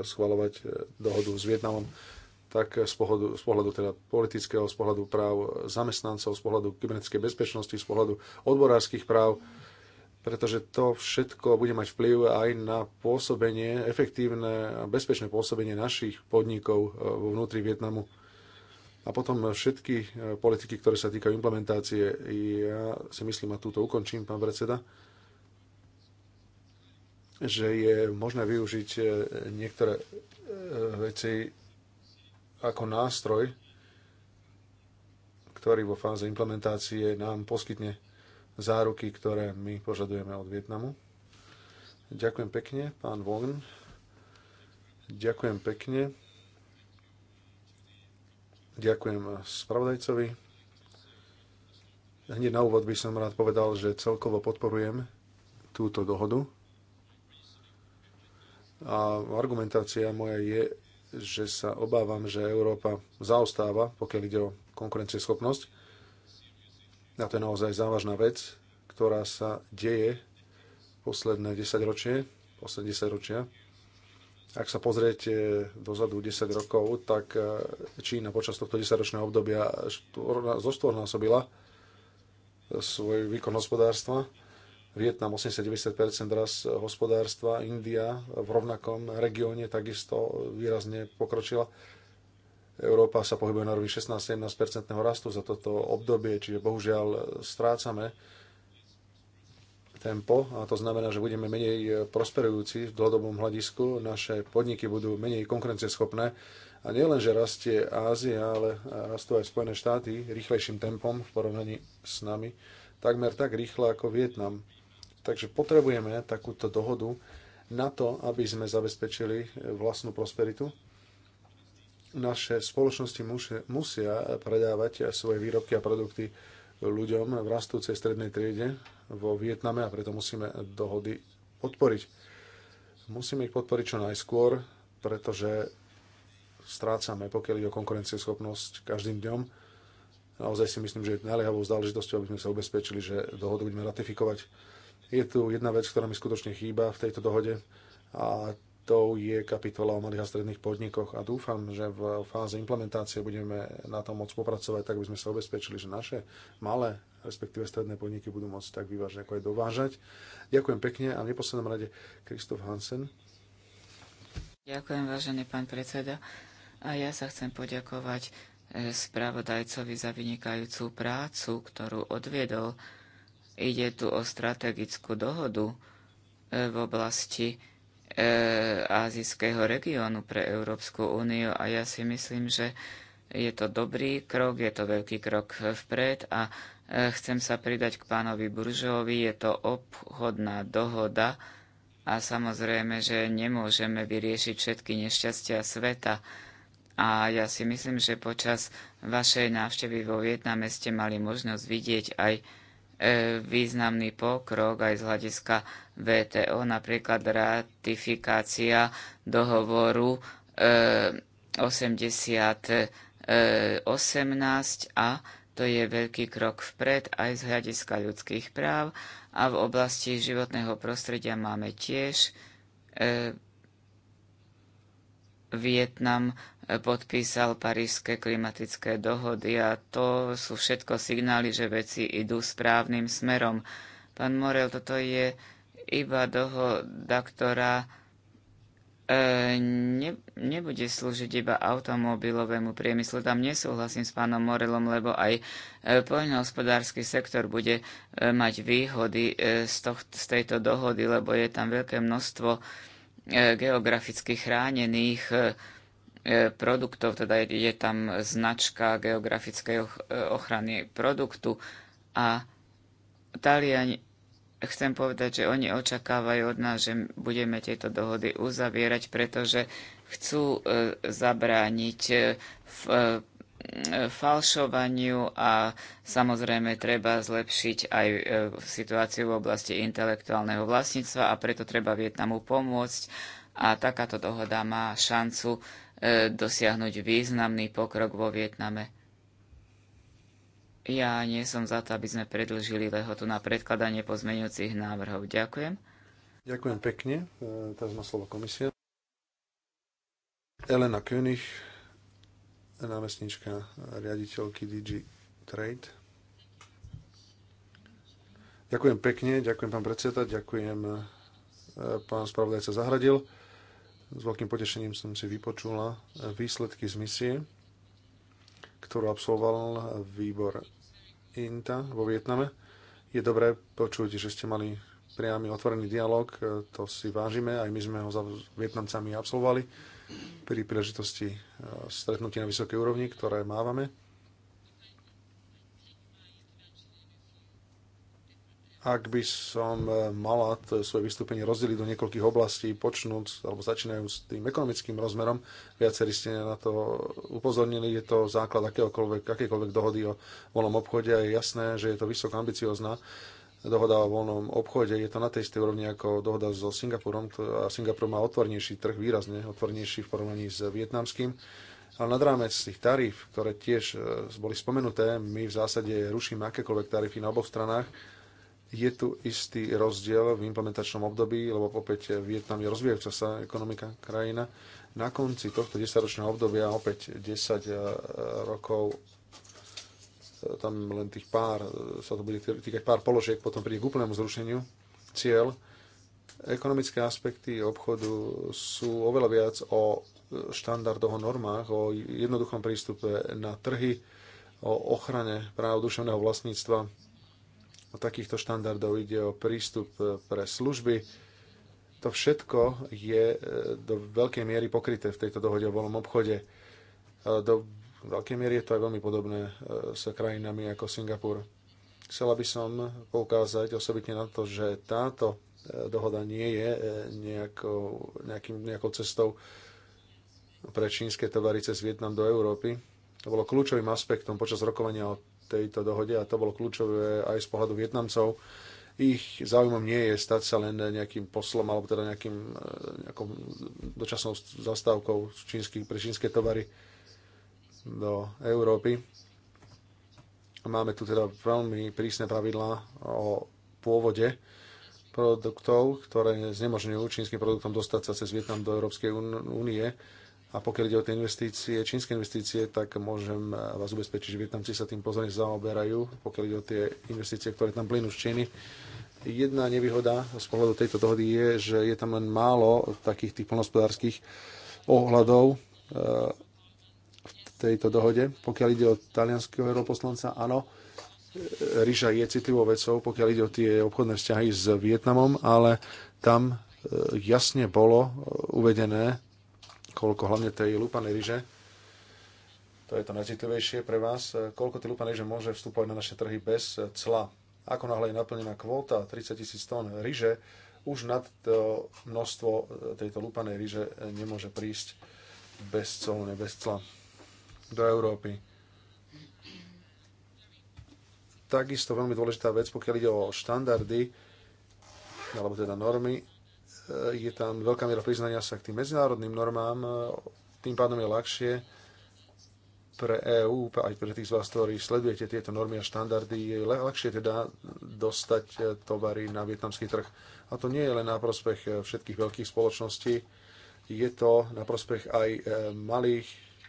schvalovať dohodu s Vietnamom, tak z, pohodu, z pohľadu teda politického, z pohľadu práv zamestnancov, z pohľadu kybernetickej bezpečnosti, z pohľadu odborárskych práv, pretože to všetko bude mať vplyv aj na pôsobenie, efektívne a bezpečné pôsobenie našich podnikov vo vnútri Vietnamu. A potom všetky politiky, ktoré sa týkajú implementácie, ja si myslím, a túto ukončím, pán predseda, že je možné využiť e, niektoré e, veci ako nástroj, ktorý vo fáze implementácie nám poskytne záruky, ktoré my požadujeme od Vietnamu. Ďakujem pekne, pán Vogn. Ďakujem pekne. Ďakujem spravodajcovi. Hneď na úvod by som rád povedal, že celkovo podporujem túto dohodu. A argumentácia moja je, že sa obávam, že Európa zaostáva, pokiaľ ide o konkurencieschopnosť. A to je naozaj závažná vec, ktorá sa deje posledné 10 ročie, posledné 10 ročia. Ak sa pozriete dozadu 10 rokov, tak e, Čína počas tohto 10-ročného obdobia zoštvornásobila svoj výkon hospodárstva Vietnam 80-90% raz hospodárstva, India v rovnakom regióne takisto výrazne pokročila. Európa sa pohybuje na rovni 16-17% rastu za toto obdobie, čiže bohužiaľ strácame tempo a to znamená, že budeme menej prosperujúci v dlhodobom hľadisku, naše podniky budú menej konkurencieschopné a nielen, že rastie Ázia, ale rastú aj Spojené štáty rýchlejším tempom v porovnaní s nami, takmer tak rýchlo ako Vietnam. Takže potrebujeme takúto dohodu na to, aby sme zabezpečili eh, vlastnú prosperitu. Naše spoločnosti musia predávať svoje výrobky a produkty ľuďom v rastúcej strednej triede vo Vietname a preto musíme dohody podporiť. Musíme ich podporiť čo najskôr, pretože strácame, pokiaľ ide o konkurencieschopnosť každým dňom. Naozaj si myslím, že je naliehavou záležitosťou, aby sme sa ubezpečili, že dohodu budeme ratifikovať je tu jedna vec, ktorá mi skutočne chýba v tejto dohode a to je kapitola o malých a stredných podnikoch a dúfam, že v fáze implementácie budeme na tom môcť popracovať, tak by sme sa ubezpečili, že naše malé, respektíve stredné podniky budú môcť tak vyvážať, ako aj dovážať. Ďakujem pekne a v neposlednom rade Kristof Hansen. Ďakujem, vážený pán predseda. A ja sa chcem poďakovať eh, spravodajcovi za vynikajúcu prácu, ktorú odviedol Ide tu o strategickú dohodu e, v oblasti e, azijského regiónu pre Európsku úniu a ja si myslím, že je to dobrý krok, je to veľký krok vpred a e, chcem sa pridať k pánovi Buržovi. Je to obchodná dohoda a samozrejme, že nemôžeme vyriešiť všetky nešťastia sveta. A ja si myslím, že počas vašej návštevy vo Vietname ste mali možnosť vidieť aj E, významný pokrok aj z hľadiska VTO, napríklad ratifikácia dohovoru 8018 e, e, a to je veľký krok vpred aj z hľadiska ľudských práv a v oblasti životného prostredia máme tiež Vietnam e, podpísal parížské klimatické dohody a to sú všetko signály, že veci idú správnym smerom. Pán Morel, toto je iba dohoda, ktorá e, ne, nebude slúžiť iba automobilovému priemyslu. Tam nesúhlasím s pánom Morelom, lebo aj e, poľnohospodársky sektor bude mať výhody z, toht, z tejto dohody, lebo je tam veľké množstvo E, geograficky chránených e, e, produktov, teda je tam značka geografickej ochrany produktu a Taliani, chcem povedať, že oni očakávajú od nás, že budeme tieto dohody uzavierať, pretože chcú zabrániť v falšovaniu a samozrejme treba zlepšiť aj e, situáciu v oblasti intelektuálneho vlastníctva a preto treba Vietnamu pomôcť a takáto dohoda má šancu e, dosiahnuť významný pokrok vo Vietname. Ja nie som za to, aby sme predlžili lehotu na predkladanie pozmeňujúcich návrhov. Ďakujem. Ďakujem pekne. E, teraz má slovo komisia. Elena König, námestnička riaditeľky DG Trade. Ďakujem pekne, ďakujem pán predseda, ďakujem e, pán spravodajca Zahradil. S veľkým potešením som si vypočula e, výsledky z misie, ktorú absolvoval výbor INTA vo Vietname. Je dobré počuť, že ste mali priamy otvorený dialog, e, to si vážime, aj my sme ho za Vietnamcami absolvovali pri príležitosti e, stretnutí na vysokej úrovni, ktoré mávame. Ak by som e, mala svoje vystúpenie rozdeliť do niekoľkých oblastí, počnúť alebo začínajú s tým ekonomickým rozmerom, viacerí ste na to upozornili, je to základ akékoľvek dohody o voľnom obchode a je jasné, že je to vysoko ambiciozná dohoda o voľnom obchode. Je to na tej istej úrovni ako dohoda so Singapurom. A Singapur má otvornejší trh, výrazne otvornejší v porovnaní s vietnamským. Ale nad rámec tých taríf, ktoré tiež e, boli spomenuté, my v zásade rušíme akékoľvek tarify na oboch stranách. Je tu istý rozdiel v implementačnom období, lebo opäť Vietnam je rozvíjajúca sa ekonomika krajina. Na konci tohto desaťročného obdobia, opäť 10 e, rokov tam len tých pár, e, sa to bude týkať pár položiek, potom príde k úplnému zrušeniu cieľ. Ekonomické aspekty obchodu sú oveľa viac o štandardoch, o normách, o jednoduchom prístupe na trhy, o ochrane práv duševného vlastníctva. O takýchto štandardov ide o prístup e, pre služby. To všetko je e, do veľkej miery pokryté v tejto dohode o voľnom obchode do v veľkej miery je to aj veľmi podobné e, s krajinami ako Singapur. Chcela by som poukázať osobitne na to, že táto e, dohoda nie je e, nejakou, nejakým, nejakou cestou pre čínske tovary cez Vietnam do Európy. To bolo kľúčovým aspektom počas rokovania o tejto dohode a to bolo kľúčové aj z pohľadu Vietnamcov. Ich záujmom nie je stať sa len nejakým poslom alebo teda nejakým, nejakou dočasnou zastávkou čínsky, pre čínske tovary do Európy. Máme tu teda veľmi prísne pravidlá o pôvode produktov, ktoré znemožňujú čínskym produktom dostať sa cez Vietnam do Európskej únie. A pokiaľ ide o tie investície, čínske investície, tak môžem vás ubezpečiť, že Vietnamci sa tým pozorne zaoberajú, pokiaľ ide o tie investície, ktoré tam plynú z Číny. Jedna nevýhoda z pohľadu tejto dohody je, že je tam len málo takých tých plnospodárských ohľadov tejto dohode. Pokiaľ ide o talianského europoslanca, áno, ryža je citlivou vecou, pokiaľ ide o tie obchodné vzťahy s Vietnamom, ale tam e, jasne bolo e, uvedené, koľko hlavne tej lupanej ryže, to je to najcitlivejšie pre vás, e, koľko tej lúpanej ríže môže vstúpať na naše trhy bez cla. Ako náhle je naplnená kvóta 30 tisíc tón ryže, už nad to množstvo tejto lupanej ryže nemôže prísť bez colu, bez cla do Európy. Takisto veľmi dôležitá vec, pokiaľ ide o štandardy, alebo teda normy, e, je tam veľká miera priznania sa k tým medzinárodným normám, e, tým pádom je ľahšie pre EÚ, aj pre tých z vás, ktorí sledujete tieto normy a štandardy, je ľahšie teda dostať e, tovary na vietnamský trh. A to nie je len na prospech všetkých veľkých spoločností, je to na prospech aj malých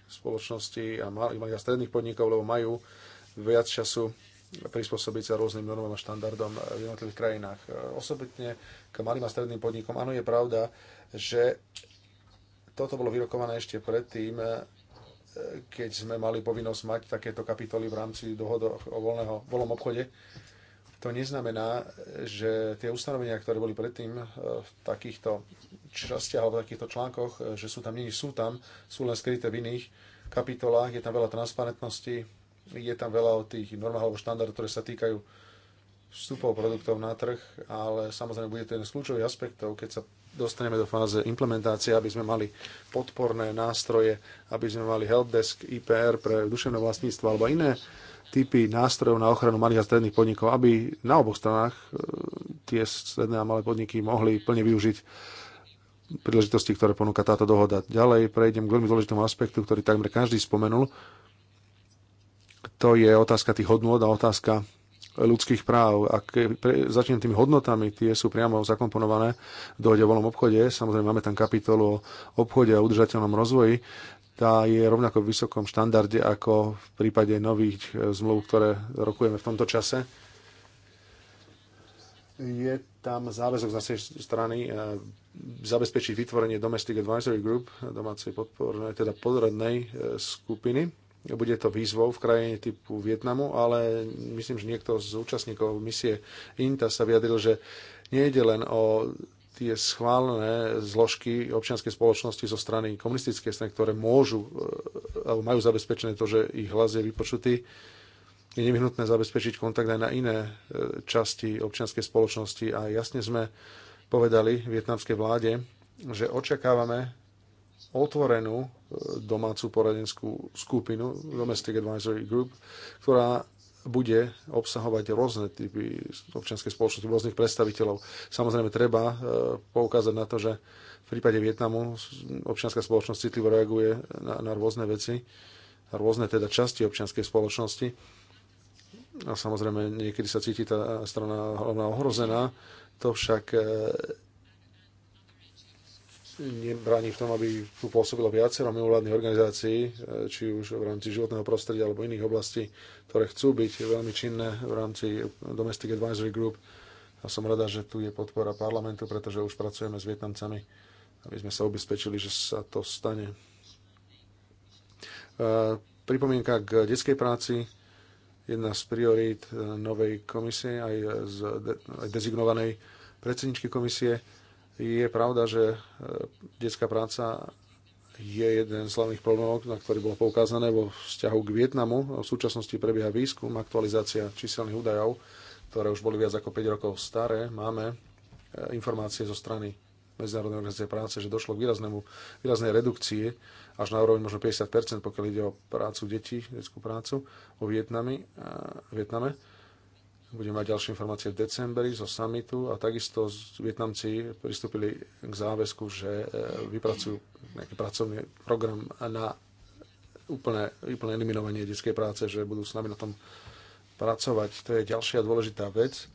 spoločností a malých a stredných podnikov, lebo majú viac času prispôsobiť sa rôznym normám a štandardom v jednotlivých krajinách. E, Osobitne k malým a stredným podnikom. Áno, je pravda, že toto bolo vyrokované ešte predtým, e, keď sme mali povinnosť mať takéto kapitoly v rámci dohod o voľného, voľnom obchode to neznamená, že tie ustanovenia, ktoré boli predtým e, v takýchto častiach alebo v takýchto článkoch, e, že sú tam, nie sú tam, sú len skryté v iných kapitolách, je tam veľa transparentnosti, je tam veľa o tých normách alebo štandardov, ktoré sa týkajú vstupov produktov na trh, ale samozrejme bude to jeden z kľúčových aspektov, keď sa dostaneme do fáze implementácie, aby sme mali podporné nástroje, aby sme mali helpdesk, IPR pre duševné vlastníctvo alebo iné typy nástrojov na ochranu malých a stredných podnikov, aby na oboch stranách e, tie stredné a malé podniky mohli plne využiť príležitosti, ktoré ponúka táto dohoda. Ďalej prejdem k veľmi dôležitému aspektu, ktorý takmer každý spomenul. To je otázka tých hodnôt a otázka ľudských práv. Ak začnem tými hodnotami, tie sú priamo zakomponované v dohode o voľnom obchode. Samozrejme, máme tam kapitolu o obchode a udržateľnom rozvoji tá je rovnako v vysokom štandarde ako v prípade nových e, zmluv, ktoré rokujeme v tomto čase. Je tam záväzok z našej strany e, zabezpečiť vytvorenie Domestic Advisory Group, domácej podpornej, teda podradnej e, skupiny. Bude to výzvou v krajine typu Vietnamu, ale myslím, že niekto z účastníkov misie INTA sa vyjadril, že nejde len o tie schválené zložky občianskej spoločnosti zo strany komunistickej strany, ktoré môžu e, alebo majú zabezpečené to, že ich hlas je vypočutý, je nevyhnutné zabezpečiť kontakt aj na iné e, časti občianskej spoločnosti a jasne sme povedali vietnamskej vláde, že očakávame otvorenú e, domácu poradenskú skupinu, Domestic Advisory Group, ktorá bude obsahovať rôzne typy občianskej spoločnosti, rôznych predstaviteľov. Samozrejme, treba e, poukázať na to, že v prípade Vietnamu občianská spoločnosť citlivo reaguje na, na rôzne veci, na rôzne teda časti občianskej spoločnosti. A samozrejme, niekedy sa cíti tá strana hlavná ohrozená. To však e, nebráni v tom, aby tu pôsobilo viacero mimovládnych organizácií, e, či už v rámci životného prostredia alebo iných oblastí, ktoré chcú byť veľmi činné v rámci Domestic Advisory Group. A som rada, že tu je podpora parlamentu, pretože už pracujeme s Vietnamcami, aby sme sa ubezpečili, že sa to stane. E, pripomienka k detskej práci. Jedna z priorít e, novej komisie, aj, z, aj dezignovanej predsedničky komisie je pravda, že e, detská práca je jeden z hlavných problémov, na ktorý bolo poukázané vo vzťahu k Vietnamu. V súčasnosti prebieha výskum, aktualizácia číselných údajov, ktoré už boli viac ako 5 rokov staré. Máme e, informácie zo strany Medzinárodnej organizácie práce, že došlo k výraznému, výraznej redukcie až na úroveň možno 50%, pokiaľ ide o prácu detí, detskú prácu vo Vietname. Budeme mať ďalšie informácie v decembri zo samitu a takisto Vietnamci pristúpili k záväzku, že e, vypracujú nejaký pracovný program na úplné, úplné eliminovanie detskej práce, že budú s nami na tom pracovať. To je ďalšia dôležitá vec.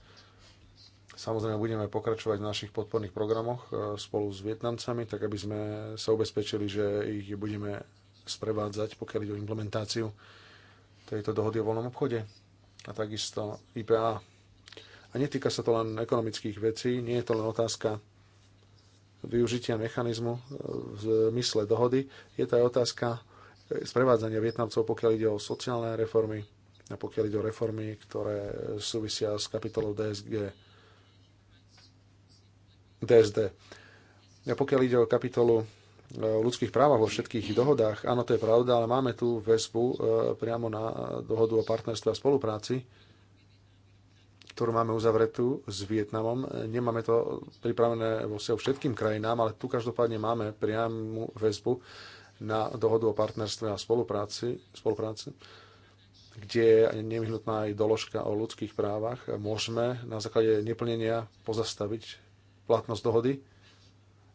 Samozrejme, budeme pokračovať v našich podporných programoch e, spolu s Vietnamcami, tak aby sme sa ubezpečili, že ich budeme sprevádzať, pokiaľ ide o implementáciu tejto dohody o voľnom obchode a takisto IPA. A netýka sa to len ekonomických vecí, nie je to len otázka využitia mechanizmu e, v mysle dohody, je to aj otázka e, sprevádzania Vietnamcov, pokiaľ ide o sociálne reformy a pokiaľ ide o reformy, ktoré súvisia s kapitolou DSG, DSD. A pokiaľ ide o kapitolu o e, ľudských právach vo všetkých dohodách. Áno, to je pravda, ale máme tu väzbu e, priamo na dohodu o partnerstve a spolupráci, ktorú máme uzavretú s Vietnamom. Nemáme to pripravené vo všetkým krajinám, ale tu každopádne máme priamu väzbu na dohodu o partnerstve a spolupráci, spolupráci kde je nevyhnutná aj doložka o ľudských právach. Môžeme na základe neplnenia pozastaviť platnosť dohody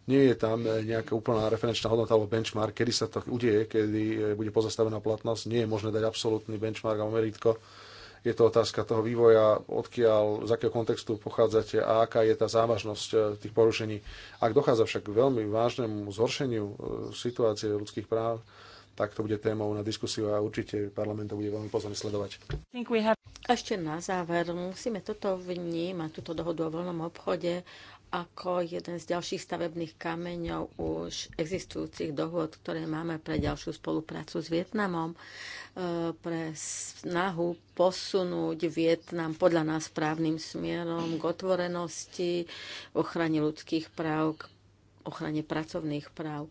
nie je tam eh, nejaká úplná referenčná hodnota alebo benchmark, kedy sa to udeje, kedy eh, bude pozastavená platnosť. Nie je možné dať absolútny benchmark alebo meritko. Je to otázka toho vývoja, odkiaľ, z akého kontextu pochádzate a aká je tá závažnosť eh, tých porušení. Ak dochádza však k veľmi vážnemu zhoršeniu situácie ľudských práv, tak to bude témou na diskusiu a určite parlament to bude veľmi pozorne sledovať. Ešte na záver musíme toto vnímať, túto dohodu o voľnom obchode ako jeden z ďalších stavebných kameňov už existujúcich dohôd, ktoré máme pre ďalšiu spoluprácu s Vietnamom, e, pre snahu posunúť Vietnam podľa nás správnym smerom k otvorenosti, ochrane ľudských práv, k ochrane pracovných práv.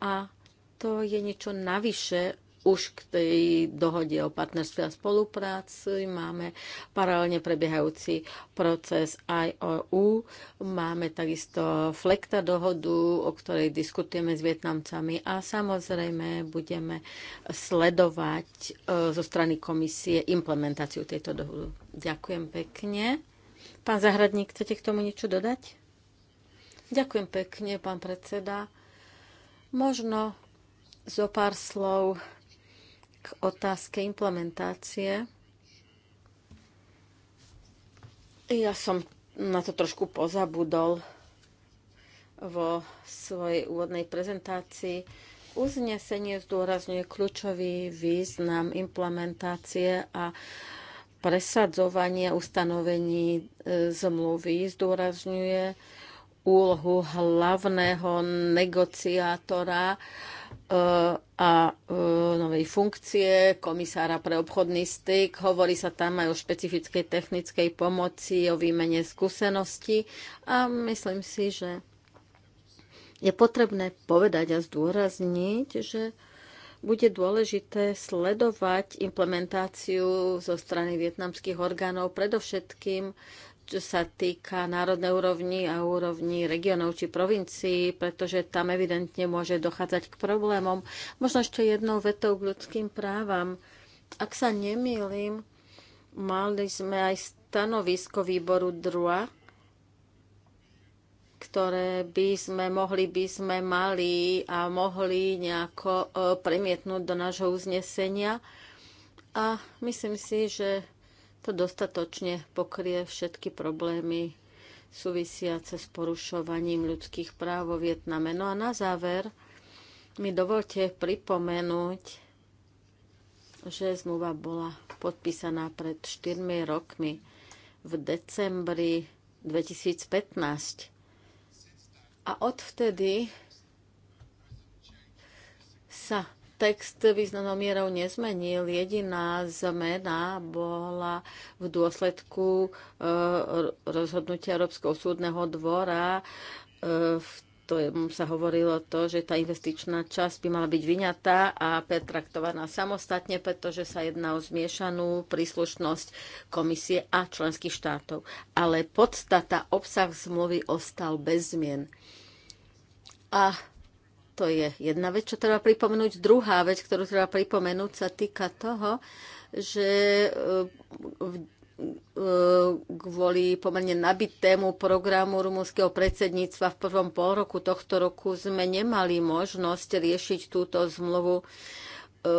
A to je niečo navyše už k tej dohode o partnerstve a spolupráci. Máme paralelne prebiehajúci proces IOU. Máme takisto flekta dohodu, o ktorej diskutujeme s Vietnamcami a samozrejme budeme sledovať e, zo strany komisie implementáciu tejto dohody. Ďakujem pekne. Pán Zahradník, chcete k tomu niečo dodať? Ďakujem pekne, pán predseda. Možno zo pár slov k otázke implementácie. Ja som na to trošku pozabudol vo svojej úvodnej prezentácii. Uznesenie zdôrazňuje kľúčový význam implementácie a presadzovanie ustanovení e, zmluvy. Zdôrazňuje úlohu hlavného negociátora a e, novej funkcie komisára pre obchodný styk. Hovorí sa tam aj o špecifickej technickej pomoci, o výmene skúseností a myslím si, že je potrebné povedať a zdôrazniť, že bude dôležité sledovať implementáciu zo strany vietnamských orgánov, predovšetkým čo sa týka národnej úrovni a úrovni regionov či provincií, pretože tam evidentne môže dochádzať k problémom. Možno ešte jednou vetou k ľudským právam. Ak sa nemýlim, mali sme aj stanovisko výboru DRUA, ktoré by sme mohli, by sme mali a mohli nejako e, premietnúť do nášho uznesenia. A myslím si, že to dostatočne pokrie všetky problémy súvisiace s porušovaním ľudských práv vo Vietname. No a na záver mi dovolte pripomenúť, že zmluva bola podpísaná pred 4 rokmi v decembri 2015. A odvtedy sa text významnou mierou nezmenil. Jediná zmena bola v dôsledku e, rozhodnutia Európskeho súdneho dvora e, v to je, sa hovorilo to, že tá investičná časť by mala byť vyňatá a pretraktovaná samostatne, pretože sa jedná o zmiešanú príslušnosť komisie a členských štátov. Ale podstata, obsah zmluvy ostal bez zmien. A to je jedna vec, čo treba pripomenúť. Druhá vec, ktorú treba pripomenúť, sa týka toho, že e, e, kvôli pomerne nabitému programu rumúnskeho predsedníctva v prvom pol roku tohto roku sme nemali možnosť riešiť túto zmluvu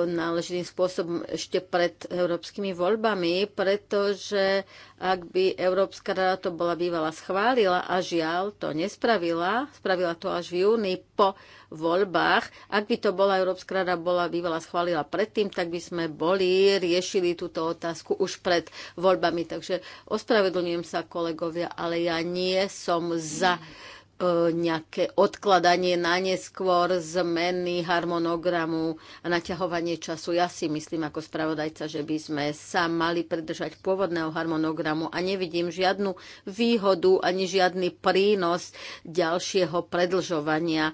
náležitým spôsobom ešte pred európskymi voľbami, pretože ak by Európska rada to bola bývala schválila a žiaľ to nespravila, spravila to až v júni po voľbách, ak by to bola Európska rada bola bývala schválila predtým, tak by sme boli, riešili túto otázku už pred voľbami. Takže ospravedlňujem sa kolegovia, ale ja nie som za mm E, nejaké odkladanie na neskôr zmeny harmonogramu a naťahovanie času. Ja si myslím ako spravodajca, že by sme sa mali pridržať pôvodného harmonogramu a nevidím žiadnu výhodu ani žiadny prínos ďalšieho predlžovania e,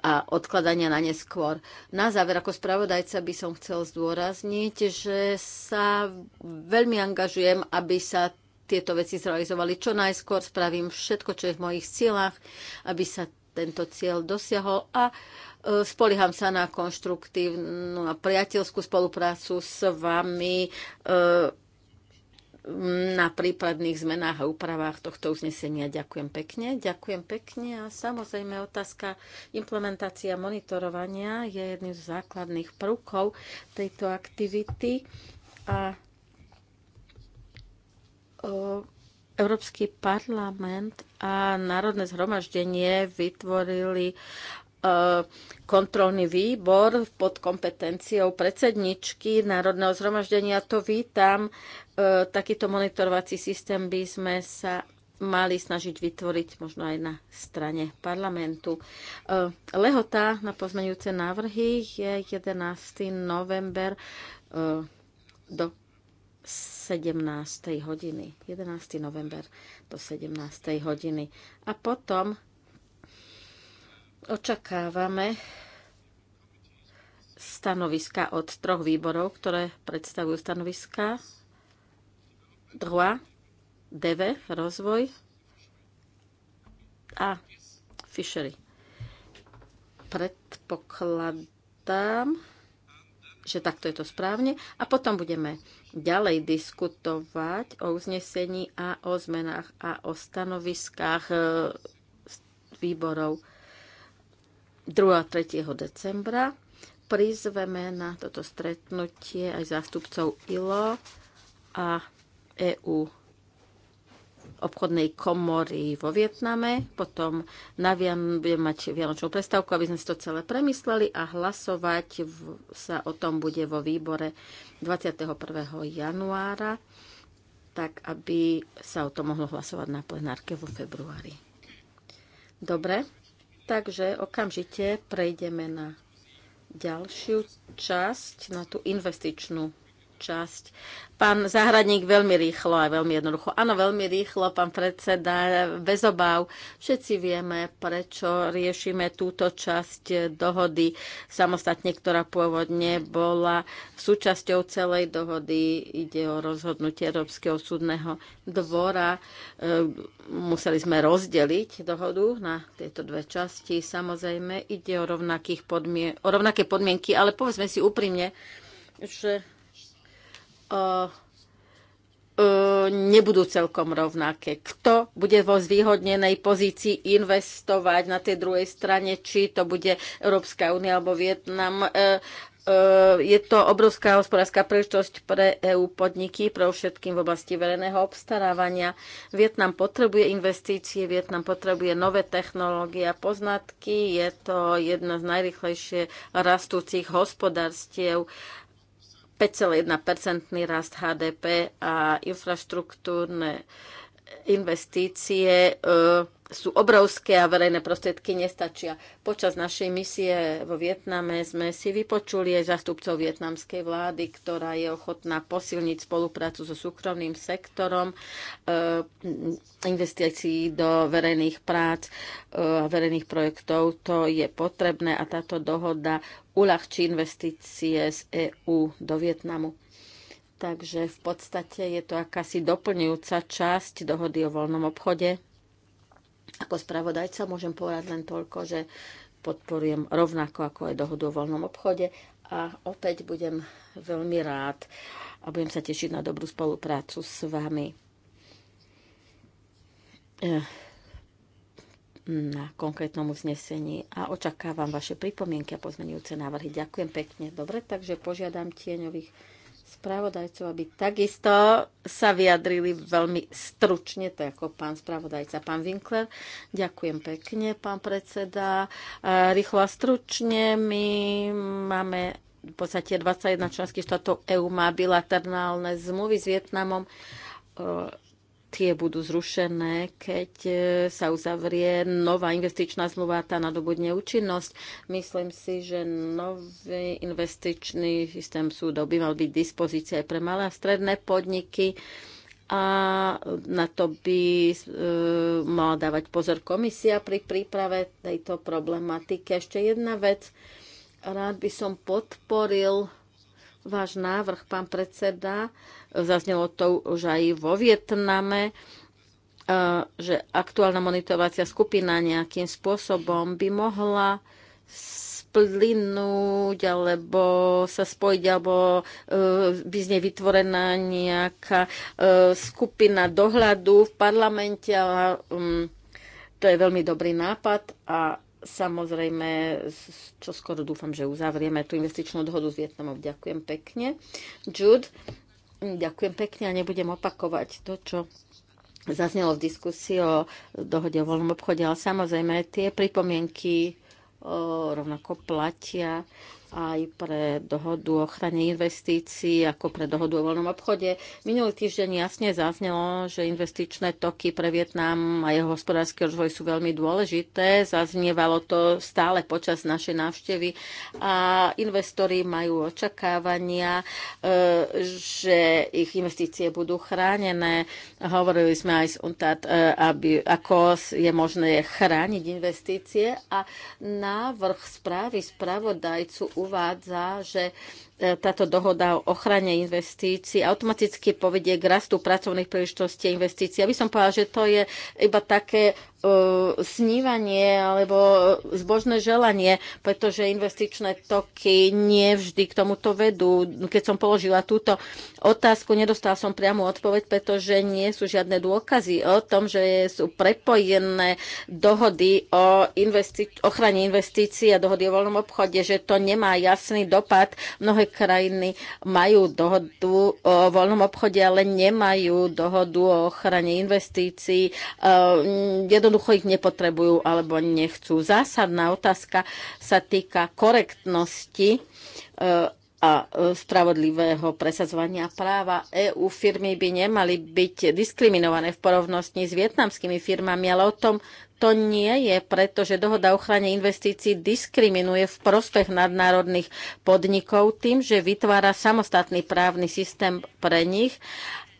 a odkladania na neskôr. Na záver, ako spravodajca by som chcel zdôrazniť, že sa veľmi angažujem, aby sa tieto veci zrealizovali čo najskôr. Spravím všetko, čo je v mojich silách, aby sa tento cieľ dosiahol a e, spolíham sa na konštruktívnu a priateľskú spoluprácu s vami e, na prípadných zmenách a úpravách tohto uznesenia. Ďakujem pekne. Ďakujem pekne a samozrejme otázka implementácia monitorovania je jedným z základných prvkov tejto aktivity a Európsky parlament a Národné zhromaždenie vytvorili kontrolný výbor pod kompetenciou predsedničky Národného zhromaždenia. To vítam. Takýto monitorovací systém by sme sa mali snažiť vytvoriť možno aj na strane parlamentu. Lehota na pozmeňujúce návrhy je 11. november do 17. hodiny, 11. november do 17. hodiny. A potom očakávame stanoviska od troch výborov, ktoré predstavujú stanoviska. Droa, DV, rozvoj a Fishery. Predpokladám, že takto je to správne a potom budeme ďalej diskutovať o uznesení a o zmenách a o stanoviskách e, výborov 2. a 3. decembra. Prizveme na toto stretnutie aj zástupcov ILO a EU obchodnej komory vo Vietname. Potom na Vian budeme mať vianočnú prestávku, aby sme si to celé premysleli a hlasovať v, sa o tom bude vo výbore 21. januára, tak aby sa o tom mohlo hlasovať na plenárke vo februári. Dobre, takže okamžite prejdeme na ďalšiu časť, na tú investičnú časť. Pán Zahradník, veľmi rýchlo a veľmi jednoducho. Áno, veľmi rýchlo, pán predseda, bez obáv. Všetci vieme, prečo riešime túto časť dohody samostatne, ktorá pôvodne bola súčasťou celej dohody. Ide o rozhodnutie Európskeho súdneho dvora. E, museli sme rozdeliť dohodu na tieto dve časti. Samozrejme, ide o, rovnakých podmien- o rovnaké podmienky, ale povedzme si úprimne, že E, e, nebudú celkom rovnaké. Kto bude vo zvýhodnenej pozícii investovať na tej druhej strane, či to bude Európska únia alebo Vietnam. E, je to obrovská hospodárska príležitosť pre EU podniky, pre všetkým v oblasti verejného obstarávania. Vietnam potrebuje investície, Vietnam potrebuje nové technológie a poznatky. Je to jedna z najrychlejšie rastúcich hospodárstiev 5,1-percentný rast HDP a infraštruktúrne investície e, sú obrovské a verejné prostriedky nestačia. Počas našej misie vo Vietname sme si vypočuli aj zastupcov vietnamskej vlády, ktorá je ochotná posilniť spoluprácu so súkromným sektorom, eh, investícií do verejných prác eh, a verejných projektov. To je potrebné a táto dohoda uľahčí investície z EÚ do Vietnamu. Takže v podstate je to akási doplňujúca časť dohody o voľnom obchode ako spravodajca môžem povedať len toľko, že podporujem rovnako ako aj dohodu o voľnom obchode a opäť budem veľmi rád a budem sa tešiť na dobrú spoluprácu s vami eh, na konkrétnom uznesení a očakávam vaše pripomienky a pozmenujúce návrhy. Ďakujem pekne. Dobre, takže požiadam tieňových spravodajcov, aby takisto sa vyjadrili veľmi stručne, tak ako pán spravodajca, pán Winkler. Ďakujem pekne, pán predseda. E, rýchlo a stručne, my máme v podstate 21 členských štátov EÚ má bilaterálne zmluvy s Vietnamom e, tie budú zrušené, keď e, sa uzavrie nová investičná zmluva, tá nadobudne účinnosť. Myslím si, že nový investičný systém súdov by mal byť dispozícia aj pre malé a stredné podniky a na to by e, mala dávať pozor komisia pri príprave tejto problematiky. Ešte jedna vec. Rád by som podporil váš návrh, pán predseda. Zaznelo to už aj vo Vietname, e, že aktuálna monitorovacia skupina nejakým spôsobom by mohla splynúť, alebo sa spojiť, alebo e, by z nej vytvorená nejaká e, skupina dohľadu v parlamente. Mm, to je veľmi dobrý nápad a samozrejme, čo skoro dúfam, že uzavrieme tú investičnú dohodu s Vietnamom. Ďakujem pekne. Jude, ďakujem pekne a nebudem opakovať to, čo zaznelo v diskusii o dohode o voľnom obchode, ale samozrejme tie pripomienky o, rovnako platia aj pre dohodu o ochrane investícií, ako pre dohodu o voľnom obchode. Minulý týždeň jasne zaznelo, že investičné toky pre Vietnam a jeho hospodársky rozvoj sú veľmi dôležité. Zaznievalo to stále počas našej návštevy a investori majú očakávania, e, že ich investície budú chránené. Hovorili sme aj s UNTAD, e, aby, ako je možné chrániť investície a návrh správy spravodajcu uvádza, že táto dohoda o ochrane investícií automaticky povedie k rastu pracovných príležitostí a investícií. Aby som povedala, že to je iba také uh, snívanie alebo zbožné želanie, pretože investičné toky nie vždy k tomuto vedú. Keď som položila túto otázku, nedostala som priamu odpoveď, pretože nie sú žiadne dôkazy o tom, že sú prepojené dohody o investi- ochrane investícií a dohody o voľnom obchode, že to nemá jasný dopad. Mnohé krajiny majú dohodu o voľnom obchode, ale nemajú dohodu o ochrane investícií. E, jednoducho ich nepotrebujú alebo nechcú. Zásadná otázka sa týka korektnosti e, a e, spravodlivého presadzovania práva. EU firmy by nemali byť diskriminované v porovnosti s vietnamskými firmami, ale o tom to nie je, pretože dohoda o ochrane investícií diskriminuje v prospech nadnárodných podnikov tým, že vytvára samostatný právny systém pre nich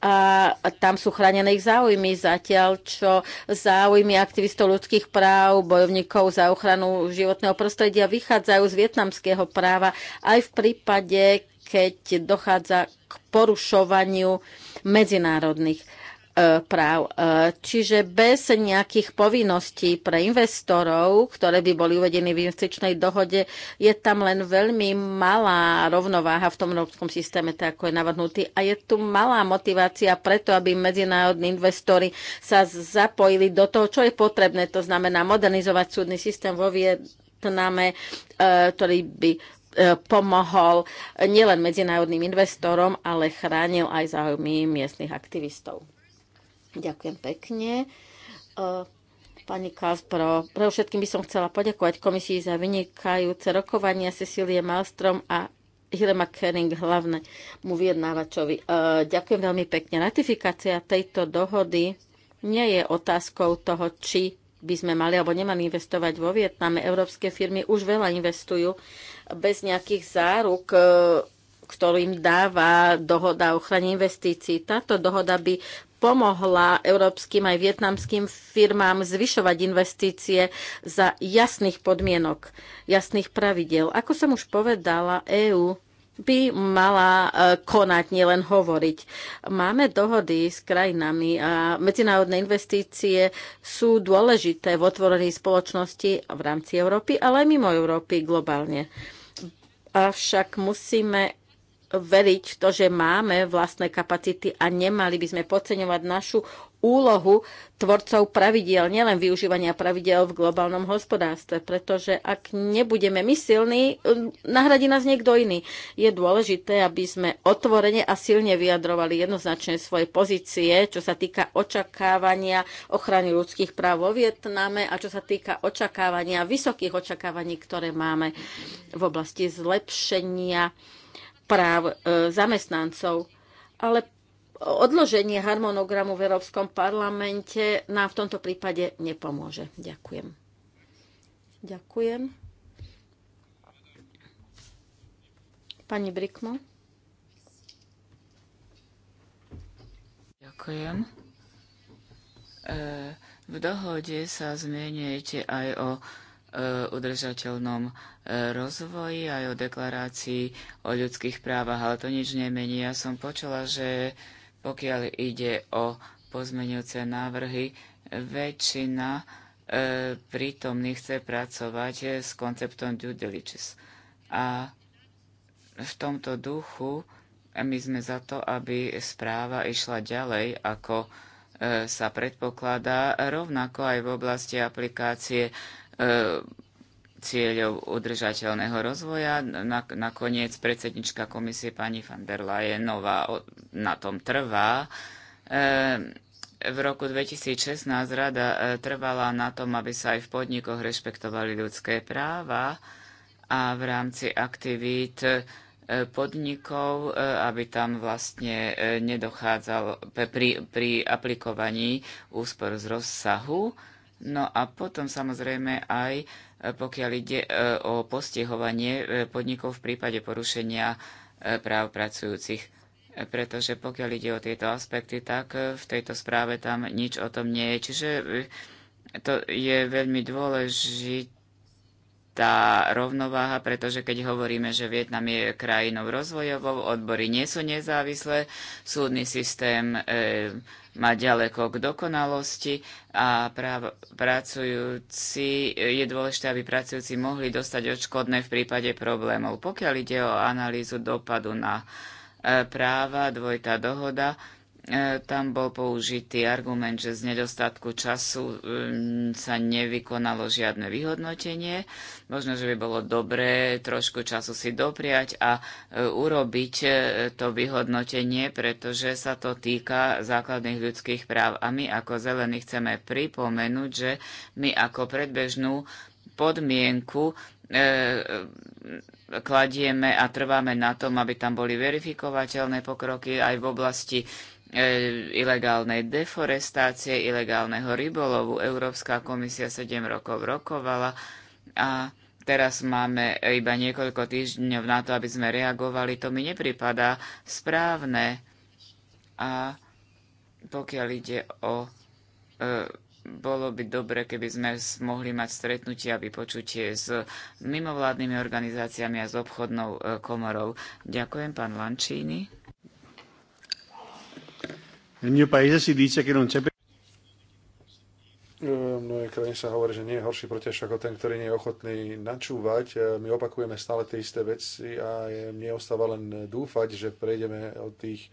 a tam sú chránené ich záujmy, zatiaľ čo záujmy aktivistov ľudských práv, bojovníkov za ochranu životného prostredia vychádzajú z vietnamského práva aj v prípade, keď dochádza k porušovaniu medzinárodných E, práv. E, čiže bez nejakých povinností pre investorov, ktoré by boli uvedené v investičnej dohode, je tam len veľmi malá rovnováha v tom európskom systéme, tak ako je navrhnutý. A je tu malá motivácia preto, aby medzinárodní investori sa zapojili do toho, čo je potrebné. To znamená modernizovať súdny systém vo Vietname, e, ktorý by pomohol nielen medzinárodným investorom, ale chránil aj záujmy miestnych aktivistov. Ďakujem pekne. E, pani Kaspro, pre všetkým by som chcela poďakovať komisii za vynikajúce rokovania Cecilie Malstrom a Hilema Kering, hlavne mu vyjednávačovi. E, ďakujem veľmi pekne. Ratifikácia tejto dohody nie je otázkou toho, či by sme mali alebo nemali investovať vo Vietname. Európske firmy už veľa investujú bez nejakých záruk e, ktorým dáva dohoda o ochrane investícií. Táto dohoda by pomohla európskym aj vietnamským firmám zvyšovať investície za jasných podmienok, jasných pravidel. Ako som už povedala, EÚ by mala e, konať, nielen hovoriť. Máme dohody s krajinami a medzinárodné investície sú dôležité v otvorení spoločnosti v rámci Európy, ale aj mimo Európy globálne. Avšak musíme veriť to, že máme vlastné kapacity a nemali by sme podceňovať našu úlohu tvorcov pravidiel, nielen využívania pravidiel v globálnom hospodárstve, pretože ak nebudeme my silní, um, nahradí nás niekto iný. Je dôležité, aby sme otvorene a silne vyjadrovali jednoznačne svoje pozície, čo sa týka očakávania ochrany ľudských práv vo Vietname a čo sa týka očakávania, vysokých očakávaní, ktoré máme v oblasti zlepšenia práv e, zamestnancov. Ale odloženie harmonogramu v Európskom parlamente nám v tomto prípade nepomôže. Ďakujem. Ďakujem. Pani Brikmo. Ďakujem. E, v dohode sa zmieniete aj o Eh, udržateľnom eh, rozvoji, aj o deklarácii o ľudských právach, ale to nič nemení. Ja som počula, že pokiaľ ide o pozmeňujúce návrhy, väčšina e, prítomných chce pracovať s konceptom due diligence. A v tomto duchu my sme za to, aby správa išla ďalej ako sa predpokladá, rovnako aj v oblasti aplikácie E, cieľov udržateľného rozvoja. Nakoniec predsednička komisie pani van der Leyenová na tom trvá. E, v roku 2016 rada e, trvala na tom, aby sa aj v podnikoch rešpektovali ľudské práva a v rámci aktivít podnikov, aby tam vlastne nedochádzal pri, pri aplikovaní úspor z rozsahu No a potom samozrejme aj e, pokiaľ ide e, o postihovanie e, podnikov v prípade porušenia práv pracujúcich. Pretože pokiaľ ide o tieto aspekty, tak v tejto správe tam nič o tom nie je. Čiže to je veľmi dôležitá rovnováha, pretože keď hovoríme, že Vietnam je krajinou rozvojovou, odbory nie sú nezávislé, súdny systém e, má ďaleko k dokonalosti a práv, pracujúci, je dôležité, aby pracujúci mohli dostať odškodné v prípade problémov. Pokiaľ ide o analýzu dopadu na e, práva, dvojitá dohoda, E, tam bol použitý argument, že z nedostatku času mm, sa nevykonalo žiadne vyhodnotenie. Možno, že by bolo dobré trošku času si dopriať a e, urobiť e, to vyhodnotenie, pretože sa to týka základných ľudských práv. A my ako zelení chceme pripomenúť, že my ako predbežnú podmienku kladieme a trváme na tom, aby tam boli verifikovateľné pokroky aj v oblasti E, ilegálnej deforestácie, ilegálneho rybolovu. Európska komisia 7 rokov rokovala a teraz máme iba niekoľko týždňov na to, aby sme reagovali. To mi nepripadá správne. A pokiaľ ide o... E, bolo by dobre, keby sme mohli mať stretnutie a vypočutie s mimovládnymi organizáciami a s obchodnou e, komorou. Ďakujem, pán Lančíny. Nel mio paese si dice che non c'è v mnohej krajine sa hovorí, že nie je horší proti ako ten, ktorý nie je ochotný načúvať. E, my opakujeme stále tie isté veci a mne ostáva len dúfať, že prejdeme od tých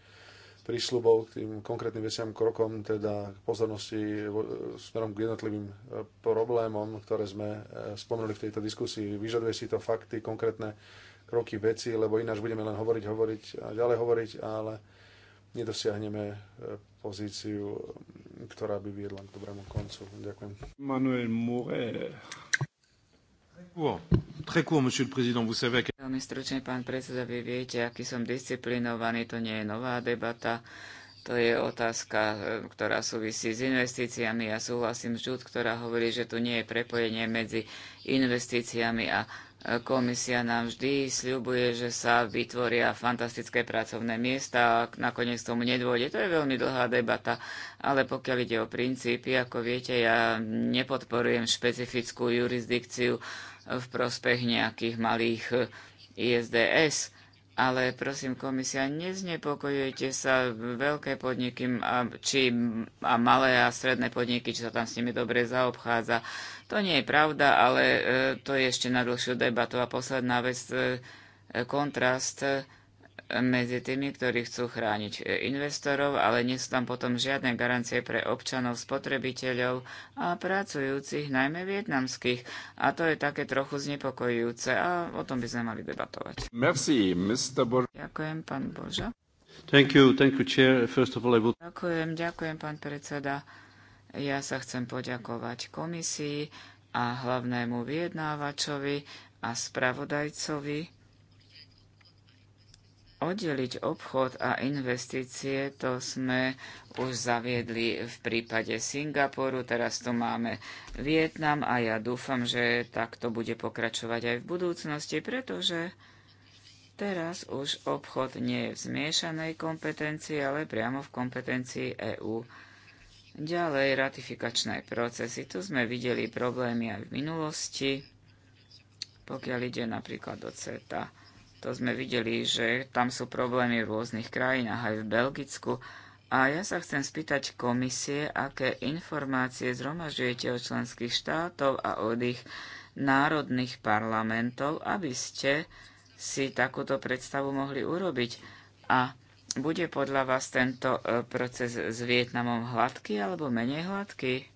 prísľubov k tým konkrétnym veciam krokom, teda k pozornosti e, e, smerom k jednotlivým problémom, ktoré sme spomenuli v tejto diskusii. Vyžaduje si to fakty, konkrétne kroky, veci, lebo ináč budeme len hovoriť, hovoriť a ďalej hovoriť, ale nedosiahneme e, pozíciu, ktorá by viedla k dobrému koncu. Ďakujem. Manuel Mouret. Veľmi stručne, pán predseda, vy viete, aký som disciplinovaný, to nie je nová debata, to je otázka, e, ktorá súvisí s investíciami. Ja súhlasím s Žud, ktorá hovorí, že tu nie je prepojenie medzi investíciami a Komisia nám vždy sľubuje, že sa vytvoria fantastické pracovné miesta a nakoniec tomu nedôjde. To je veľmi dlhá debata, ale pokiaľ ide o princípy, ako viete, ja nepodporujem špecifickú jurisdikciu v prospech nejakých malých ISDS ale prosím, komisia, neznepokojujete sa veľké podniky a, či, a malé a stredné podniky, či sa tam s nimi dobre zaobchádza. To nie je pravda, ale e, to je ešte na dlhšiu debatu. A posledná vec, e, e kontrast e, medzi tými, ktorí chcú chrániť e, investorov, ale nie sú tam potom žiadne garancie pre občanov, spotrebiteľov a pracujúcich, najmä vietnamských. A to je také trochu znepokojujúce a o tom by sme mali debatovať. Merci, Mr. Bo- Ďakujem, pán Boža. Thank you, thank you, chair. First of all, I would... Ďakujem, ďakujem, pán predseda. Ja sa chcem poďakovať komisii a hlavnému vyjednávačovi a spravodajcovi Oddeliť obchod a investície to sme už zaviedli v prípade Singapuru, teraz tu máme Vietnam a ja dúfam, že takto bude pokračovať aj v budúcnosti, pretože teraz už obchod nie je v zmiešanej kompetencii, ale priamo v kompetencii EÚ. Ďalej ratifikačné procesy. Tu sme videli problémy aj v minulosti, pokiaľ ide napríklad do CETA. To sme videli, že tam sú problémy v rôznych krajinách, aj v Belgicku. A ja sa chcem spýtať komisie, aké informácie zhromažujete od členských štátov a od ich národných parlamentov, aby ste si takúto predstavu mohli urobiť. A bude podľa vás tento e, proces s Vietnamom hladký alebo menej hladký?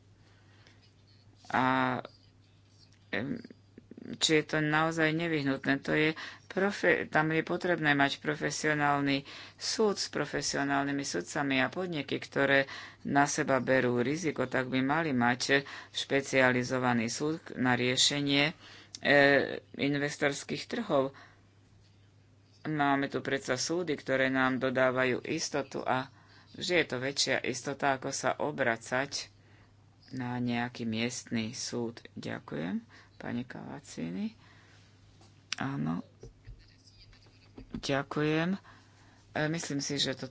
A či je to naozaj nevyhnutné. To je profe- tam je potrebné mať profesionálny súd s profesionálnymi sudcami a podniky, ktoré na seba berú riziko, tak by mali mať špecializovaný súd na riešenie e, investorských trhov. Máme tu predsa súdy, ktoré nám dodávajú istotu a že je to väčšia istota, ako sa obracať na nejaký miestny súd. Ďakujem pani Kavacini. Áno. Ďakujem. E, myslím si, že to,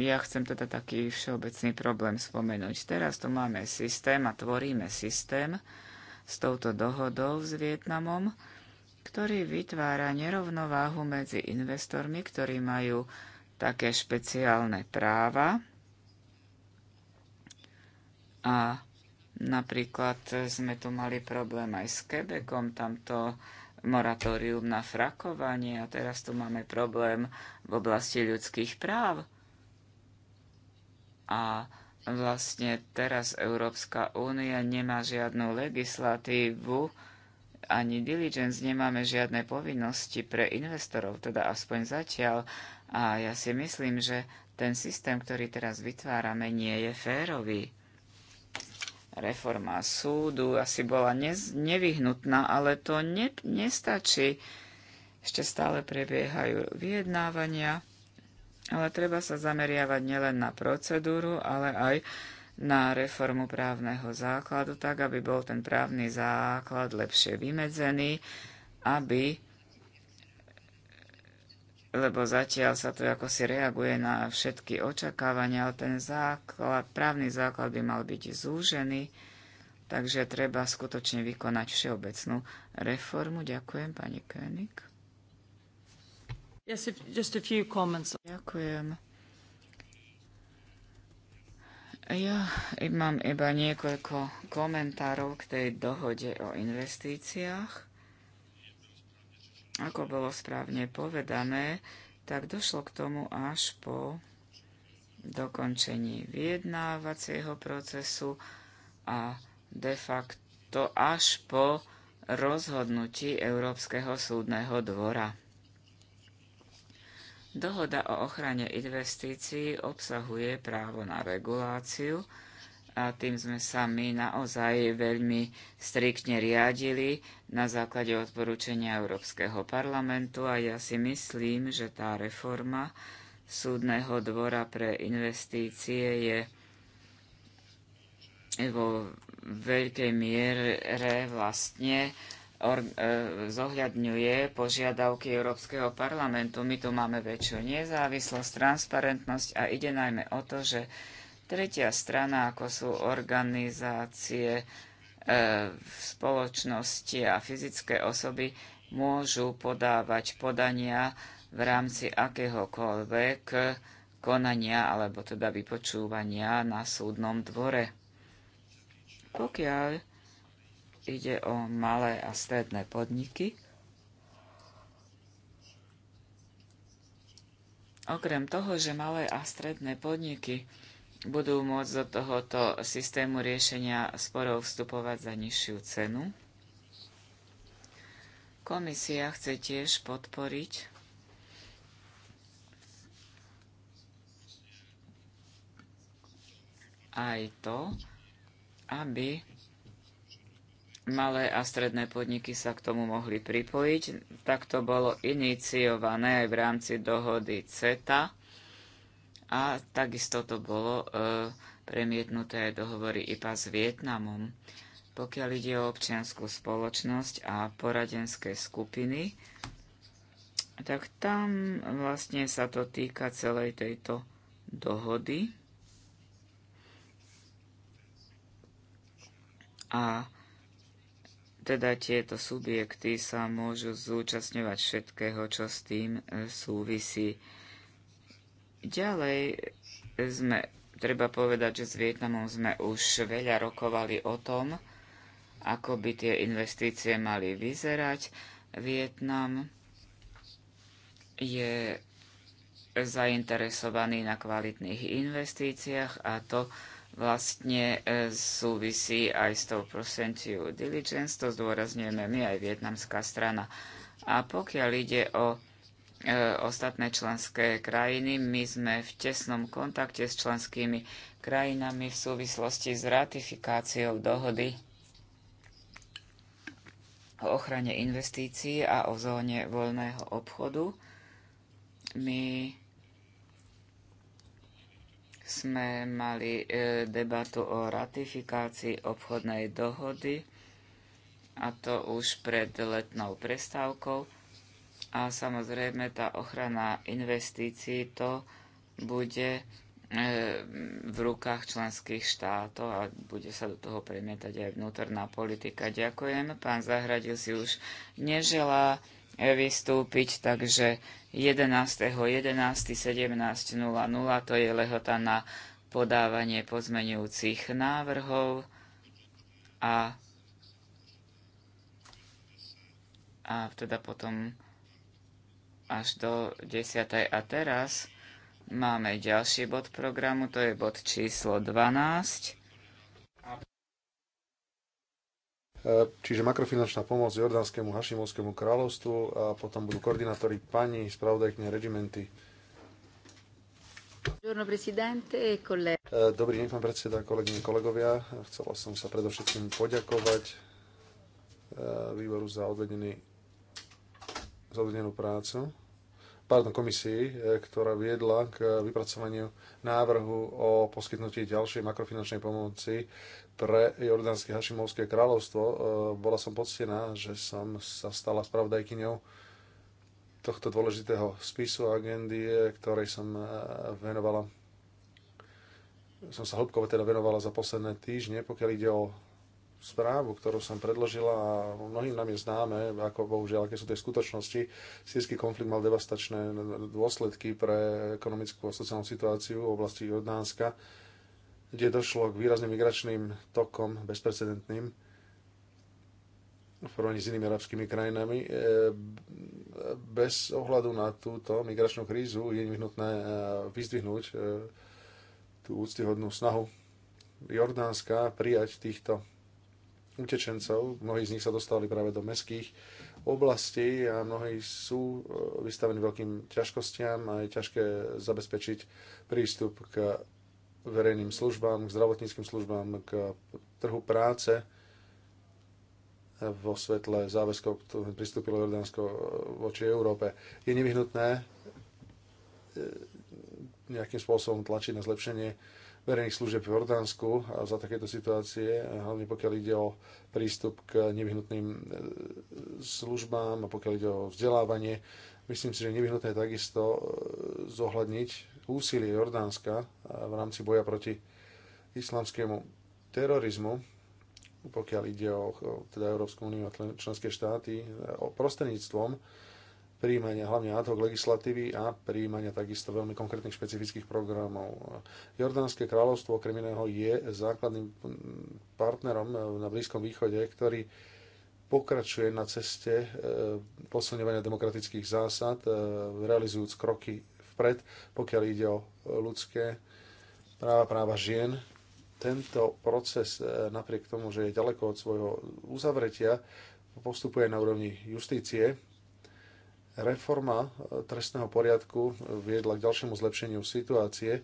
ja chcem teda taký všeobecný problém spomenúť. Teraz tu máme systém a tvoríme systém s touto dohodou s Vietnamom, ktorý vytvára nerovnováhu medzi investormi, ktorí majú také špeciálne práva a Napríklad e, sme tu mali problém aj s Quebecom, tamto moratórium na frakovanie a teraz tu máme problém v oblasti ľudských práv. A vlastne teraz Európska únia nemá žiadnu legislatívu, ani diligence, nemáme žiadne povinnosti pre investorov, teda aspoň zatiaľ. A ja si myslím, že ten systém, ktorý teraz vytvárame, nie je férový reforma súdu asi bola nez, nevyhnutná, ale to ne, nestačí. Ešte stále prebiehajú vyjednávania, ale treba sa zameriavať nielen na procedúru, ale aj na reformu právneho základu, tak aby bol ten právny základ lepšie vymedzený, aby lebo zatiaľ sa to ako si reaguje na všetky očakávania, ale ten základ, právny základ by mal byť zúžený, takže treba skutočne vykonať všeobecnú reformu. Ďakujem, pani König. Yes, just a few comments. Ďakujem. Ja mám iba niekoľko komentárov k tej dohode o investíciách. Ako bolo správne povedané, tak došlo k tomu až po dokončení vyjednávacieho procesu a de facto až po rozhodnutí Európskeho súdneho dvora. Dohoda o ochrane investícií obsahuje právo na reguláciu, a tým sme sa my naozaj veľmi striktne riadili na základe odporúčania Európskeho parlamentu a ja si myslím, že tá reforma súdneho dvora pre investície je vo veľkej miere vlastne or, e, zohľadňuje požiadavky Európskeho parlamentu. My tu máme väčšiu nezávislosť, transparentnosť a ide najmä o to, že Tretia strana, ako sú organizácie, e, spoločnosti a fyzické osoby, môžu podávať podania v rámci akéhokoľvek konania alebo teda vypočúvania na súdnom dvore. Pokiaľ ide o malé a stredné podniky, okrem toho, že malé a stredné podniky budú môcť do tohoto systému riešenia sporov vstupovať za nižšiu cenu. Komisia chce tiež podporiť aj to, aby malé a stredné podniky sa k tomu mohli pripojiť. Tak to bolo iniciované aj v rámci dohody CETA a takisto to bolo e, premietnuté aj dohovory IPA s Vietnamom. Pokiaľ ide o občianskú spoločnosť a poradenské skupiny, tak tam vlastne sa to týka celej tejto dohody. A teda tieto subjekty sa môžu zúčastňovať všetkého, čo s tým e, súvisí. Ďalej sme, treba povedať, že s Vietnamom sme už veľa rokovali o tom, ako by tie investície mali vyzerať. Vietnam je zainteresovaný na kvalitných investíciách a to vlastne e, súvisí aj s tou procentiu diligence, to zdôrazňujeme my aj vietnamská strana. A pokiaľ ide o E, ostatné členské krajiny. My sme v tesnom kontakte s členskými krajinami v súvislosti s ratifikáciou dohody o ochrane investícií a o zóne voľného obchodu. My sme mali e, debatu o ratifikácii obchodnej dohody a to už pred letnou prestávkou a samozrejme tá ochrana investícií to bude e, v rukách členských štátov a bude sa do toho premietať aj vnútorná politika. Ďakujem. Pán Zahradil si už neželá e, vystúpiť, takže 11.11.17.00 to je lehota na podávanie pozmenujúcich návrhov a, a teda potom až do 10. A teraz máme ďalší bod programu, to je bod číslo 12. Čiže makrofinančná pomoc Jordánskému Hašimovskému kráľovstvu a potom budú koordinátori pani, spravodajkne, regimenty. E, dobrý deň, pán predseda, kolegyne, kolegovia. Chcela som sa predovšetkým poďakovať e, výboru za odvedený za odvedenú prácu pardon, komisii, e, ktorá viedla k e, vypracovaniu návrhu o poskytnutí ďalšej makrofinančnej pomoci pre Jordánske Hašimovské kráľovstvo. E, bola som poctená, že som sa stala spravodajkyňou tohto dôležitého spisu agendy, ktorej som venovala som sa hĺbkovo teda venovala za posledné týždne, pokiaľ ide o správu, ktorú som predložila a mnohým nám je známe, ako bohužiaľ, aké sú tie skutočnosti. Sírsky konflikt mal devastačné dôsledky pre ekonomickú a sociálnu situáciu v oblasti Jordánska, kde došlo k výrazným migračným tokom, bezprecedentným, v porovnaní s inými arabskými krajinami. E, bez ohľadu na túto migračnú krízu je nevyhnutné e, vyzdvihnúť e, tú úctyhodnú snahu Jordánska prijať týchto utečencov. Mnohí z nich sa dostali práve do mestských oblastí a mnohí sú e, vystavení veľkým ťažkostiam a je ťažké zabezpečiť prístup k verejným službám, k zdravotníckým službám, k trhu práce vo svetle záväzkov, ktoré pristúpilo Jordánsko e, voči Európe. Je nevyhnutné e, nejakým spôsobom tlačiť na zlepšenie verejných služieb v Jordánsku za takéto situácie, hlavne pokiaľ ide o prístup k nevyhnutným e, službám a pokiaľ ide o vzdelávanie. Myslím si, že je nevyhnutné takisto e, zohľadniť úsilie Jordánska e, v rámci boja proti islamskému terorizmu, pokiaľ ide o teda Európsku úniu a členské štáty, o prostredníctvom príjmania hlavne ad hoc legislatívy a príjmania takisto veľmi konkrétnych špecifických programov. Jordánske kráľovstvo okrem iného je základným partnerom na Blízkom východe, ktorý pokračuje na ceste e, posilňovania demokratických zásad, e, realizujúc kroky vpred, pokiaľ ide o ľudské práva, práva žien. Tento proces, e, napriek tomu, že je ďaleko od svojho uzavretia, postupuje na úrovni justície, Reforma e, trestného poriadku e, viedla k ďalšiemu zlepšeniu situácie.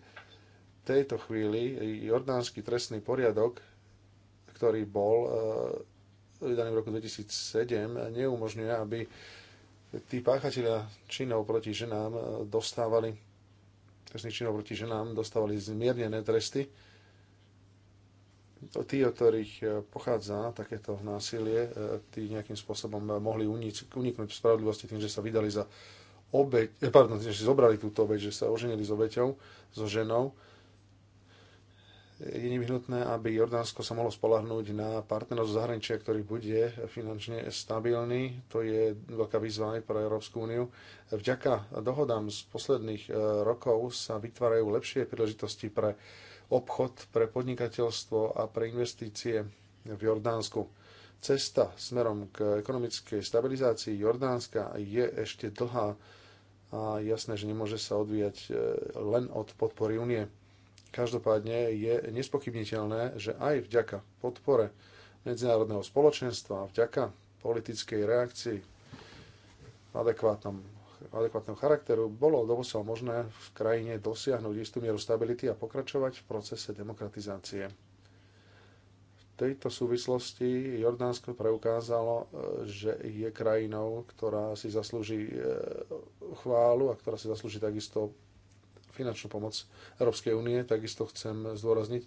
V tejto chvíli e, jordánsky trestný poriadok, ktorý bol vydaný v roku 2007, neumožňuje, aby tí páchatelia činov proti ženám dostávali trestných činov proti ženám dostávali zmiernené tresty tí, od ktorých e, pochádza takéto násilie, e, tí nejakým spôsobom e, mohli uniknúť spravodlivosti tým, že sa vydali za obeť, pardon, že si zobrali túto obeť, že sa oženili s obeťou, so ženou. Je nevyhnutné, aby Jordánsko sa mohlo spolahnúť na partnerov z zahraničia, ktorý bude finančne stabilný. To je veľká výzva aj pre Európsku úniu. Vďaka dohodám z posledných rokov sa vytvárajú lepšie príležitosti pre obchod, pre podnikateľstvo a pre investície v Jordánsku. Cesta smerom k ekonomickej stabilizácii Jordánska je ešte dlhá a jasné, že nemôže sa odvíjať e, len od podpory únie. Každopádne je nespochybniteľné, že aj vďaka podpore medzinárodného spoločenstva a vďaka politickej reakcii v adekvátnom adekvátneho charakteru, bolo doposiaľ možné v krajine dosiahnuť istú mieru stability a pokračovať v procese demokratizácie. V tejto súvislosti Jordánsko preukázalo, e, že je krajinou, ktorá si zaslúži e, chválu a ktorá si zaslúži takisto finančnú pomoc Európskej únie. Takisto chcem zdôrazniť,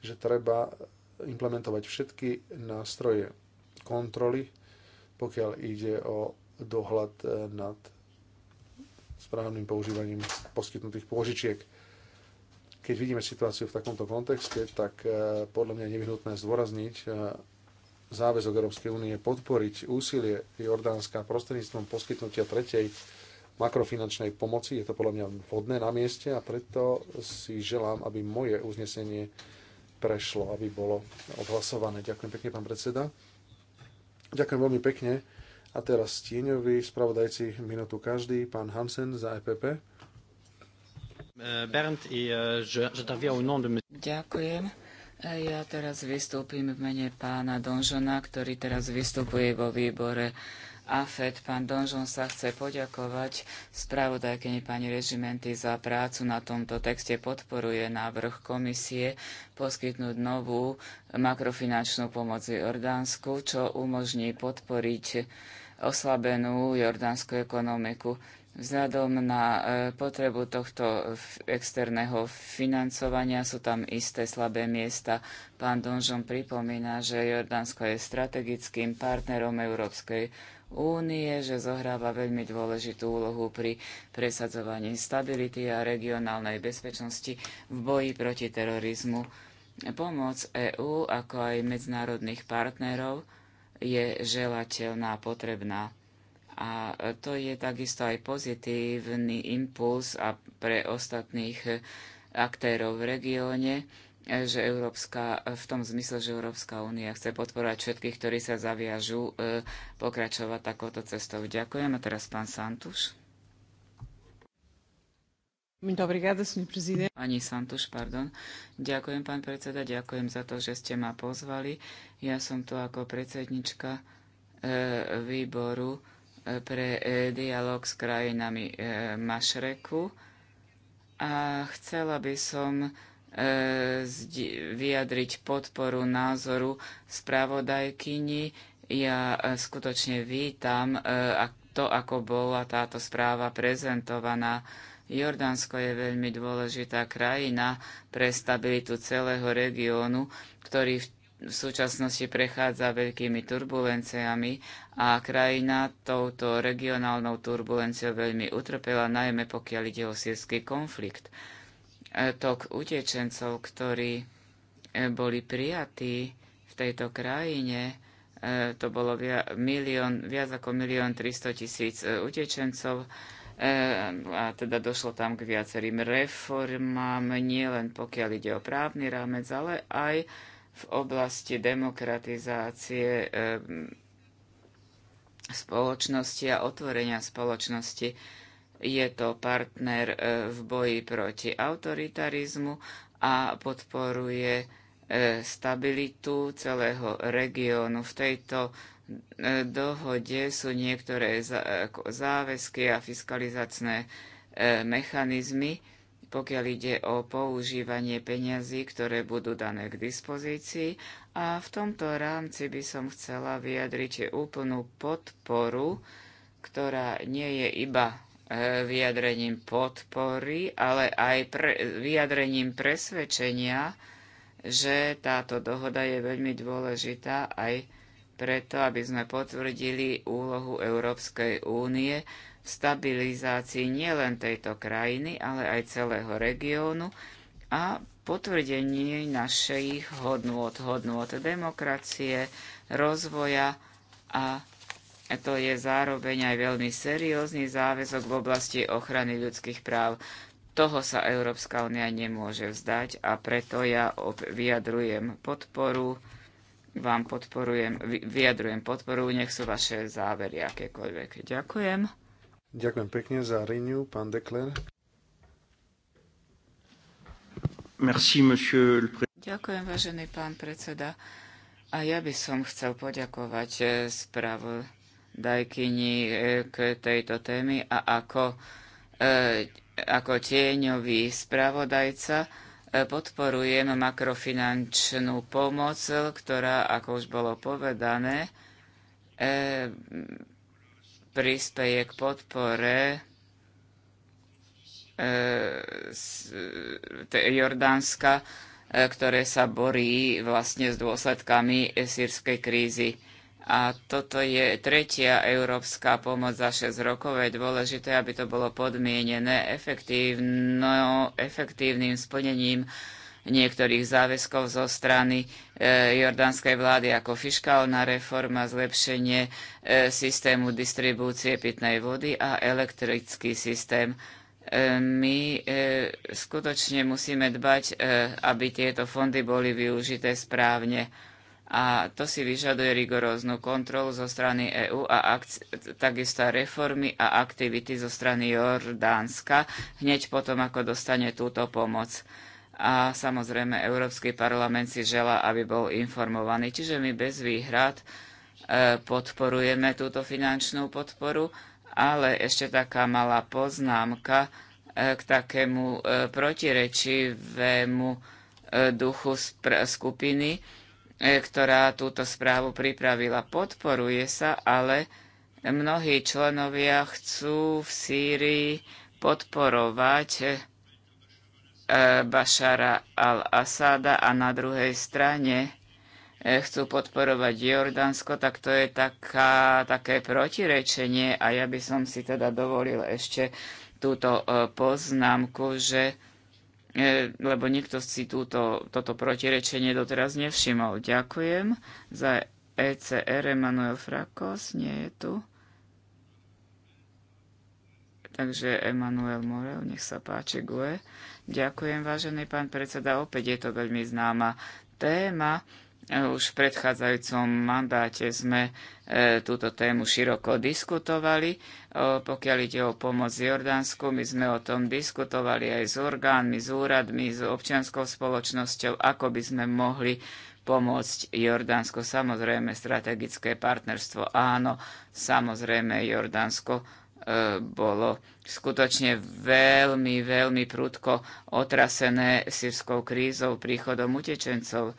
že treba implementovať všetky nástroje kontroly, pokiaľ ide o dohľad e, nad správnym používaním poskytnutých pôžičiek. Keď vidíme situáciu v takomto kontexte, tak e, podľa mňa je nevyhnutné zdôrazniť e, záväzok Európskej únie podporiť úsilie Jordánska prostredníctvom poskytnutia tretej makrofinančnej pomoci. Je to podľa mňa vhodné na mieste a preto si želám, aby moje uznesenie prešlo, aby bolo odhlasované. Ďakujem pekne, pán predseda. Ďakujem veľmi pekne a teraz tieňoví spravodajci minútu každý. Pán Hansen za EPP. E, Ďakujem. Ja teraz vystúpim v mene pána Donžona, ktorý teraz vystupuje vo výbore AFED. Pán Donžon sa chce poďakovať spravodajkeni pani Režimenty za prácu na tomto texte. Podporuje návrh komisie poskytnúť novú makrofinančnú pomoc Jordánsku, čo umožní podporiť oslabenú jordánsku ekonomiku. Vzhľadom na e, potrebu tohto externého financovania sú tam isté slabé miesta. Pán Donžon pripomína, že Jordánsko je strategickým partnerom Európskej únie, že zohráva veľmi dôležitú úlohu pri presadzovaní stability a regionálnej bezpečnosti v boji proti terorizmu. Pomoc EÚ, ako aj medzinárodných partnerov, je želateľná, potrebná. A to je takisto aj pozitívny impuls a pre ostatných aktérov v regióne, že Európska, v tom zmysle, že Európska únia chce podporovať všetkých, ktorí sa zaviažú e, pokračovať takouto cestou. Ďakujem. A teraz pán Santuš. Pani Santuš, pardon. Ďakujem, pán predseda, ďakujem za to, že ste ma pozvali. Ja som tu ako predsednička e, výboru e, pre e, dialog s krajinami Mašreku a chcela by som vyjadriť podporu názoru spravodajkyni. Ja skutočne vítam to, ako bola táto správa prezentovaná Jordánsko je veľmi dôležitá krajina pre stabilitu celého regiónu, ktorý v v súčasnosti prechádza veľkými turbulenciami a krajina touto regionálnou turbulenciou veľmi utrpela, najmä pokiaľ ide o sírsky konflikt. E, tok utečencov, ktorí e, boli prijatí v tejto krajine, e, to bolo viac ako milión 300 tisíc utečencov, Ehm, a teda došlo tam k viacerým reformám, nielen pokiaľ ide o právny rámec, ale aj v oblasti demokratizácie ehm, spoločnosti a otvorenia spoločnosti. Je to partner e, v boji proti autoritarizmu a podporuje e, stabilitu celého regiónu. V tejto dohode sú niektoré záväzky a fiskalizačné e, mechanizmy, pokiaľ ide o používanie peňazí, ktoré budú dané k dispozícii. A v tomto rámci by som chcela vyjadriť úplnú podporu, ktorá nie je iba e, vyjadrením podpory, ale aj pre, vyjadrením presvedčenia, že táto dohoda je veľmi dôležitá aj preto, aby sme potvrdili úlohu Európskej únie v stabilizácii nielen tejto krajiny, ale aj celého regiónu a potvrdení našich hodnôt, hodnôt demokracie, rozvoja a to je zároveň aj veľmi seriózny záväzok v oblasti ochrany ľudských práv. Toho sa Európska únia nemôže vzdať a preto ja vyjadrujem podporu vám podporujem, vyjadrujem podporu, nech sú vaše závery akékoľvek. Ďakujem. Ďakujem pekne za Renew, pán Dekler. Merci, monsieur le Ďakujem, vážený pán predseda. A ja by som chcel poďakovať e, dajkyni e, k tejto témy a ako, e, ako tieňový spravodajca podporujem makrofinančnú pomoc, ktorá, ako už bolo povedané, e, prispeje k podpore e, Jordánska, e, ktoré sa borí vlastne s dôsledkami sírskej krízy. A toto je tretia európska pomoc za 6 rokov. Je dôležité, aby to bolo podmienené efektívnym splnením niektorých záväzkov zo strany e, jordánskej vlády ako fiškálna reforma, zlepšenie e, systému distribúcie pitnej vody a elektrický systém. E, my skutočne musíme dbať, aby tieto fondy boli využité správne a to si vyžaduje rigoróznu kontrolu zo strany EÚ a takisto reformy a aktivity zo strany Jordánska hneď potom, ako dostane túto pomoc. A samozrejme, Európsky parlament si žela, aby bol informovaný. Čiže my bez výhrad e, podporujeme túto finančnú podporu, ale ešte taká malá poznámka e, k takému e, protirečivému duchu skupiny E, ktorá túto správu pripravila. Podporuje sa, ale mnohí členovia chcú v Sýrii podporovať e, Bašara al-Asada a na druhej strane e, chcú podporovať Jordánsko, tak to je taká, také protirečenie a ja by som si teda dovolil ešte túto poznámku, že E, lebo nikto si túto, toto protirečenie doteraz nevšimol. Ďakujem za ECR Emanuel Frakos, nie je tu. Takže Emanuel Morel, nech sa páči, Gue. Ďakujem, vážený pán predseda, opäť je to veľmi známa téma už v predchádzajúcom mandáte sme e, túto tému široko diskutovali. E, pokiaľ ide o pomoc Jordánsku, my sme o tom diskutovali aj s orgánmi, s úradmi, s občianskou spoločnosťou, ako by sme mohli pomôcť Jordánsko. Samozrejme, strategické partnerstvo áno, samozrejme, Jordánsko e, bolo skutočne veľmi, veľmi prudko otrasené sírskou krízou, príchodom utečencov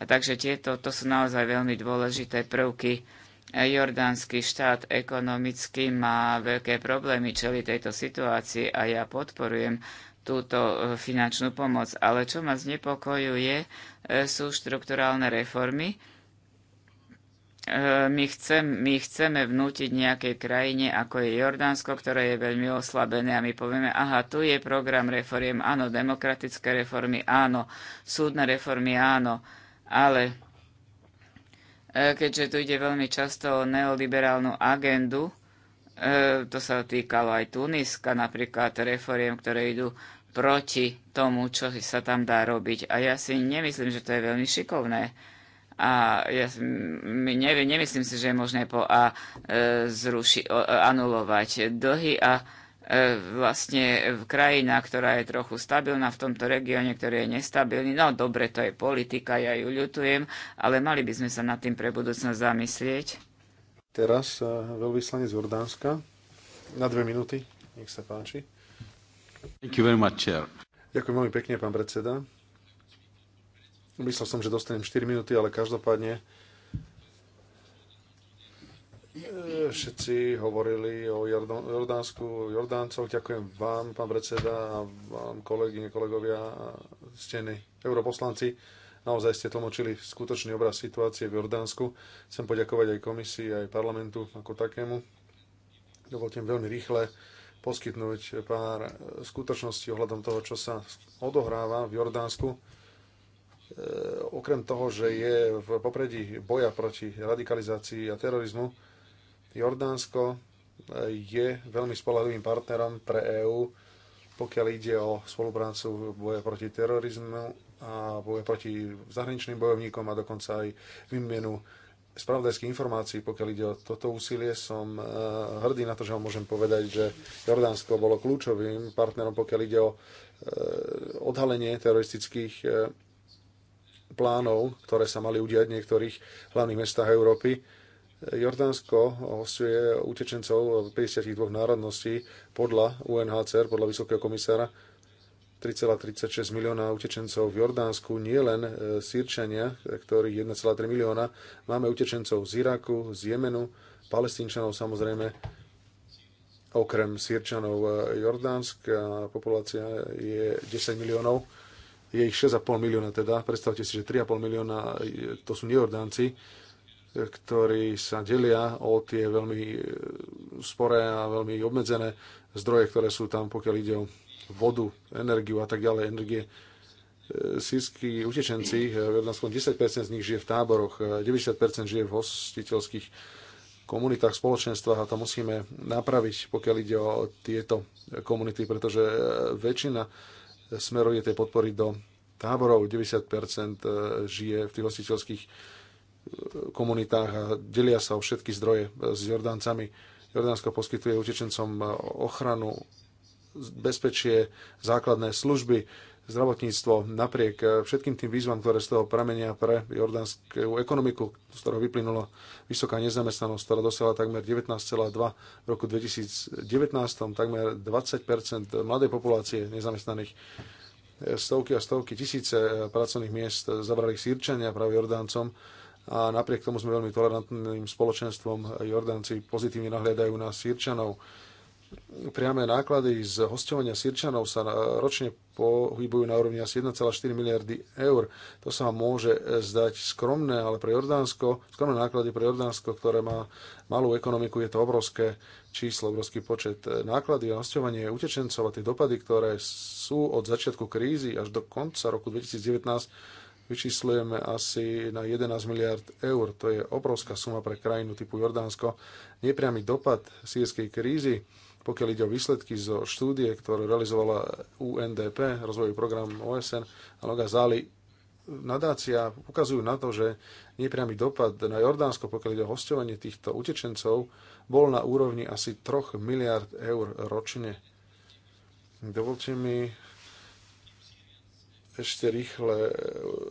Takže tieto to sú naozaj veľmi dôležité prvky. Jordánsky štát ekonomicky má veľké problémy čeli tejto situácii a ja podporujem túto e, finančnú pomoc. Ale čo ma znepokojuje, e, sú štrukturálne reformy. E, my, chcem, my chceme vnútiť nejakej krajine, ako je Jordánsko, ktoré je veľmi oslabené a my povieme, aha, tu je program reforiem, áno, demokratické reformy, áno, súdne reformy, áno ale e, keďže tu ide veľmi často o neoliberálnu agendu, e, to sa týkalo aj Tuniska, napríklad reforiem, ktoré idú proti tomu, čo sa tam dá robiť. A ja si nemyslím, že to je veľmi šikovné. A ja neviem, nemyslím si, že je možné po A e, zruši, anulovať dlhy a E, vlastne krajina, ktorá je trochu stabilná v tomto regióne, ktorý je nestabilný. No dobre, to je politika, ja ju ľutujem, ale mali by sme sa nad tým pre budúcnosť zamyslieť. Teraz e, veľvyslanec Jordánska. Na dve minúty, nech sa páči. Thank you very much, chair. Ďakujem veľmi pekne, pán predseda. Myslel som, že dostanem 4 minúty, ale každopádne E, všetci hovorili o Jordánsku, Jordáncoch. Ďakujem vám, pán predseda, a vám, kolegyne, kolegovia, steny, europoslanci. Naozaj ste tlmočili skutočný obraz situácie v Jordánsku. Chcem poďakovať aj komisii, aj parlamentu ako takému. Dovolte veľmi rýchle poskytnúť pár skutočností ohľadom toho, čo sa odohráva v Jordánsku e, okrem toho, že je v popredí boja proti radikalizácii a terorizmu, Jordánsko e, je veľmi spolahlivým partnerom pre EÚ, pokiaľ ide o spoluprácu v boje proti terorizmu a boje proti zahraničným bojovníkom a dokonca aj výmenu spravodajských informácií, pokiaľ ide o toto úsilie, som e, hrdý na to, že vám môžem povedať, že Jordánsko bolo kľúčovým partnerom, pokiaľ ide o e, odhalenie teroristických plánov, ktoré sa mali udiať v niektorých hlavných mestách Európy Jordánsko hostuje utečencov 52 národností podľa UNHCR, podľa Vysokého komisára. 3,36 milióna utečencov v Jordánsku, nie len e, Sýrčania, ktorých 1,3 milióna. Máme utečencov z Iraku, z Jemenu, palestínčanov samozrejme, okrem Sýrčanov. E, Jordánska populácia je 10 miliónov, je ich 6,5 milióna teda. Predstavte si, že 3,5 milióna e, to sú nejordánci ktorí sa delia o tie veľmi e, sporé a veľmi obmedzené zdroje, ktoré sú tam, pokiaľ ide o vodu, energiu a tak ďalej, energie. E, Sýrskí utečenci, e, aspoň 10% z nich žije v táboroch, 90% žije v hostiteľských komunitách, spoločenstvách a to musíme napraviť, pokiaľ ide o tieto komunity, pretože väčšina smeruje tej podpory do táborov, 90% žije v tých hostiteľských komunitách a delia sa o všetky zdroje s Jordáncami. Jordánsko poskytuje utečencom ochranu, bezpečie, základné služby, zdravotníctvo. Napriek všetkým tým výzvam, ktoré z toho pramenia pre jordánskú ekonomiku, z ktorého vyplynula vysoká nezamestnanosť, ktorá dosiahla takmer 19,2 v roku 2019, takmer 20 mladej populácie nezamestnaných stovky a stovky tisíce pracovných miest zabrali Sírčania práve Jordáncom a napriek tomu sme veľmi tolerantným spoločenstvom. Jordánci pozitívne nahliadajú na Sýrčanov. Priame náklady z hostovania Sýrčanov sa e, ročne pohybujú na úrovni asi 1,4 miliardy eur. To sa môže e, zdať skromné, ale pre Jordánsko, skromné náklady pre Jordánsko, ktoré má malú ekonomiku, je to obrovské číslo, obrovský počet e, náklady a hostovanie utečencov a tie dopady, ktoré sú od začiatku krízy až do konca roku 2019 vyčíslujeme asi na 11 miliard eur. To je obrovská suma pre krajinu typu Jordánsko. Nepriamy dopad sírskej krízy, pokiaľ ide o výsledky zo štúdie, ktorú realizovala UNDP, rozvojový program OSN a Loga Zali, nadácia ukazujú na to, že nepriamy dopad na Jordánsko, pokiaľ ide o hostovanie týchto utečencov, bol na úrovni asi 3 miliard eur ročne. Dovolte mi ešte rýchle e,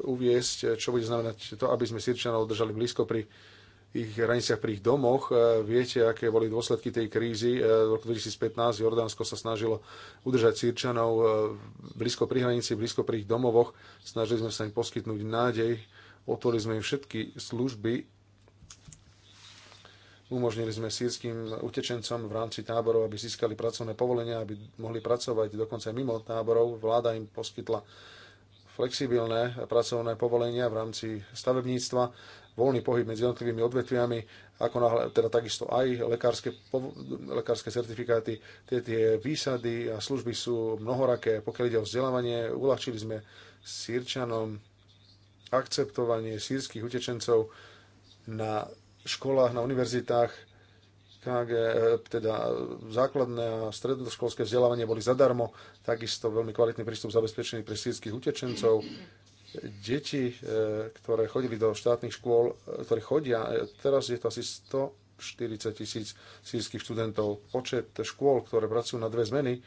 uviesť, e, čo bude znamenať to, aby sme Sirčanov držali blízko pri ich hraniciach pri ich domoch. E, viete, aké boli dôsledky tej krízy. V roku 2015 Jordánsko sa snažilo udržať Sirčanov blízko pri hranici, blízko pri ich domovoch. Snažili sme sa im poskytnúť nádej. Otvorili sme im všetky služby. Umožnili sme sírským utečencom v rámci táborov, aby získali pracovné povolenia, aby mohli pracovať dokonca mimo táborov. Vláda im poskytla flexibilné pracovné povolenia v rámci stavebníctva, voľný pohyb medzi jednotlivými odvetviami, ako náhle, teda takisto aj lekárske, lekárske certifikáty, tie, tie výsady a služby sú mnohoraké. Pokiaľ ide o vzdelávanie, uľahčili sme sírčanom akceptovanie sírskych utečencov na školách, na univerzitách, KG, e, teda základné a stredoškolské vzdelávanie boli zadarmo, takisto veľmi kvalitný prístup zabezpečený pre sírskych utečencov. Deti, e, ktoré chodili do štátnych škôl, e, ktoré chodia, teraz je to asi 140 tisíc sírských študentov. Počet škôl, ktoré pracujú na dve zmeny,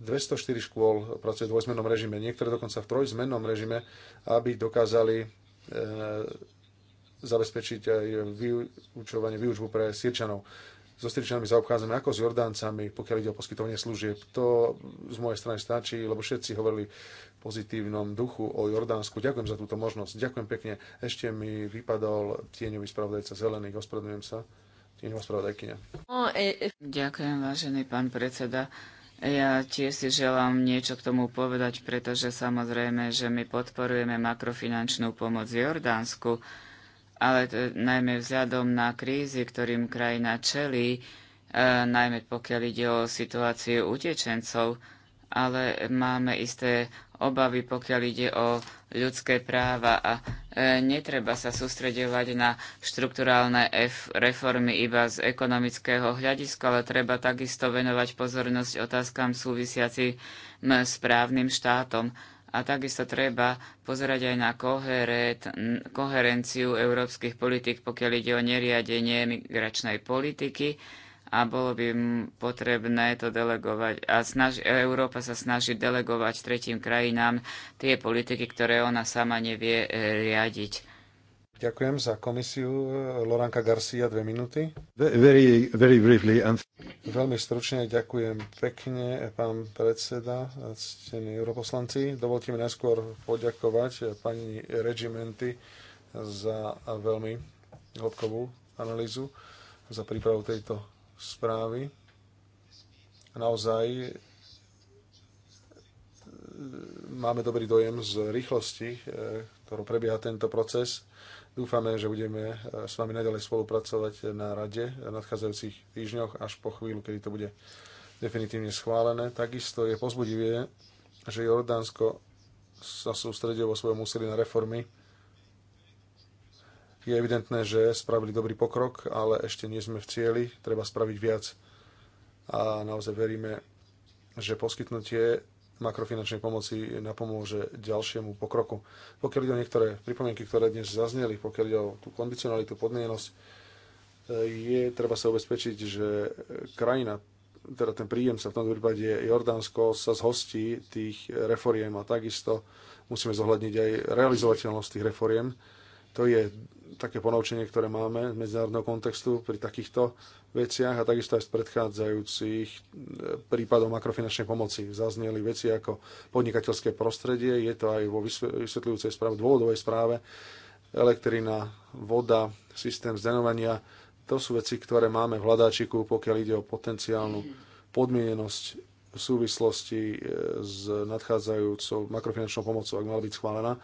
204 škôl pracuje v dvojzmennom režime, niektoré dokonca v trojzmennom režime, aby dokázali zabezpečiť aj vyučovanie, výučbu pre Sirčanov. So Sirčanmi zaobchádzame ako s Jordáncami, pokiaľ ide o poskytovanie služieb. To z mojej strany stačí, lebo všetci hovorili v pozitívnom duchu o Jordánsku. Ďakujem za túto možnosť. Ďakujem pekne. Ešte mi vypadol tieňový spravodajca zelených. Ospravedlňujem sa. Tieňová e. Ďakujem, vážený pán predseda. Ja tiež si želám niečo k tomu povedať, pretože samozrejme, že my podporujeme makrofinančnú pomoc Jordánsku ale najmä vzhľadom na krízy, ktorým krajina čelí, e, najmä pokiaľ ide o situáciu utečencov, ale máme isté obavy, pokiaľ ide o ľudské práva a e, netreba sa sústredovať na štrukturálne F reformy iba z ekonomického hľadiska, ale treba takisto venovať pozornosť otázkam súvisiacim s právnym štátom. A takisto treba pozerať aj na koherenciu európskych politik, pokiaľ ide o neriadenie migračnej politiky a bolo by potrebné to delegovať. A snaž, Európa sa snaží delegovať tretím krajinám tie politiky, ktoré ona sama nevie e, riadiť. Ďakujem za komisiu. Loranka Garcia, dve minúty. Very, very briefly and... Veľmi stručne ďakujem pekne, pán predseda, ctení europoslanci. Dovolte mi najskôr poďakovať pani Regimenty za veľmi hĺbkovú analýzu, za prípravu tejto správy. Naozaj e, máme dobrý dojem z rýchlosti, e, ktorou prebieha tento proces. Dúfame, že budeme e, s vami naďalej spolupracovať na rade v nadchádzajúcich týždňoch až po chvíľu, kedy to bude definitívne schválené. Takisto je pozbudivé, že Jordánsko sa sústredilo vo svojom úsilí na reformy. Je evidentné, že spravili dobrý pokrok, ale ešte nie sme v cieli, treba spraviť viac. A naozaj veríme, že poskytnutie makrofinančnej pomoci napomôže ďalšiemu pokroku. Pokiaľ ide o niektoré pripomienky, ktoré dnes zazneli, pokiaľ ide o tú kondicionalitu, podmienenosť, je treba sa ubezpečiť, že krajina, teda ten príjemca, v tomto prípade Jordánsko, sa zhostí tých reforiem a takisto musíme zohľadniť aj realizovateľnosť tých reforiem. To je také ponaučenie, ktoré máme z medzinárodného kontextu pri takýchto veciach a takisto aj z predchádzajúcich e, prípadov makrofinančnej pomoci. Zazneli veci ako podnikateľské prostredie, je to aj vo vysvetľujúcej správe, dôvodovej správe, elektrina, voda, systém zdenovania. To sú veci, ktoré máme v hľadáčiku, pokiaľ ide o potenciálnu podmienenosť v súvislosti e, s nadchádzajúcou makrofinančnou pomocou, ak mala byť schválená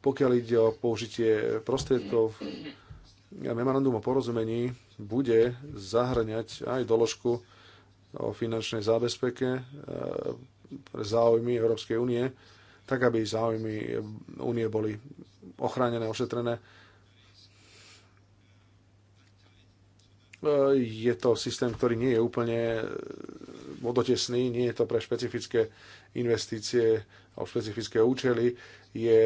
pokiaľ ide o použitie prostriedkov, memorandum o porozumení bude zahrňať aj doložku o finančnej zábezpeke e, pre záujmy Európskej únie, tak aby záujmy únie boli ochránené, ošetrené. E, je to systém, ktorý nie je úplne vodotesný, e, nie je to pre špecifické investície o špecifické účely je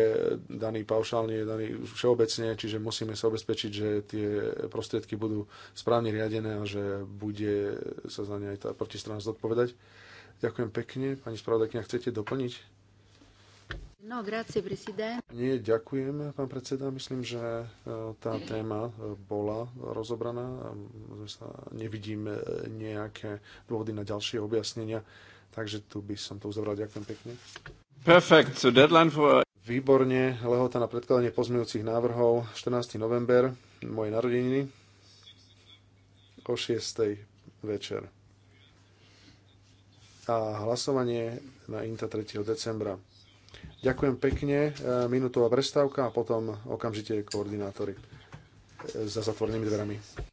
daný paušálne, je daný všeobecne, čiže musíme sa obezpečiť, že tie prostriedky budú správne riadené a že bude sa za ne aj tá protistrana zodpovedať. Ďakujem pekne. Pani spravodajkňa, chcete doplniť? No, grazie, presidente. Nie, ďakujem, pán predseda. Myslím, že e, tá téma e, bola rozobraná. Nevidím e, nejaké dôvody na ďalšie objasnenia. Takže tu by som to uzavral. Ďakujem pekne. Perfect. So deadline for... Výborne, lehota na predkladanie pozmejúcich návrhov 14. november, moje narodeniny, o 6. večer. A hlasovanie na INTA 3. decembra. Ďakujem pekne, e, minútová prestávka a potom okamžite koordinátory e, za zatvorenými dverami.